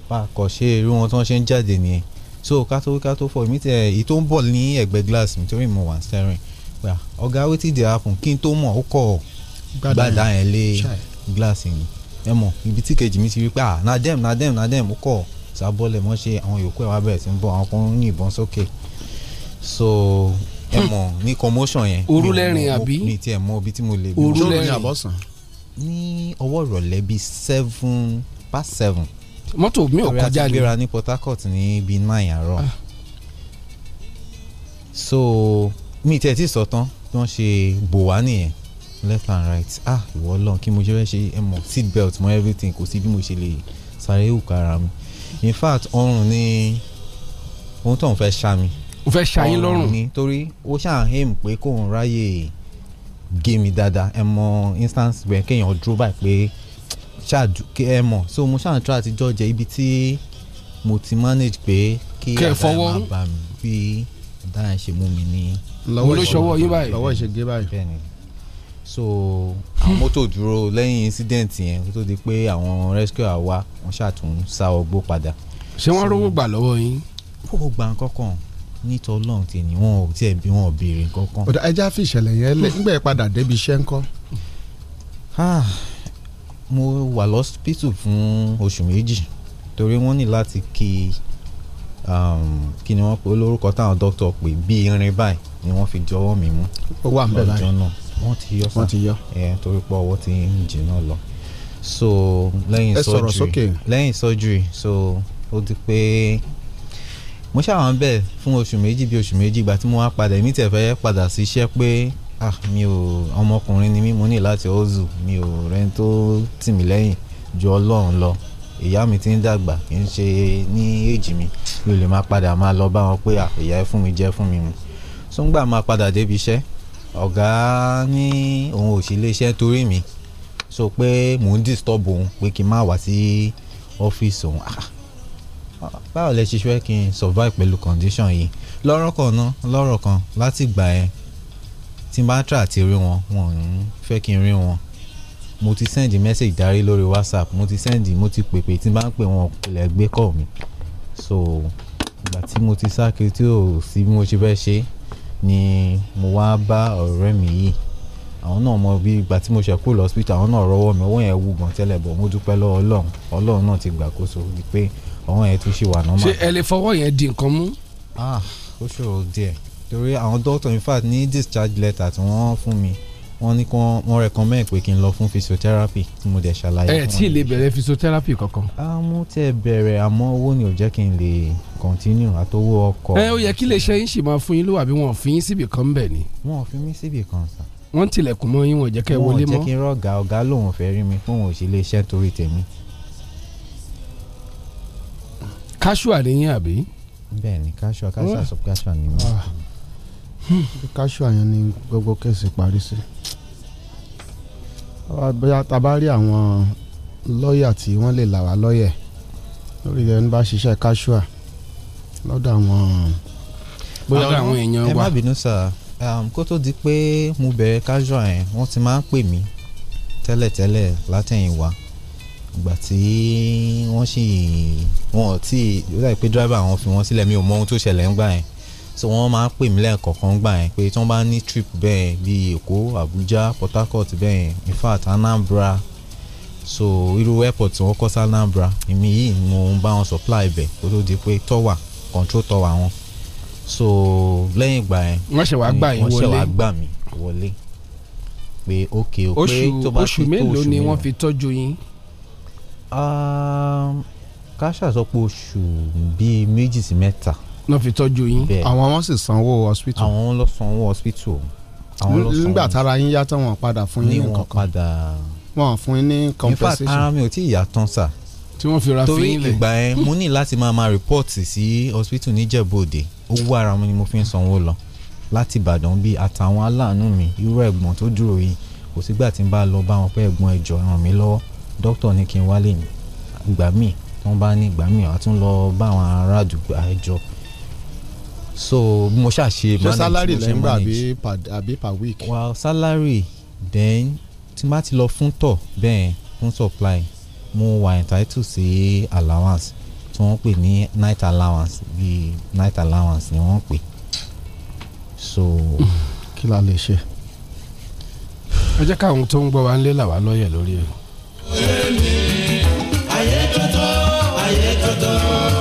bá a kọ̀ ṣe irú wọn tí wọ́n ṣe ń jáde nìyẹn so kátó kátó fọ èmi tẹ eh, èyí tó ń bọ̀ ní ẹ̀gbẹ́ glass mi torí mo wà ń sẹ́rìn pé ah, ọ̀gá wetin dey happen kí n tó mọ̀ ó kọ̀ gbàdá yẹn lé glass yẹn ẹ mọ̀ ibi tí kejì mi ti rí pé ah na dem na dem na dem ó kọ̀ sábọ́lẹ̀ mọ́ ṣe àwọn yòókù ẹ̀ wá bẹ̀rẹ̀ sí ń bọ̀ àwọn kan ń yìnbọn sókè so ẹ mọ̀ ní commotion yẹn òru lẹ́rìn àbí mi tiẹ̀ mọ ibi tí mo lè bí òru lẹ́rìn àbọ̀sán ní ọwọ́ ìrọ̀lẹ́ bíi seven past seven mọ́tò mi ò kọjá ni ọ̀rẹ́ àti gbéra ní Port Harcourt ní bíi nine àárọ̀ ah. so mi tiẹ̀ ti sọ tán tí wọ́n ṣe bò wá nìyẹn left and right ah ìwọ Ọlọ́run kí mo ṣe fẹ́ ṣe ẹ mọ̀ seat belt mọ́ everything kò sí bí mo ṣe lè sáré òkà ara mi in fact ọrùn ni ohun tó ń fẹ́ ṣá mi o fẹ́ ṣayé lọ́rùn ni torí ó ṣàhìm pé kò ń ráyè gé mi dáadáa ẹ mọ instance bẹ́ẹ̀ kéèyàn dúró báyìí pé ṣáàdù kí ẹ mọ̀ so mo ṣáà try àti jọ́jẹ́ ibi tí mo ti manage pé kí àdáyé má bà mí bí àdáyé ṣe mú mi ní. lọ́wọ́ ló báyìí lọ́wọ́ ìṣègbè báyìí so àwọn mọ́tò dúró lẹ́yìn incident yẹn kó tó di pé àwọn rescue àwa wọ́n ṣàtún sá ọgbó padà. ṣé wọ́n rówó gbà lọ́wọ́ yín. owó gbà ń kọ́kàn nítọ́ ọlọ́run ti ní wọn ò tiẹ̀ bí wọn ò béèrè kankan. ọ̀dà ẹja fi ìṣẹ̀lẹ̀ yẹn lẹ̀ nígbà yẹn padà débi iṣẹ́ ńkọ́. mo wà lọ́sípítù fún oṣù méjì torí wọ́n ní láti kí um, kí ni wọ́n pe olórúkọ táwọn dókítà pè bí irin báyìí ni wọ́n fi jọwọ́ mi mú. ó wà ń bẹ̀rẹ̀ lọ́jọ́ náà wọ́n ti yọ wọ́n ti yọ ẹ̀ torí pé ọwọ́ ti ń jìnnà lọ so lẹ́yìn surgery lẹ́yìn surgery so ó ti pé mo ṣàwọn ń bẹ̀ fún oṣù méjì bí oṣù méjì ìgbà tí mo wá padà èmi tẹ̀ fẹ́ padà sí iṣẹ́ pé ah mi ò ọmọkùnrin ni mí mo ní láti ozu mi ò rẹ́ni tó tì mí lẹ́yìn ju ọlọ́run lọ ìyá mi ti ń dàgbà kì í ṣe ní èjì mi mi ò lè máa padà máa lọ bá wọn pé ah, ìyá ẹ fún mi jẹ fún mi mu so ń gbà máa padà débi iṣẹ́ ọ̀gá ní òun ò ṣe iléeṣẹ́ torí mi sọ pé mò ń disturb òun pé kí n má wá sí ọ́fíìsì òun ah, báwo lẹ ṣe ṣe kí n survive pẹ̀lú condition yìí lọ́rọ̀ kan náà lọ́rọ̀ kan láti gbà ẹ́ tí n bá try àti rí wọn wọn ò ń fẹ́ kí n rí wọn mo ti send message darí lórí whatsapp mo ti send mo ti pèpè tí n bá ń pè wọn lè gbé call mi so ìgbà tí mo ti sá kiri tí ò sí bí mo ṣe fẹ́ ṣe é ni mo wá bá ọ̀rẹ́ mi yìí àwọn náà mọ bí ìgbà tí mo ṣe kúrò lọ́sítà àwọn náà rọwọ́ mi ọwọ́ yẹn wú gan tẹ́lẹ̀ bọ̀ mo dúpẹ́ lọ́wọ́ ọlọ́run ọlọ́run náà ti gbàkóso pé ọwọ́ yẹn tún ṣì wà nọ́mà. ṣé ẹ lè fọwọ́ yẹn di nǹkan mú. ah ó ṣòro díẹ̀ torí àwọn doctor in fact ní discharge letter tí wọ́n fún mi wọ́n ní kí wọ́n recommend pé kí n lọ fún physiotherapy tí mo dẹ̀ ṣàlàyé. ẹ tí ì lè bẹ̀rẹ̀ physiotherapy kankan. Ah, mo tẹ bẹ̀rẹ̀ àmọ́ owó ni ò jẹ́ kí n lè continue àtowó ọkọ̀. ẹ ó yẹ kí lè ṣe yín sì máa fún yín lówó àbí wọn ò fi yín síbì kan bẹ̀ ni. wọn ò fi mí síbì kan sàn. wọ́n tilẹ̀kùn mọ́ yín wọn ò jẹ́ kẹ́ wọlé mọ́. wọn ò jẹ́ kí n rọ̀gà ọ̀gá lòun fẹ́ rí mi fún ni yín àbí. bẹ́ẹ̀ni casual casual sub ni mo káṣù àyàn ni gbogbo kẹsì parí sí bóyá tá a bá rí àwọn lọ́ọ̀yà tí wọ́n lè là wá lọ́yẹ̀ lórí ẹni bá ṣiṣẹ́ káṣù lọ́dọ̀ àwọn bóyá àwọn èèyàn wa. ẹ má bínú sà um, kó tó di pé mo bẹ̀rẹ̀ káṣù àyàn wọ́n ti máa ń pè mí tẹ́lẹ̀tẹ́lẹ̀ látẹ̀yìnwá ìgbà tí wọ́n sì wọ́n ti ó dàbí pé dírẹ́bà wọn fi wọ́n sílẹ̀ mi ò mọ ohun tó ṣẹlẹ̀ ń gbà yẹn so wọ́n máa ń pè mí lẹ́ẹ̀kọ̀ọ̀kan gbà yẹn pé tí wọ́n bá ní trip bẹ́ẹ̀ bíi Èkó Abuja Port Harcourt bẹ́ẹ̀ yẹn in fact Anambra so irú airport tí wọ́n kọ́ sí Anambra èmi yìí mo ń bá wọn supply ibẹ̀ kó tó di pé tọ́wà control tọ́wà wọn so lẹ́yìn ìgbà yẹn wọ́n ṣe wàá gbà yín wọlé wọ́n ṣe wàá gbà mí wọlé pé ok o pé tó bá fi tó oṣù mélòó ni wọ́n fi tọ́jú yín. Um, ká ṣàsọpọ̀ oṣù bíi méjì sí mẹ́ta náà fi tọ́jú yín àwọn wọn sì sanwó hospital. àwọn lọ sanwó hospital. nígbà tára yín yá táwọn padà fún yín nǹkan kan wọn fún yín ní compensation. nípa ara mi ò tí ì yà tán sà. tí wọ́n fi ra fi yín lẹ̀. torí ìgbà yẹn mo ní láti máa máa rìpọ́ọ̀tì sí hospital níjẹ̀bú òde owó ara mi ni mo fi ń sanwó lọ láti ìbàdàn bíi àtàwọn aláàánú mi irú ẹ̀gbọ́n tó dúró yìí kò sígbà tí n bá lọ bá wọn pé ẹ̀gbọ́n ẹ jọ̀ọ́ ràn mí lọ́wọ́ dókítà ní kí n wálé ìgbà míì tí wọ́n bá ní ìgbà míì àtún lọ bá àwọn aráàdúgbò ẹ jọ̀ọ́ so mo ṣàṣe manage ṣe salary lẹ́yìn gbà àbí per àbí per week. well salary then tí n bá ti lọ fún tọ̀ bẹ́ẹ̀ fún supply mo wà entitled sí allowance tí wọ́n pè ní night allowance bíi night allowance ni wọ́n pè so. kí la lè ṣe. ẹ jẹ́ káwọn tó ń gbọ́ wa ń lé làwa lọ́yẹ̀ lórí ẹ̀. ayé tọ́tọ́ ayé tọ́tọ́.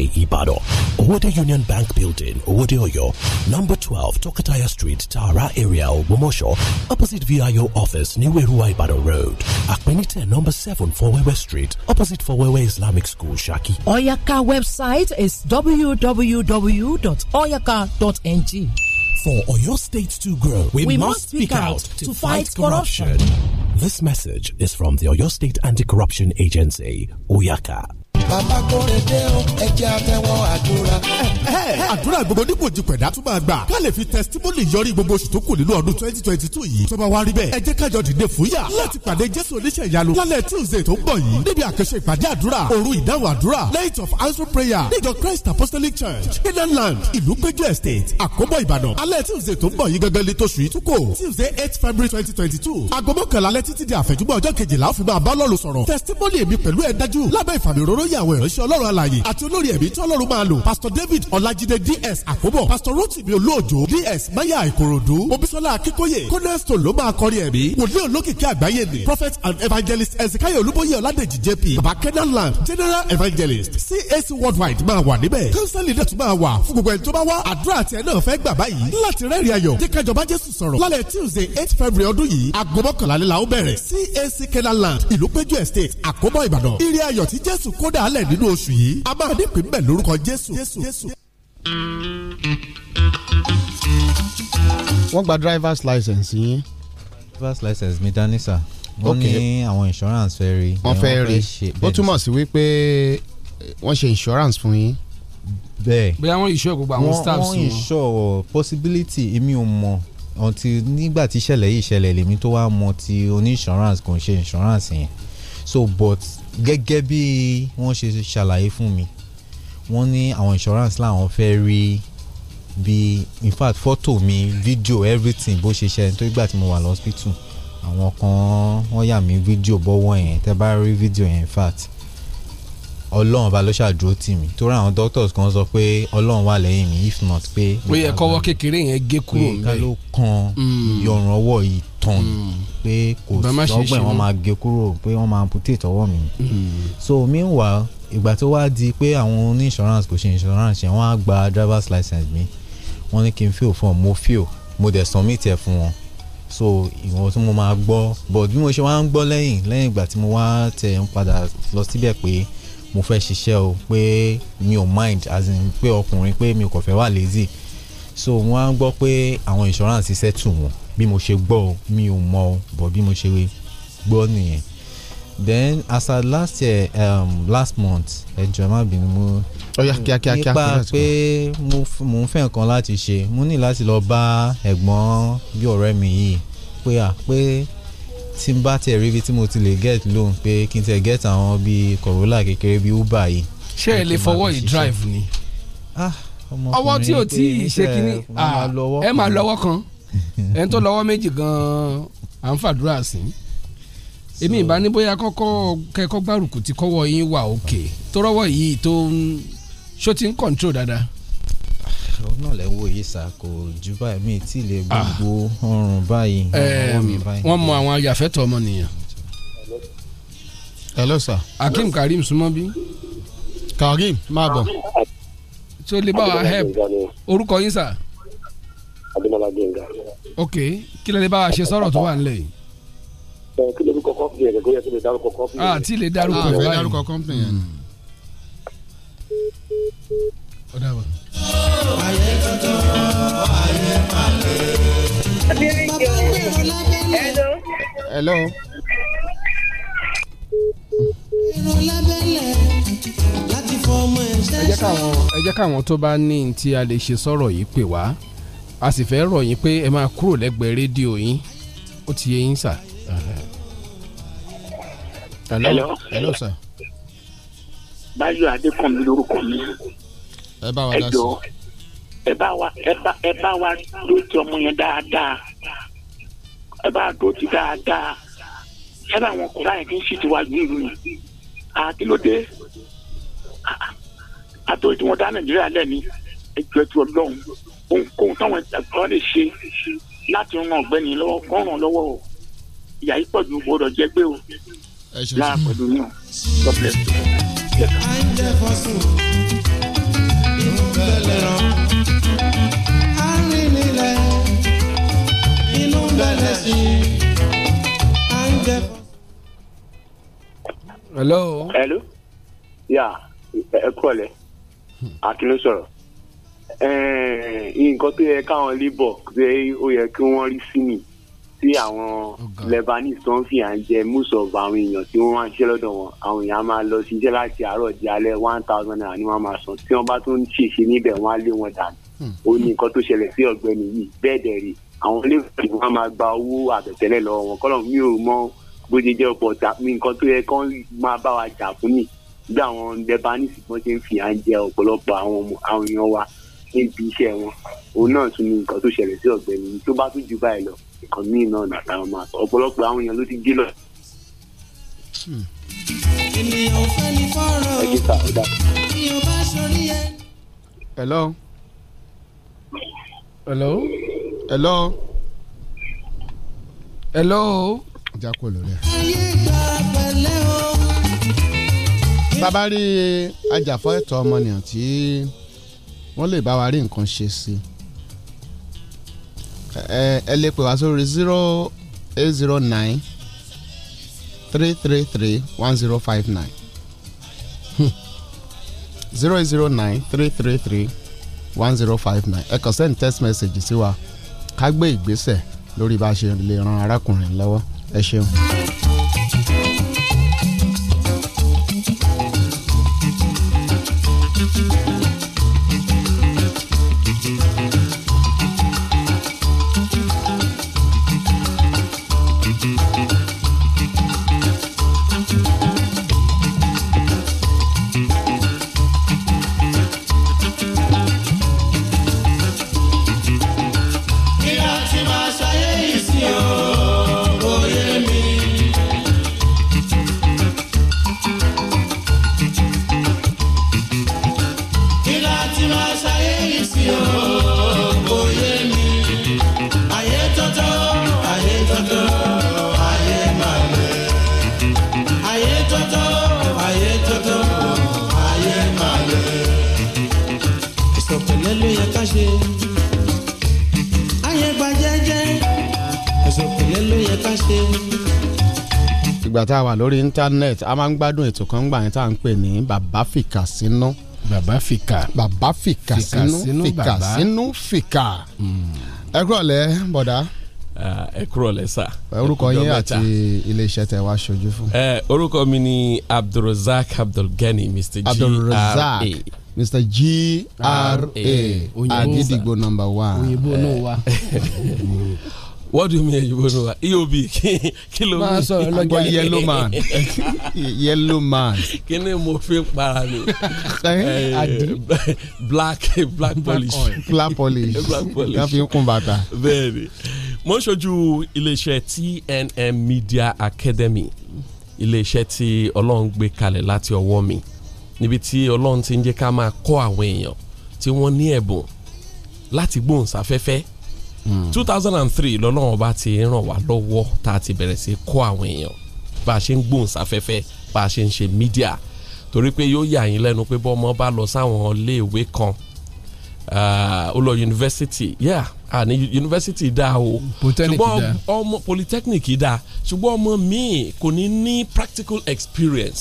Way, Ibadan. Owode Union Bank Building, Owode Oyo. Number 12, Tokataya Street, Tara area, Ogumosho. Opposite VIO office, Niwerua Ibadan Road. Akpenite, number 7, Fowewe Street. Opposite Fowewe Islamic School, Shaki. Oyaka website is www.oyaka.ng. For Oyo State to grow, we, we must speak out to, to fight, fight corruption. corruption. This message is from the Oyo State Anti Corruption Agency, Oyaka. bàbá kórèdé o ẹ jẹ́ àtẹ́wọ́ àdúrà. àdúrà gbogbo dípò jìpẹ̀dá tún máa gbà ká lè fi tẹsítímọ́lì yọrí gbogbo oṣù tó kù nínú ọdún twenty twenty two yìí tó bá wá rí bẹ́ẹ̀ ẹ jẹ́ kájọ dìde fúyà láti pàdé Jésù oníṣẹ́ ìyanu lálẹ́ Tuesday tó ń bọ̀ yìí níbi àkẹ́ṣe ìpàdé àdúrà òru ìdáhùn àdúrà night of answer prayer níjọ Christ Apostolic Church Canaan land Ìlúpéjú estate Àkóbọ̀ Ìbàdàn alẹ́ Tuesday tó ń bọ̀ yìí gangan ni Tuesday eight February twenty twenty two aago mọ́kànlá alẹ́ títí di àfẹ̀júmọ́ ọjọ́ kejìlá fún mi àbálọ́ọ̀lù sọ̀rọ̀ tẹsítímọ́lì èmi pẹ̀lú ẹ̀ dájú àwọn ìránṣẹ́ ọlọ́run alàyè àti olórí ẹ̀mí tí ọlọ́run máa lò pastor david ọlájídé ds àkóbọ̀ pastor rotimi olóòjò ds maya ìkòròdú obisola akíkóyè kónẹ́sítò ló máa kọrin ẹ̀mí wòlíì olókìkí àgbáyé ni prophet and evangelist ezekiah olúbóyè ọládèjì jp baba kenaland general evangelist cac worldwide máa wà níbẹ̀ kánsẹ́lì dẹ̀ tún máa wà fún gbogbo ẹni tó bá wá àdúrà àti ẹ̀ náà fẹ́ gbà báyìí láti rẹ́rìn ayọ̀ jẹ́ tuesday eight february ọdún yìí aago mọ́kànlá ni la ó bẹ̀rẹ̀ estate àkóbọ̀ ìbàdàn ire ayọ̀ tí jésù kódà dálẹ̀ nínú oṣù yìí a máa nípìn bẹ̀ lórúkọ Jésù. wọ́n gba driver's license yín. driver's license mi dání sá wọ́n ní àwọn insurance fẹ́ rí. wọ́n fẹ́ rí ó túmọ̀ sí wípé eh, wọ́n ṣe insurance fún yín bẹ́ẹ̀ bóyá wọ́n insure gbogbo àwọn staffs wọn. wọ́n insure possibility èmi ò mọ̀ ọtí nígbà tí ìṣẹ̀lẹ̀ yìí ṣẹlẹ̀ lèmi tó wá mọ̀ ti oní insurance kò ń ṣe insurance yẹn so but gẹ́gẹ́ bí wọ́n ṣe ṣàlàyé fún mi wọ́n ní àwọn insurance làwọn fẹ́ rí bí in fact fọ́tò mi fídíò everything bó ṣe ṣẹlẹ̀ nítorí gbà tí mo wà lọ́spítù àwọn kan wọ́n yà mí fídíò bọ́wọ́ yẹn tẹ́ bá rí fídíò yẹn in fact ọlọ́run ba ló ṣàdúró tì mí torí àwọn doctors kan sọ pé ọlọ́run wà lẹ́yìn mi if not pé. ó yẹ kọ́wọ́ kékeré yẹn gé kúrò ń bẹ́ẹ̀ pé ká ló kan mm. ìyọ̀rùn ọwọ́ yìí tán mm. pé kò sọ́gbẹ̀ wọ́n máa gé kúrò pé wọ́n máa amputate ọwọ́ mi. Mm. so meanwhile ìgbà tó wá di pé àwọn oní insurance kò ṣe insurance yẹn wọ́n á gba driver's license mi wọ́n ní kí n fíò fún ọ mo fíò mo dẹ̀ submit ẹ̀ fún wọn so ìwọ̀n tí mo máa gbọ́ but bí mo ṣe wá ń gbọ́ lẹ́yìn lẹ́yìn ìgbà tí mo wá tẹ̀ ń padà lọ síbẹ̀ pé mo fẹ́ ṣiṣẹ́ o pé mi ò mind as in pé ọkùnrin pé mi kò fẹ́ wà lazy so mo á ń gbọ́ pé àwọn insurance iṣẹ́ tù wọ́n bí mo ṣe gbọ́ o mi ò mọ̀ o but bí mo ṣe gbọ́ nìyẹn then as at last year um, last month ẹjọ má bínú mo nípa pé mo ń fẹ́ nǹkan láti ṣe mo ní láti lọ bá ẹ̀gbọ́n bí ọ̀rẹ́ mi yìí pé à pé tí n bá tiẹ̀ rí ibi tí mo ti lè get loan pé kí n tiẹ̀ get àwọn bíi Corolla kékeré bíi Uber yìí. ṣé ẹ lè fọwọ́ yìí drive ni. Ah, ọwọ́ tí ò tí ì ṣe kínní ah, ẹ máa lọ́wọ́ kan ẹ̀ ń tó lọ́wọ́ méjì gan-an à ń fàdúrà sí i èmi ìbá ní bóyá kọ́kọ́ kẹ́kọ́ gbárùkù tí kọ́wọ́ yín wà òkè tó rọ́wọ́ yìí tó ń ṣó ti ń control dáadáa òun náà lè wo yìí sá jù báyìí mi tí lè ah. gbogbo eh, ọrùn báyìí wọ́n mọ àwọn ayàfẹ́tọ̀ ọmọnìyàn. hello sir. Akim karim súnmọ́ bí. karim máa bọ̀. tí o lè bá wa help orúkọ yín sá. adémọlá gbẹngà. ok kí lè lè bá wa ṣe sọ̀rọ̀ tó wà nílẹ̀ yìí. kí lè dárúkọ kọ́ńpì yẹn kí ah, lè dárúkọ ah, kọ́ńpì yẹn. àti lè dárúkọ kọ́ńpì ọ̀dà wa. Hello. ẹ jẹ́ káwọn tó bá ní tí a lè ṣe sọ̀rọ̀ yìí pè wá a sì fẹ́ rọ̀ yín pé ẹ máa kúrò lẹ́gbẹ̀ẹ́ rédíò yín ó ti yé yín sà. hello hello sà. Báyọ̀ Adékànmí lórúkọ mi ẹ bá wa dá sí. ẹ bá wa dó ti ọmọ yẹn dáadáa ẹ bá dó ti dáadáa yálà àwọn kọ̀ọ̀dá yẹn kì í sì ti wá yìí lóyún àkìlódé àtòyí tí wọ́n dá nàìjíríà lẹ́ni ẹjọ́ ẹtù ọlọ́run ohunkóhun táwọn ẹ̀kọ́ lè ṣe láti ran ọ̀gbẹ́ni lọ́wọ́ kọ́ ràn lọ́wọ́ o ìyá yìí pọ̀ ju gbọ́dọ̀ jẹ́ gbé o lára pẹ̀lú yàn God bless you bẹ̀lẹ̀ràn arìnrìnlẹ̀ inú hello. hello. ya ẹ kúrọ̀lẹ́ akínú sọ̀rọ̀ nǹkan tó yẹ káwọn labour ṣe ó yẹ kí wọ́n rí sí mi tí àwọn oh, lebanese tó ń fìyà ń jẹ most of àwọn èèyàn tí wọ́n wá ń ṣiṣẹ́ lọ́dọ̀ wọn àwọn èèyàn máa lọ ṣiṣẹ́ láti àárọ̀ di alẹ́ one thousand naira ni wọ́n máa san tí wọ́n bá tún ń ṣèṣe níbẹ̀ wọ́n á lé wọn dànù hmm. ó ní nǹkan tó ṣẹlẹ̀ sí ọ̀gbẹ́ni yìí bẹ́ẹ̀ dẹ̀ rí àwọn ilé wọn máa gba owó àbẹ̀tẹ́lẹ̀ lọ́wọ́ wọn kọ́lọ̀ mi ò mọ bó ṣe jẹ́ ọ̀pọ̀ ọ̀tá mi nǹkan tó yẹ kán wa jà fún mi lebanese wọ́n ṣe ń fìyà ń jẹ ọ̀pọ̀lọpọ̀ àwọn èèyàn wa níbi iṣẹ́ wọn òun náà tún ní nǹkan tó ṣẹlẹ̀ sí nǹkan míì náà nàtàwọn máa sọ ọ̀pọ̀lọpọ̀ àwọn èèyàn ló ti gé lọ. Hmm. hello hello hello hello. jákò lórí babari ayé gba pẹ̀lẹ́ o. bàbá rí ajàfọ́ ẹ̀tọ́ ọmọnìyàn tí wọ́n lè bá wa rí nǹkan ṣe sí i ẹ lè pè wá sórí zero eight zero nine three three three one zero five nine zero eight zero nine three three three one zero five nine ẹ kàn send text message sí wa ká gbé ìgbésẹ̀ lórí bá a ṣe lè ran arákùnrin lọ́wọ́ ẹ ṣeun. íńtánẹ́ẹ̀tì a máa ń gbádùn ètò kan gbà yẹn tá à ń pè ní bàbá fìkà sínú. bàbá fìkà. bàbá fìkà sínú fìkà sínú fìkà. Hmm. ẹ kúrọ̀lẹ́ bọ̀dá. ẹ kúrọ̀lẹ́ sà. orúkọ yín àti iléeṣẹ́ tẹ wá ṣojú fún. ẹ orúkọ mi ni Abdulrasaq Abdulgani Mr. gra. Abdulrasaq mr gra Agidigbo number one. òyìnbó náà wà what do you mean you know eob kí ló máa sọ̀rọ̀ yellow man yellow man kí ni mo fi para mi eh, black black polish black polish black polish ká fi ń kun bàtà. bẹ́ẹ̀ni mo ń ṣojú iléeṣẹ́ TNM Media Academy iléeṣẹ́ tí Ọlọ́run gbé kalẹ̀ láti ọwọ́ mi níbi tí Ọlọ́run ti ń jẹ́ ká máa kọ́ àwọn èèyàn tí wọ́n ní ẹ̀bùn láti gbóhùnsáfẹ́fẹ́. E Hmm. two thousand and three lọ́lọ́run ọba ti ràn wá lọ́wọ́ tá a ti bẹ̀rẹ̀ sí kọ́ àwọn èèyàn bá a ṣe ń gbóhùnsáfẹ́fẹ́ bá a ṣe ń ṣe mídíà torí pé yóò yà yín lẹ́nu pé bọ́mọ bá lọ sáwọn iléèwé kan uh, ó lọ yunifásitì yà yunifásitì dá o ṣùgbọ́n polytechnic dá ṣùgbọ́n ọmọ míì kò ní ní practical experience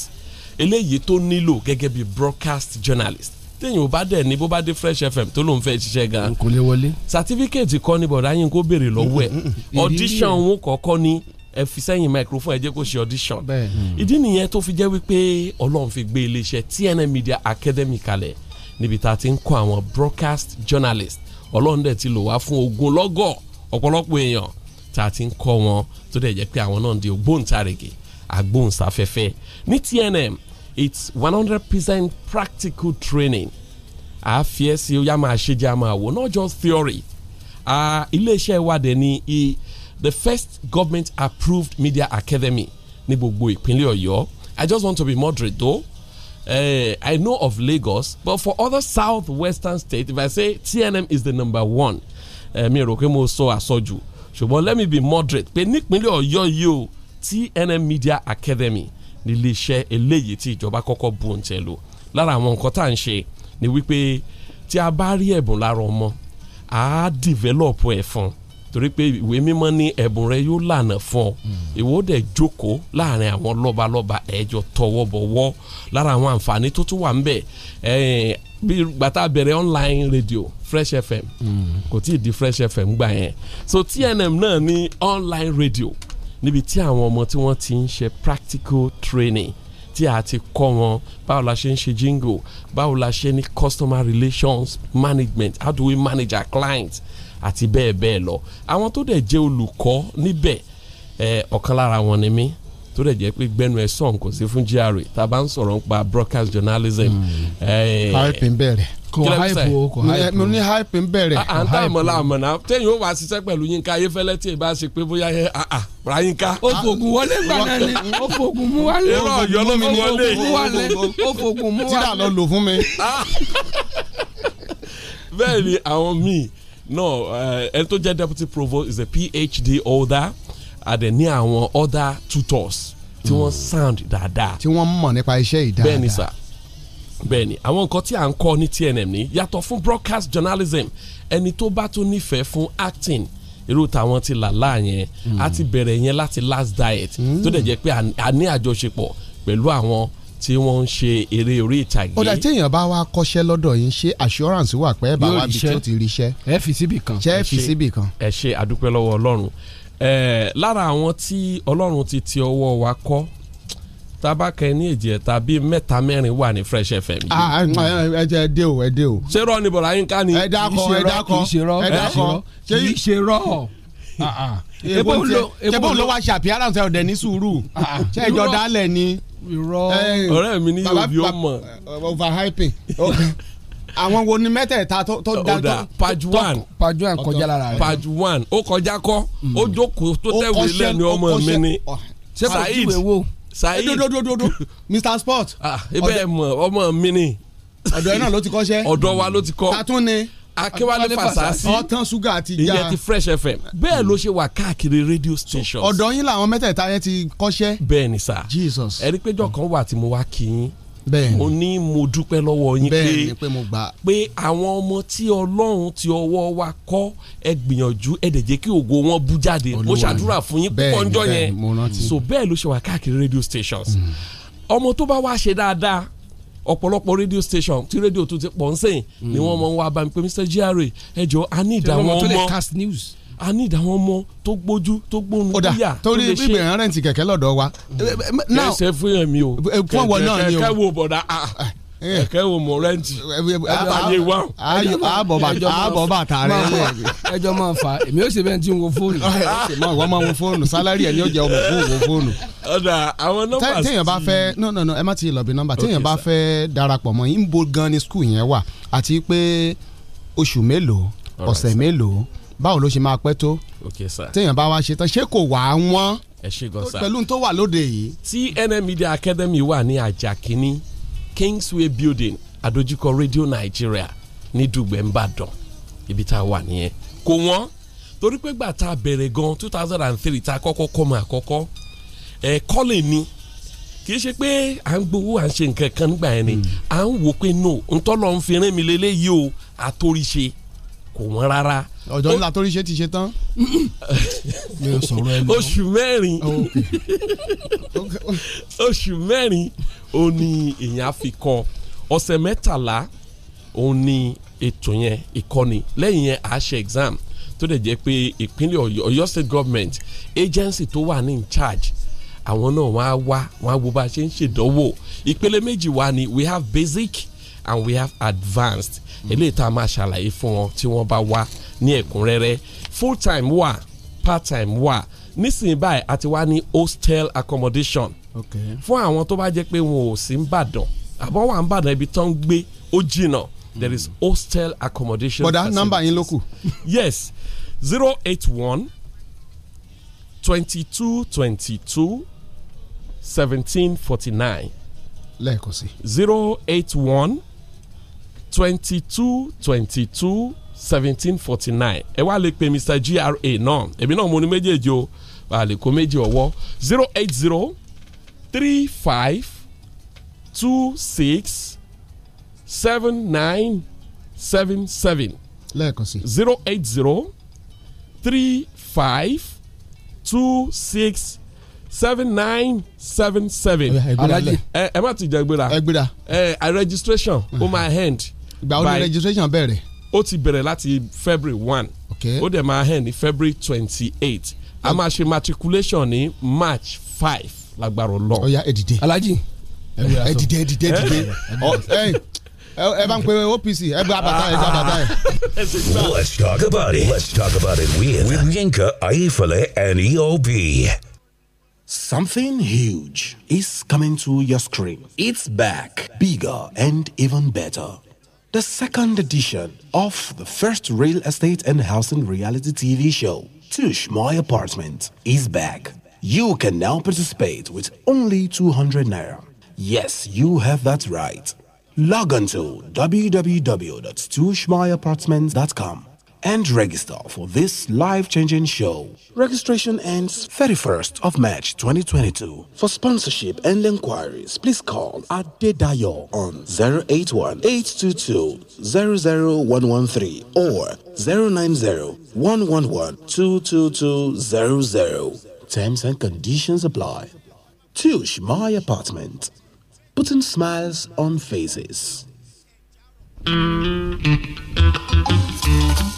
eléyìí tó nílò gẹ́gẹ́ bí broadcast journalist téèyàn ò bá dẹ̀ ní bó bá dé Fresh FM tó lóun fẹ́ ṣiṣẹ́ gan. kò lè wọlé. sàtífíkẹ́ẹ̀tì kọ́ ni bọ̀dá yín kó béèrè lọ́wọ́ ẹ̀ audition òun kọ̀ọ̀kan ni ẹ fi sẹ́yìn microphone ẹ jẹ́ kó ṣe audition. Mm. ìdí nìyẹn tó fi jẹ́ wípé Ọlọ́run fi gbé iléeṣẹ́ TNM Media Academy kalẹ̀ níbi tá a ti ń kọ́ àwọn broadcast journalist Ọlọ́run dẹ̀ ti lò wá fún ogun lọ́gọ̀ ọ̀pọ̀lọpọ̀ èèyàn tá a ti ń kọ́ wọn tó dẹ̀ jẹ́ pé àwọn náà di ògbóǹtarìgì agbóhùnsáfẹ́fẹ́ ní TNM it's 100% practical training a fi ẹ́ sí ya máa ṣe jẹ́ a máa wò not just theory iléeṣẹ́ ìwádìí ni the first government approved media academy ní gbogbo ìpínlẹ̀ ọ̀yọ́ i just want to be moderate though uh, I know of Lagos, but for other southwestern states, if I say TNM is the number one, eh, mi rò pé mo so asoju. ṣùgbọ́n let me be moderate pé nípínlẹ̀ Ọ̀yọ́ yìí o TNM Media Academy nílé iṣẹ́ eléyìí tí ìjọba kọ́kọ́ bu ohun tẹ̀ lò lára àwọn nǹkan tá à ń ṣe ni wípé tí a bá rí ẹ̀bùn lára ọmọ à á dìvẹ́lọ̀pù ẹ̀ fún un torí pé ìwé mímọ́ ní ẹ̀bùn rẹ yóò lànà fún ọ hmm. ìwọ dẹ̀ jókòó láàrin àwọn lọ́balọ́ba ẹ̀jọ̀ tọwọ́bọ̀wọ́ lára àwọn àǹfààní tó tún wà ń bí gbàtà bẹ̀rẹ̀ online radio fresh fm hmm. kò tí ì di fresh fm gbà yẹn so tnm náà ní online radio níbi tí àwọn ọmọ tí wọ́n ti ń ṣe practical training tí a ti kọ́ wọn báwo la ṣe ń ṣe jingle báwo la ṣe ní customer relations management how do we manage our clients àti bẹ́ẹ̀ bẹ́ẹ̀ lọ àwọn tó dẹ̀ jẹ́ olùkọ́ níbẹ̀ ọ̀kan lára wọn ni mí tó dẹ̀ jẹ́ pé gbẹ́nu ẹ̀ sàn kò sí fún GRA tá a bá ń sọ̀rọ̀ nípa broadcast journalism. káyọ̀pín hmm. bẹ̀rẹ̀ kò hype o kò hype o mo ní hype ń bẹ̀rẹ̀ kò hype o. à ń tà àmọ́lá àmọ́lá téèyàn ó wá ṣiṣẹ́ pẹ̀lú Yínká Ayéfẹ́lẹ́ tí ìbá ṣe pé bóyá yẹ àà ra Yínká. o fògùn wọlé gbàdá ni o fògùn mú wálé. irọ́ ọ̀yọ́ mú wọlé. o fògùn mú wálé. tíra lọ lò fún mi. bẹ́ẹ̀ àwọn míì náà eh, ẹni tó jẹ́ deputy provost is a PhD holder and then ní àwọn other tutors tí wọ́n hmm. sound dáadáa. tí wọ́n mọ̀ nípa iṣẹ́ yìí dáadáa. bẹ́ẹ̀ sà bẹ́ẹ̀ni àwọn nǹkan tí à ń kọ́ ní TNM ní yàtọ̀ fún broadcast journalism ẹni tó bá tó nífẹ̀ẹ́ fún acting irú tàwọn ti làlá yẹn a ti bẹ̀rẹ̀ yẹn láti last diet tó dẹ̀ jẹ́ pé a ní àjọṣepọ̀ pẹ̀lú àwọn tí wọ́n ń ṣe eré orí ìtàgé. ọ̀dà tí èèyàn bá wá kọ́ṣẹ́ lọ́dọ̀ yín ṣé assurance wà pé ẹ bá wá bí tí ó ti rí iṣẹ́. ẹ fi síbì kan ṣé ẹ fi síbì kan. ẹ ṣe àdúpẹ́ lọ́wọ́ ọlọ́run lára àwọn tí ọlọ́run ti ti ọwọ́ wa kọ́ tabaka ẹni èjì ẹ̀ta bíi mẹ́ta mẹ́rin wà Fresh FM. Ah, ah, ẹ jẹ ẹ dé o ẹ dé o. ṣé rọ ni bọ̀dá yínká ni. ẹ dákọ ẹ dákọ kì í ṣe rọ ẹ dákọ kì í ṣe rọ. Ah, ebo ló wá ṣe àpíárànsẹ ọ̀dẹ̀ ní sùúrù ṣé ìjọ dálẹ̀ ni. ọ̀rẹ́ mi ní yóò fi ó mọ̀. Uh, overhyping àwọn wo ni mẹ́tẹ̀ẹ̀ta tó da tó page one page one kọjá lára rẹ page one ó kọjá kọ́ hmm. ó jókòó tó tẹ̀wé lẹ́nu ọmọ mi ni Saheed saheed dodododo mr sport. Ah, ibẹ̀ mọ̀ ọmọ mi ni. ọ̀dọ̀ yẹn náà ló ti kọ́ sẹ́. ọ̀dọ̀ wa ló ti kọ́. tatún ni. akínwálé fasasi ọ̀tán ṣúgà àti ìjà ìyẹn ti fresh fm bẹ́ẹ̀ ló ṣe wà káàkiri radio stations. ọ̀dọ̀ yín làwọn mẹ́tẹ̀ẹ̀ta yẹn ti kọ́ṣẹ́. bẹ́ẹ̀ ni sá jesus ẹ̀rí péjọ kan wà tí mo wá kí yín mo ní mo dúpẹ́ lọ́wọ́ yín pé pé àwọn ọmọ tí ọlọ́run ti ọwọ́ wa kọ́ ẹ gbìyànjú ẹ dẹ̀ jẹ́ kí ògo wọn bú jáde mo ṣàdúrà fún yín púpọ̀ njọ́ yẹn so bẹ́ẹ̀ ló ṣe wà káàkiri radio stations mm. ọmọ tó bá wá ṣe dáadáa ọ̀pọ̀lọpọ̀ radio station tí rédíò tó ti pọ̀ ń sẹ́yìn ni mm. wọ́n mọ̀ ń wá bá mi pé Mr. GRA ẹ jọ̀ọ́ a ní ìdáwọ́ ọmọ a ní ìdáwọn ọmọ tó gbójú tó gbóhùn tó yà tó lè ṣe. torí bíbẹ̀ rán rẹ̀ǹtì kẹ̀kẹ́ lọ́dọ̀ wa. Mm. Eh, eh, kẹsẹ̀ fún yẹn mi o eh, kẹ̀kẹ́ wo bọ̀dá ah, kẹ̀kẹ́ wo mọ̀ rẹ̀ǹtì àbáyé wa. àbọ̀ bàtà rẹ̀ ẹjọ́ máa fa èmi ó sì bẹ́ẹ̀ tí n wo fóònù. wọ́n máa wo fóònù sálárì ẹ̀ ni ó jẹ́ ọmọ fún wo fóònù. ọ̀dà àwọn nọ́mbà sí. téèyàn bá fẹ́ no no no ẹ má ti lọ bí nọ́mbà téèyàn bá fẹ́ darapọ̀ mọ́ yín bo gan ni skul yẹn wà àti pé oṣù mélòó ọ̀sẹ̀ mélòó báwo ló ṣe máa pẹ́ tó téèyàn bá wá ṣe tán ṣé kò wá wọ́n pẹ̀lú tó wà lóde yìí. CNN Media Academy wà ní ajakini Kingsway Building adójúkọ Radio Nigeria ní Dùgbẹ̀ ńbàdàn ibi tá a wà nìyẹn kò wọ́n torí pé gbà tá a bẹ̀rẹ̀ gan two thousand and three tá a kọ́kọ́ kọ́mọ àkọ́kọ́ ẹ̀ kọ́lé ni kì í ṣe pé à ń gbowó à ń ṣe nǹkan kan nígbà yẹn ni hmm. à ń wò pé no ntọ́lọ́ ń fi rẹ́mi lélẹ́yìí o àtòrìṣe kò wọ́n rárá. ọjọ́ ńlá torí ṣe ti ṣe tán. oṣù mẹ́rin oh, oṣù mẹ́rin òun ni èèyàn fi kọ́ ọ̀sẹ̀ mẹ́tàlá òun ni ètò yẹn ìkọ́ni lẹ́yìn yẹn à ṣe exam tó dẹ̀ jẹ́ pé ìpínlẹ̀ Ọ̀yọ́ state government agency tó wà ní in charge àwọn náà wọ́n á wá wọ́n á wo bá a ṣe ń ṣèdánwò ìpele méjì wà ní we have basic and we have advanced eléyìí tá a máa ṣàlàyé fún wọn tí wọ́n bá wá ní ẹ̀kúnrẹ́rẹ́ full time wà part time wà nísìnyí báyìí a wá ní hostel accommodation okay. fún àwọn tó bá jẹ́ pé wọn ò sí ń bàdàn àbọ̀ wà ń bàdàn ibi tán ń gbé ó jìnnà there is hostel accommodation. bọ̀dá nọ́mbà yín ló kù. yes zero eight one twenty two twenty two seventeen forty nine. lẹ́ẹ̀kan sí. zero eight one twenty two twenty two seventeen forty nine ẹ wá lè pe mr gra náà èmi náà mo ní méjèèjì o wà lè kó méjì ọwọ́ zero eight zero three five two six seven nine seven seven lẹ́ẹ̀kan sí zero eight zero three five two six seven nine seven seven alaji ẹ ma ti jẹ gbéra ẹ gbéra ẹ registration ó ah. my hand ìgbà wo ni registration bẹ̀rẹ̀. ó ti bẹ̀rẹ̀ láti February one ó dẹ̀ máa hẹ̀ ní February twenty eight a máa ṣe matriculation ní March five lágbára Ọlọ́run. ọ̀ya ẹ dìde Alhaji ẹ dìde ẹ dìde ẹ dìde ẹ bá ń pe OPC ẹ gba bàtà ẹ gba abata. ẹ. Let's talk about it let's talk about it with, with Yinka Ayefele and EOB. Something huge is coming to your screen. It's back, bigger and even better. the second edition of the first real estate and housing reality TV show, Tush My Apartment, is back. You can now participate with only 200 naira. Yes, you have that right. Log on to www.tushmyapartments.com and register for this life-changing show. Registration ends 31st of March 2022. For sponsorship and inquiries, please call Adedayo on 81 822 or 090-111-22200. Terms and conditions apply. Tush My Apartment. Putting smiles on faces.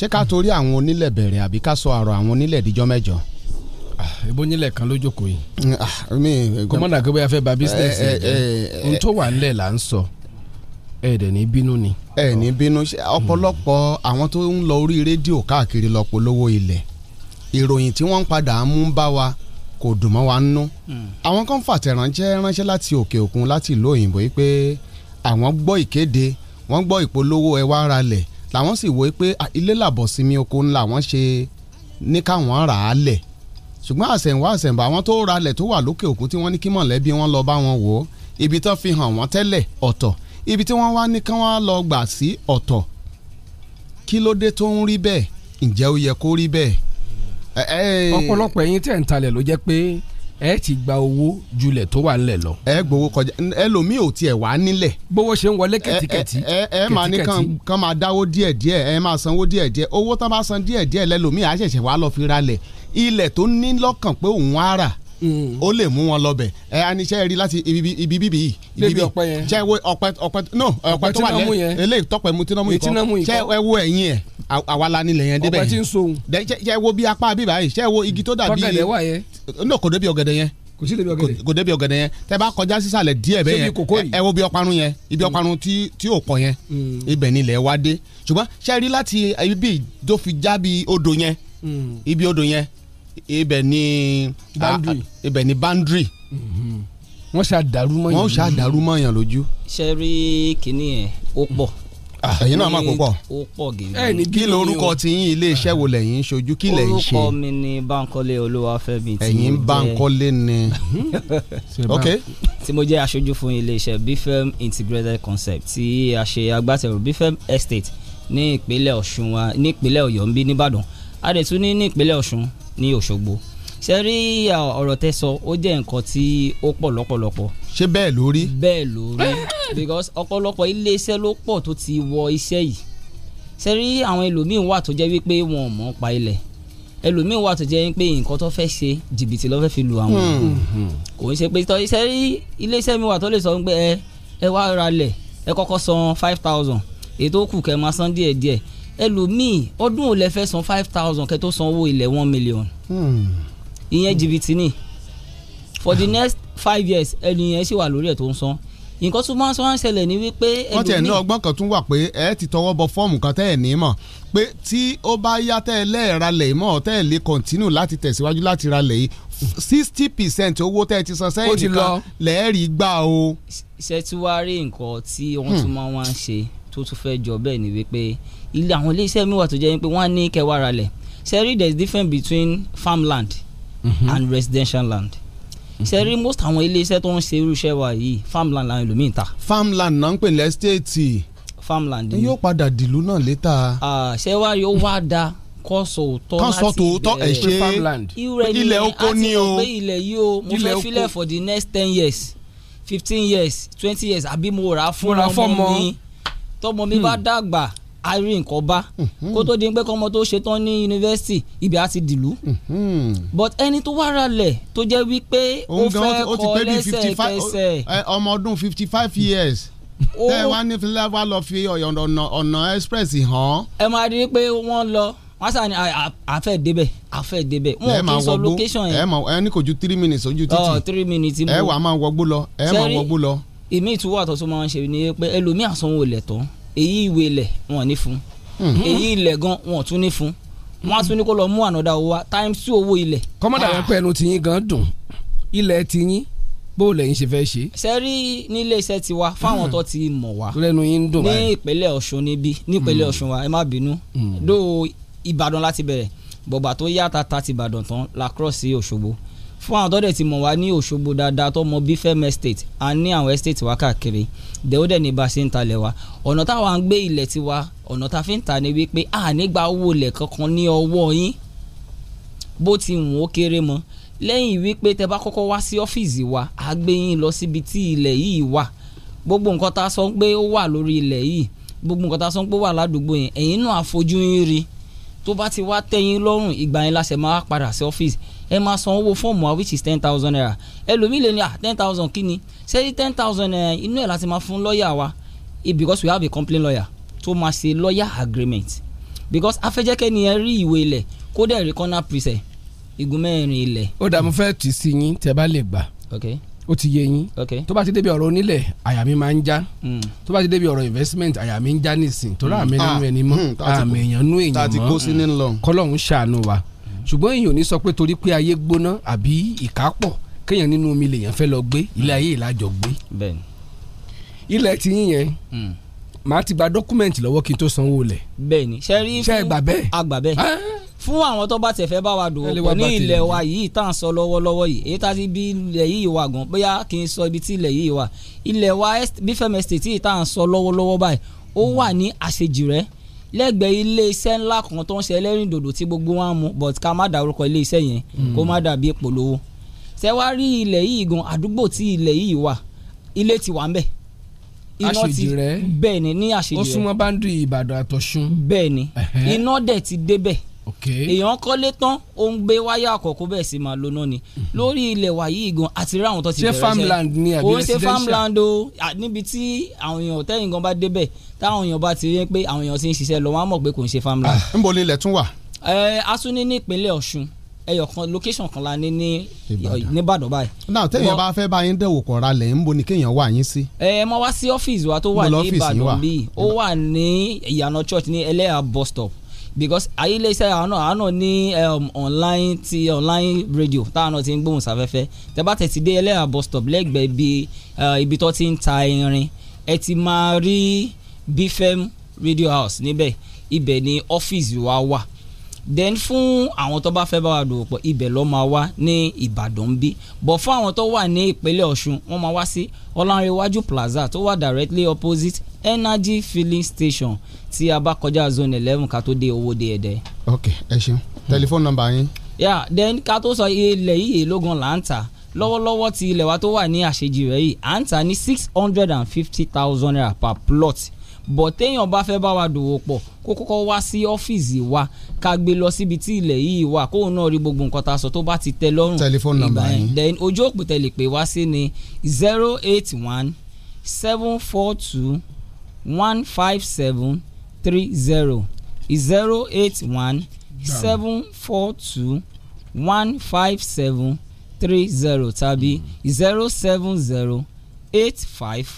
ṣé ká torí àwọn onílẹ̀ bẹ̀rẹ̀ àbí ká sọ àrò àwọn onílẹ̀ díjọ́ mẹ́jọ. Ah, ibo nílẹ̀ kan ló jókòó yìí. Ah, kọ́mọ́nà kí bóyá fẹ́ ba bísíǹsì eh, eh, eh, ohun tó wà nílẹ̀ là ń sọ ẹ ní bínú ni. ẹ ní bínú ọ̀pọ̀lọpọ̀ àwọn tó ń lọ orí rédíò káàkiri lọ polówó ilẹ̀ ìròyìn tí wọ́n ń padà mú bá wa kò dùn mọ́ wa ń nú. Hmm. àwọn kan fàtẹ̀ránṣẹ́ ránṣẹ́ láti òkè òkun láti ìlú òyìnbó yìí pé àwọn gbọ́ ìkéde wọ́n gbọ́ ìpolówó ẹ wá ralẹ̀ làwọn sì wòye pé ah, ilé làbọ̀ sinmi oko ńlá wọn ṣe ní káwọn rà á lẹ̀ ṣùgbọ́n àṣẹ̀wá àṣẹ̀bá àwọn tó ra lẹ̀ tó wà lókè òkun tí wọ́n ní kí mọ̀lẹ́bí wọn lọ bá wọn wò ó ibi tó fi hàn wọ́n tẹ́lẹ̀ ọ̀tọ̀ ibi tí wọ́n wá ní kí lọ gbà sí ọ̀tọ̀ kí ló dé tó ń rí bẹ́ẹ̀ ǹjẹ́ ó yẹ kó rí bẹ́ẹ̀. ọ̀pọ̀lọpọ̀ ẹ̀yin tẹ̀ ń talẹ̀ ló jẹ́ pé ẹ ti gba owó julẹ̀ tó wà nílẹ̀ lọ. ẹ gbowó kọjá ẹlòmíì ò tiẹ̀ wá nílẹ̀. bówó ṣe ń wọlé kẹ̀tíkẹ̀tí. ẹ ẹ máa ní kàn kàn máa dáwó díẹ̀díẹ̀ ẹ máa sanwó díẹ̀díẹ̀ owó tán bá san díẹ̀díẹ̀ lẹ́lòmíì á ṣẹ̀ṣẹ̀ wá lọ fi ra lẹ̀ ilẹ̀ tó ní lọ́kàn pé òun á rà ó lè mú wọn lọ bẹ̀ ẹ aníṣẹ́ rí láti ibi bíbí yìí ibi bí ọ̀pẹ yẹn ṣe wo ọ̀pẹ ọ̀pẹ no ọ̀pẹ tó wà lẹ eléyìí tọpẹ mu tínámù ikọ ṣe ẹ wo ẹ̀yìn ẹ àwa la nílẹ̀ yẹn débẹ̀ ọ̀pẹ tí ń sohun ṣe wo bí apá bíbá yìí ṣe wo igi tó dàbí ọ̀gẹ̀dẹ̀ wà yẹn no kò débi ọ̀gẹ̀dẹ̀ yẹn kò sí débi ọ̀gẹ̀dẹ̀ kò débi ọ̀gẹ̀dẹ̀ yẹn tẹ bá kọjá sísàlẹ̀ díẹ̀ bẹ́ẹ̀ yẹn ẹ wo bí ọparun yẹn ibi mm. ọparun tí ò kọ yẹn mm. ibẹ̀ nílẹ̀ wá dé ṣùgbọ́n ṣe rí láti ibi tó fi já bí odò yẹn mm. ibi odò yẹn ibẹ̀ ni boundary ibẹ̀ ni boundary mm-hmm. wọ́n ṣe àdàrúmọ̀ yẹn wọ́n ṣe àdàrúmọ̀ yẹn lójú. ṣe rí kinní yẹn ó pọ̀. Ah, ẹ̀yin náà máa pọ̀ pọ̀. ẹ ní kí lorúkọ tí yín ilé iṣẹ́ wo lẹ́yìn ń ṣojú kí lẹ́yìn ṣe. orúkọ mi ni Bankole Olúwafẹ́mi. ẹ̀yin Bankole ni. Mm-hmm. ok. tí mo jẹ́ aṣojú fún ilé iṣẹ́ BFM integrated concept tí a ṣe agbátẹrù BFM estate ní ìpínlẹ̀ Ọ̀ṣun wa ní ìpínlẹ̀ Ọ̀yọ́ ń bí nìbàdàn a dẹ̀ tún ní ní ìpínlẹ̀ Ọ̀ṣun ní Òṣogbo ṣe rí ọ̀rọ̀ tẹ́ sọ ó jẹ́ nǹkan tí ó pọ̀ lọ́pọ̀lọpọ̀. ṣé bẹ́ẹ̀ ló rí. bẹ́ẹ̀ ló rí because ọ̀pọ̀lọpọ̀ iléeṣẹ́ ló pọ̀ tó ti wọ iṣẹ́ yìí ṣe rí àwọn ẹlòmíín wà tó jẹ́ wípé wọn ò mọ̀ pa ilẹ̀ ẹlòmíín wà tó jẹ́ pé nǹkan tó fẹ́ ṣe jìbìtì ló fi lu àwọn hmm, hmm. kò ń ṣe pé tọ́ iṣẹ́ rí iléeṣẹ́ mi wà tó lè sọ pé ẹ ẹ wá ra lẹ̀ ẹ kọ́kọ́ san five thousand ètò kù kẹ́ máa san díẹ̀díẹ̀ ẹlòmíì ọdún ò lè fẹ́ san five thousand kẹ́ tó san owó ilẹ̀ one million ìyẹn jìbìtì ni for the next five years ẹni yẹn sì wà lórí ẹ̀ tó ń san nǹkan tó máa ń sọ wá ń ṣẹlẹ̀ ni wípé. wọ́n tiẹ̀ ní ọgbọ́n kan tún wà pé ẹ ti tọwọ́ bọ fọ́ọ̀mù kan tẹ́ ẹ̀ ní mọ̀ pé tí ó bá yá tẹ́ ẹ lẹ́ẹ̀ralẹ̀ mọ́ tẹ́ ẹ lè kọ̀ntínù láti tẹ̀síwájú láti ralẹ̀ yìí sixty percent owó tẹ́ ẹ ti san sẹ́yìn nìkan lẹ́ẹ̀rí gbà o. ṣé tí wàá rí nǹkan tí wọ́n tún máa ń wá ṣe tó tún fẹ́ jọ bẹ́ẹ̀ ni wípé ilé àwọn iléeṣẹ́ mi wà tó jẹ́ pé wọ́n á ní kẹwàá ara sẹ́rí there is difference between farmland mm-hmm. and residential land sẹ́rí mhm. most àwọn iléeṣẹ́ tó ń ṣe irú iṣẹ́ wa yìí farmland làwọn ẹlòmíì ta. farmland náà ń pè ní ẹ́stéètì. farmland ni yóò padà dìlú náà létà. ṣé wàá yóò wá da kọ́sọ̀ òótọ́ láti kọ́sọ̀ òótọ́ ẹ̀ ṣe ilẹ̀ oko ni o ilẹ̀ yìí o mo fẹ́ filẹ̀ for the next ten years fifteen years twenty years àbí mo rà á fún ọmọ mi tọmọ mi bá hmm. dàgbà àìrí nǹkan bá hmm. kó tó di pé kọ́mọ tó ṣetán ní yunifásitì ibi á ti dìlú hmm. but ẹni tó wá ralẹ̀ tó jẹ́ wípé ó fẹ́ kọ́ lẹ́sẹ̀ kẹsẹ̀. ọmọ ọdún fifty five years tẹ́ ẹ wá ní fúláwá lọ fi ọ̀nà express hàn. ẹ máa rí i pé wọ́n lọ wọ́n sàn ní àfẹ́ débẹ̀ àfẹ́ débẹ̀ wọn ò kí n sọ location yẹn. ẹ ní kò ju three minutes ojú títì oh, ẹ wà á máa wọgbó lọ ẹ máa wọgbó lọ èmi ìtúwọ́ àtọ̀ tó máa ń ṣe ni pé ẹlòmíì àsanwó ilẹ̀ tán èyí ìwé ilẹ̀ wọn ní fún mhm. èyí ilẹ̀ gan wọn tún ní fún wọn á tún ní kó lọ mú ànádà owó wa times two owó ilẹ̀. kọ́mọ́dà yẹn ah. pẹ̀lú tiyín gan dùn ilẹ̀ tiyín bó lẹ́yìn ṣe fẹ́ ṣe. sẹ́rí nílé iṣẹ́ ti wa fáwọn hmm. tó ti mọ̀ wá. lẹ́nu yín ń dùn báyìí. ní ìpínlẹ̀ ọ̀ṣun níbí ní ìpínlẹ̀ hmm. ọ̀ṣun wa ẹ má bínú. dó hmm. ìbàdàn láti bẹ̀rẹ̀ bọ̀gbà tó yá tata ti ìbàdàn tán la cross sí òṣogbo fún àwọn tọ́dẹ̀ tí mọ̀ wá ní Òṣogbo dáadáa tó mọ bí Fẹ́mi estate a ní àwọn estate wa káàkiri dẹ́wọ́dẹ̀ ní bá a ṣe ń talẹ̀ wa ọ̀nà táwa ń gbé ilẹ̀ tiwa ọ̀nà tá fi ń ta ni wípé a nígbà owó ilẹ̀ kankan ní ọwọ́ yín bó ti wùn ó kéré mọ́ lẹ́yìn wípé tẹ bá kọ́kọ́ wá sí ọ́fíìsì wa a gbé yín lọ síbi tí ilẹ̀ yìí wà gbogbo nǹkan tá a sọ pé ó wà lórí ilẹ̀ yìí gbogbo nǹkan tá sọ pé ó wà ládùúgbò yẹn ẹ̀yin náà àfojú rí tó bá ti wá tẹ́yìn lọ́rùn ìgbà yẹn la ṣe máa padà sí ọ́fíìsì ẹ máa san owó fọ́ọ̀mù wa which is ten thousand naira ẹlòmíì lè ní ah ten thousand kí ni ṣé ten thousand naira eh, inú ẹ̀ láti máa fún lọ́ọ̀yà wa because we have a complaint lawyer tó máa ṣe lawyer agreement because afẹ́jẹ́kẹ́ ni ẹ rí ìwé ilẹ̀ kó dẹ̀ rí corner preset igun mẹ́rin ilẹ̀. ó dà mo fẹ́ tì sí yín tẹ́ bá lè gbà ó ti yé yín tó bá ti débi ọ̀rọ̀ onílẹ̀ àyà mi máa ń já mm. tó bá ti débi ọ̀rọ̀ investment àyà mi ń já nìsín tó rà mí nínú ẹni mọ́ mm. àmì èèyàn nú èèyàn mọ́ kọ́lọ́hún ṣàánú wa ṣùgbọ́n èèyàn ò ní sọ pé torí pé ayé gbóná àbí ìkápọ̀ kéèyàn nínú omi lèèyàn fẹ́ lọ gbé ilé ayé ìlàjọ gbé ilẹ̀ tí yín yẹn hmm. màá ti gba dọ́kúmẹ̀ntì lọ́wọ́ kí n tó sanwó lẹ̀. bẹ́ẹ̀ni ṣe rí fún ṣe gbà fún àwọn tó bá tẹ̀fẹ́ bá wa dòwò pọ̀ ní ilẹ̀ wa yìí tá à ń sọ lọ́wọ́lọ́wọ́ yìí èyí tá a ti bí ilẹ̀ yìí wà gan bóyá kí n sọ ibi tí ilẹ̀ yìí wà ilẹ̀ wa bí tá à ń sọ lọ́wọ́lọ́wọ́ báyìí ó wà ní àṣejì rẹ̀ lẹ́gbẹ̀ẹ́ iléeṣẹ́ ńlá kan tó ń ṣe ẹlẹ́rìndòdò tí gbogbo wọn mú but ká má dárúkọ iléeṣẹ́ yẹn hmm. kó má dàbí ìpolówó ṣẹ́wárí ilẹ̀ yìí gan àdúgbò tí ilẹ̀ yìí wà ilé ti wà ń bẹ̀ iná ti bẹ́ẹ̀ ni ní àṣejù rẹ̀ ó súnmọ́ báńdù Ìbàdàn àtọ̀ṣun bẹ́ẹ̀ ni iná dẹ̀ ti débẹ̀ èèyàn kọ́lé tán ó ń gbé wáyà àkọ́kọ́ bẹ́ẹ̀ sì máa lóná ni mhm. lórí ilẹ̀ wa yìí gan àti rí àwọn tó ti bẹ̀rẹ̀ ṣe farmland ni àbí residential ó ṣe farmland o níbi tí àwọn èèyàn tẹ́yìn gan bá débẹ̀ táwọn èèyàn bá ti rí pé àwọn èèyàn ti ń ṣiṣẹ́ lọ wọ́n á mọ̀ pé kò ń ṣe farmland. ń ah, bo ilẹ̀ tún wà. ẹ asúní ní ìpínlẹ̀ Ọ̀ṣun ẹyọ kan location kan la ní ní Ìbàdàn báyìí. náà tẹ́yìn bá fẹ́ bá yín dẹ̀wò kọ̀ ra lẹ̀ ń bo ni kéèyàn wà yín sí. ẹ mọ wá sí ọ́fíìsì wa tó wà ní Ìbàdàn bíi ó wà ní ìyànà church ní ẹlẹ́yà bus stop because ayéléṣẹ́ àwọn náà àwọn náà ní um, online ti online radio táwọn náà ti ń gbóhùn sáfẹ́fẹ́ tẹ bá tẹ̀sí dé ẹlẹ́yà bus stop lẹ́gbẹ̀ẹ́ ibi uh, ibi tó ti ń ta irin ẹ ti máa rí BFM radio house níbẹ̀ ibẹ̀ ni ọ́fíìsì wa wà. Wa then fún àwọn tó bá fẹ́ bá wa dòwò pọ̀ ibẹ̀ ló máa wá ní Ìbàdàn ń bí but fún àwọn tó wà ní ìpínlẹ̀ Ọ̀ṣun wọ́n máa wá sí Ọlánrewájú Plaza tó wà directly opposite Energy Filling Station tí a bá kọjá zone eleven ká tó dé Owódé Ẹdẹ. ok ẹ ṣeun tẹlifóònù nọ́mbà yín. yà then ká tó sọ ilẹ̀ yìí èlógún là ń tà lọ́wọ́lọ́wọ́ ti ilẹ̀ wa tó wà ní àṣejì rẹ̀ yìí à ń tà ní six hundred and fifty thousand naira per plot bọ̀ téèyàn bá fẹ́ bá wa dòwò pọ̀ kó kọ́kọ́ wá sí ọ́fíìsì wa ká gbé lọ síbi tí ilẹ̀ yìí wà kóun náà rí gbogbo nǹkan tá sọ tó bá ti tẹ lọ́rùn telephone number yẹn then ojú òpè tẹ̀lé pé wá sí ni zero eight one seven four two one five seven three zero zero eight one seven four two one five seven three zero tàbí hmm. zero seven zero eight five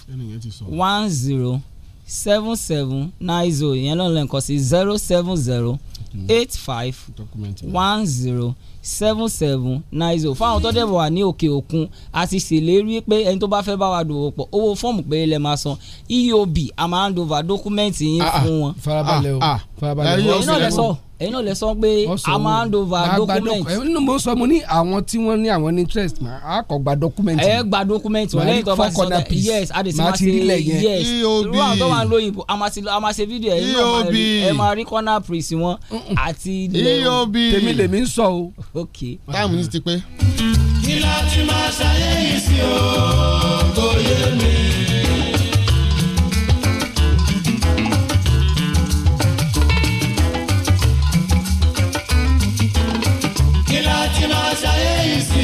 one zero seven seven nine zero ìyẹn lọ́nà lẹ́ǹkan sí zero seven zero eight five one zero seven seven nine zero fáwọn tó dẹ̀ wà ní òkè òkun a ti ṣèlérí pé ẹni tó bá fẹ́ bá wa dòwò pọ̀ owó fọ́ọ̀mù pé lè máa san eob a máa ń dover dọ́kúmẹ́ǹtì yín ah, ah, fún wọn. farabalẹ̀ o ah, farabalẹ̀ o ẹ̀yin náà lẹ sọ ẹ̀yin náà lè sọ pé a máa ń dova document. nínú mo sọ mo ní àwọn tí wọ́n ní àwọn interest ma a kò gba document. ẹ gba document wọn lẹ́yìn tó bá ti sọ pé yes a lè ti máa ṣe yes e irú àwọn tó máa ń lo òyìnbó a máa ṣe fídíò ẹ̀yin náà e ẹ máa rí corner priest wọn àti ilẹ̀ e tèmi lèmi ń sọ o. ok táàmù yìí ti pé. kí láti máa ṣàyẹ̀yìn sí o yé mi. ṣe máa ṣayé yìí sí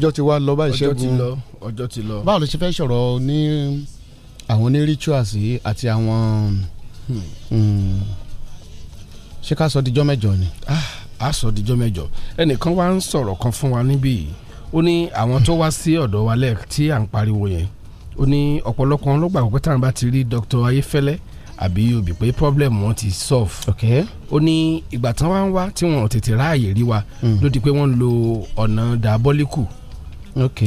ọjọ́ ti wá lọ báyìí ṣẹ́gun ọjọ́ ti lọ ọjọ́ ti lọ. báwo ló ṣe fẹ́ sọ̀rọ̀ ní àwọn ní rituals àti àwọn hmm. Hmm, ṣé ká sọ dijọ́ mẹ́jọ ni. Ah, a sọ dijọ́ mẹ́jọ ẹnìkan wá ń sọ̀rọ̀ kan fún wa níbí yìí ó ní àwọn tó wá sí ọ̀dọ̀ wa lẹ́ẹ̀ tí à ń pariwo yẹn ó ní ọ̀pọ̀lọpọ̀ ló gbàgbọ́ pé táwọn bá ti rí Dr. Ayéfẹ́lẹ́ àbí òbí pé problem wọn ti solve. ok ó ní ìgbà tán wá ń wá tí wọn ò tètè ráàyè rí wa hmm. ló di pé wọ́n ń lo ọ̀nà diabolical ok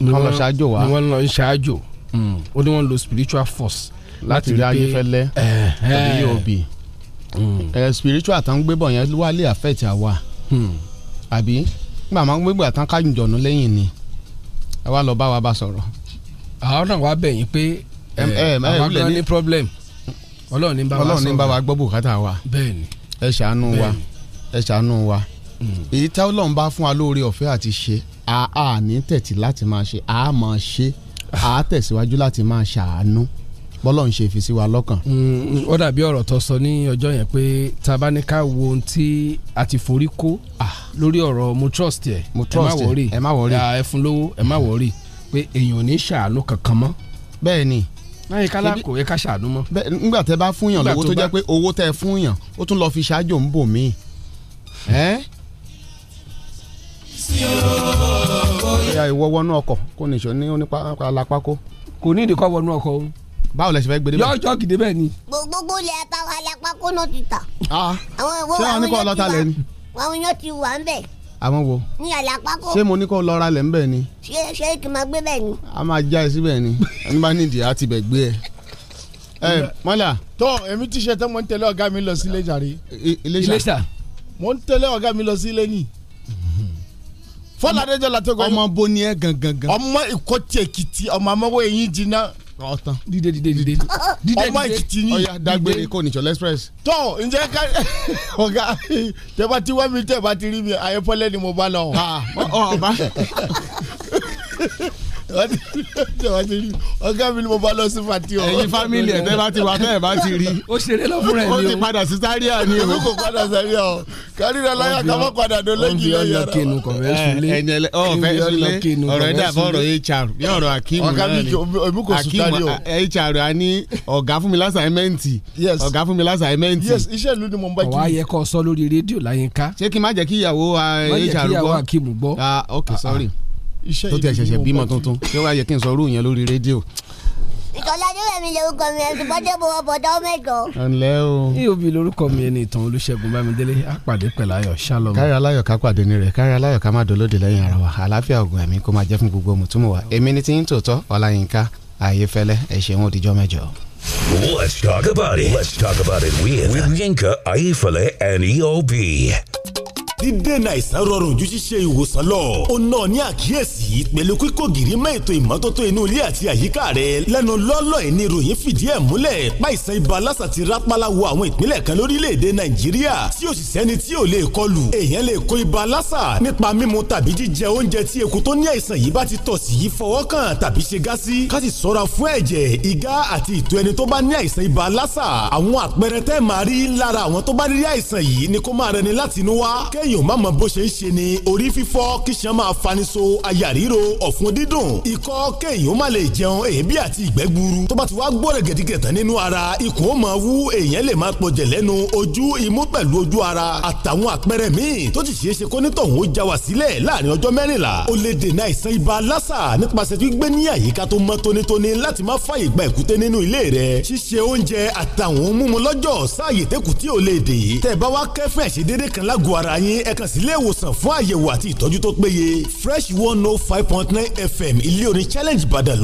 ni wọ́n lọ ṣáájò wa ni wọ́n lọ ṣáájò hmm. ó ní wọ́n lo spiritual force láti rí Ayéfẹ́lẹ́ tàbí Yobe hmm. ẹ spiritual tán gbé bọ̀ yẹn wá lè affect àwa hmm. àbí nígbà máa ń gbégbé àtàn kájùjọ̀nù lẹ́yìn ni ẹ wá lọ bá wa bá sọ̀rọ̀. àwọn náà wá bẹ̀yìn pé àwọn náà ní problem ọlọ́run ní bá wa gbọ́ bùkátà wa ẹ ṣàánú wa ẹ ṣàánú wa. Hmm. èyí tí ọlọ́run bá fún wa lóore ọ̀fẹ́ àti ṣe a ní tẹ̀tì láti máa ṣe a máa ṣe àá ah. tẹ̀síwájú láti máa ṣàánú bọ́lọ́run ṣe fi sí wa lọ́kàn. Hmm, ó dàbí ọ̀rọ̀ tó sọ ní ọjọ́ yẹn pé tá a bá ní ká wo ohun tí a ti forí kó ah. lórí ọ̀rọ̀ mo trust ẹ̀ ẹ má wọ̀ọ́rì ẹ má wọ̀ọ́rì ah, ẹ fún lówó ẹ má hmm. wọ̀ọ́rì pé èèyàn ò ní ṣàánú kankan mọ́. bẹ́ẹ̀ ni láyé kálá kò yẹ ká ṣàánú mọ́. bẹ́ẹ̀ nígbà tẹ bá fúnyàn lówó tó jẹ́ pé owó tẹ fúnyàn ó tún lọ fi ṣáájò ń bò míì. ẹ́ ìyá ìwọ wọnú ọkọ kò ní ìṣó ní onípàlápákó. kò ní ìdíkọ wọnú ọkọ o. báwo lẹ ṣe fẹ́ gbé débẹ̀. yọjọ kìdé bẹ́ẹ̀ ni. gbogbo ilẹ̀ ta wa lápákó náà ti tà. Ah, àwọn ìwọ àwọn yóò ti wà àwọn yóò ti wà ń bẹ̀. àwọn wo. ní àlápákó. ṣé mo ní kó lọ ra lẹ̀ ń bẹ̀ ni. ṣé ṣé kì máa gbé bẹ́ẹ̀ ni. a máa já ẹ síbẹ̀ ni ẹni bá nídìí á ti bẹ̀ gbé ẹ ẹ mọ́là. tó èmi ti ṣe tán mo ń tẹ̀lé ọ̀gá mi lọ sí ilé jàre. iléṣà mo ń tẹ̀lé ọ̀gá mi lọ sí ilé yìí fọlá adéjọ la tó gbọ́dọ̀ ọmọ bo ẹ gangan gan ọmọ ìkọtí èkìtì ọmọ amọwọ eyín jiná ọtán dídé dídé dídé dídé ọmọ èkìtì yín ọyà dágbére kò ní sọlẹ express. tọ ǹjẹ́ ká ọ̀gá tẹ́bá tí mi tẹ́bá rí mi àyẹ̀fọ́lẹ́ ni mo bá lọ. ọba. ọgá mi ni mo bá lọ sí fati ọ. ẹyin fámìlì ẹ̀ tẹ́ bá ti wá tẹ́ ẹ̀ bá ti rí. ó ṣeré lọ fúnra ẹ̀ ni o. ó ti padà sí sáríà ni o. èmi kò padà sáríà o. kárìnà láyà ká má padà dó lẹ́jì yẹn yàrá. ẹni ẹlẹ ọ fẹ sílé ọ̀rọ̀ ẹ dàbọ̀ ọ̀rọ̀ hr bí ọ̀rọ̀ akimu náà ni akimu hr a ní ọ̀gá fún mi lásàmẹ́ǹtì ọ̀gá fún mi lásàmẹ́ǹtì. yes iṣẹ́ ìlú ni mo ń bá kí. ọ̀wá yẹ kọ́ sọ lórí rédíò láyínká. ṣé kí n má jẹ́ kí ìyàwó hr gbọ́. má jẹ́ kí ìyàwó akimu gbọ́. ah ok sorry. Uh -uh iṣẹ́ ìbímọ tó tẹ bímọ tuntun ṣé wàá yẹ kí n sọ irú yẹn lórí rédíò. ìkọlá nílẹ̀ lorúkọ mi ẹ̀sìn bọ́dé mo wọ bọ̀dọ̀ mẹ́jọ. ẹnlẹ́ o. iobi lorúkọ mi ẹni Bámidélé àpàdé pẹ̀lú ayọ̀ sálọ. kárí aláyọ̀ ká pàdé ní rẹ̀ kárí aláyọ̀ ká má dolóde lẹ́yìn ara wa àlàáfíà ògùn ẹ̀mí kó máa jẹ́ fún gbogbo mùtúmù wa èmi ni ti ń tòótọ́ Ọláyínká Ayéfẹ́lẹ́ ẹ̀ ṣeun òdìjọ́ mẹ́jọ. Let's talk about it. Let's talk about it with, with Yinka Ayefele and EOB dídènà àìsàn rọrùn ju ṣíṣe ìwòsàn lọ. ó náà ní àkíyèsí pẹ̀lú kíkó gìrì mọ́ ètò ìmọ́tótó inú ilé àti àyíká rẹ̀ lẹ́nu lọ́lọ́ ẹ̀ ní ìròyìn fìdí ẹ̀ múlẹ̀ páìsàn ibà lásà ti rápálá wo àwọn ìpínlẹ̀ kan lórílẹ̀‐èdè nàìjíríà tí ò sì sẹ́ni tí ò lè kọlù èèyàn lè kó ibà lásà nípa mímu tàbí jíjẹ oúnjẹ tí eku tó ní àìsàn yìí bá ti tọ̀ sí yìí fọwọ́ kàn tàbí ṣe gá sí ká sì ṣọ́ra fún ẹ̀jẹ̀ ìgá àti ìtọ̀ ẹni tó bá ní àìsàn ibà lásà àwọn àpẹẹrẹ tẹ́ẹ̀ máa rí lára àwọn tó bá rí àìsàn yìí ni kó máa rẹni látinú wá kẹ́ kéèyàn má mọ bó ṣe ń ṣe ni orí fífọ́ kíṣan máa faniṣo àyà ríro ọ̀fun dídùn ikọ́ kéèyàn má lè jẹun èébì àti ìgbẹ́ gbuuru tó bá ti wá gbọ́rẹ̀ gẹ̀dígẹ̀tàn nínú ara ikùn ó máa wú èèyàn lè máa pọ̀jẹ̀ lẹ́nu ojú imú pẹ̀lú ojú ara àtàwọn àpẹẹrẹ míì tó ti ṣeé ṣe kó nítòhún ó já wa sílẹ̀ láàrin ọjọ́ mẹ́rìnlá ó lè dènà àìsàn ibà lásà nípasẹ̀ gbígbé ní àyíká tó mọ́ tónítóní láti má fàyè gba èkúté nínú ilé rẹ̀ ṣíṣe oúnjẹ àtàwọn mímu lọ́jọ́ sáàyè tẹ́kù tí ò lè dè tẹ̀ bá wá kẹ́fẹ́ ṣe déédéé kan lágọ̀ọ́ ara yín ni ẹ kàn sí ilé ìwòsàn fún àyẹ̀wò àti ìtọ́jú tó péye fresh one oh five point nine fm ilé orin challenge ìbàdàn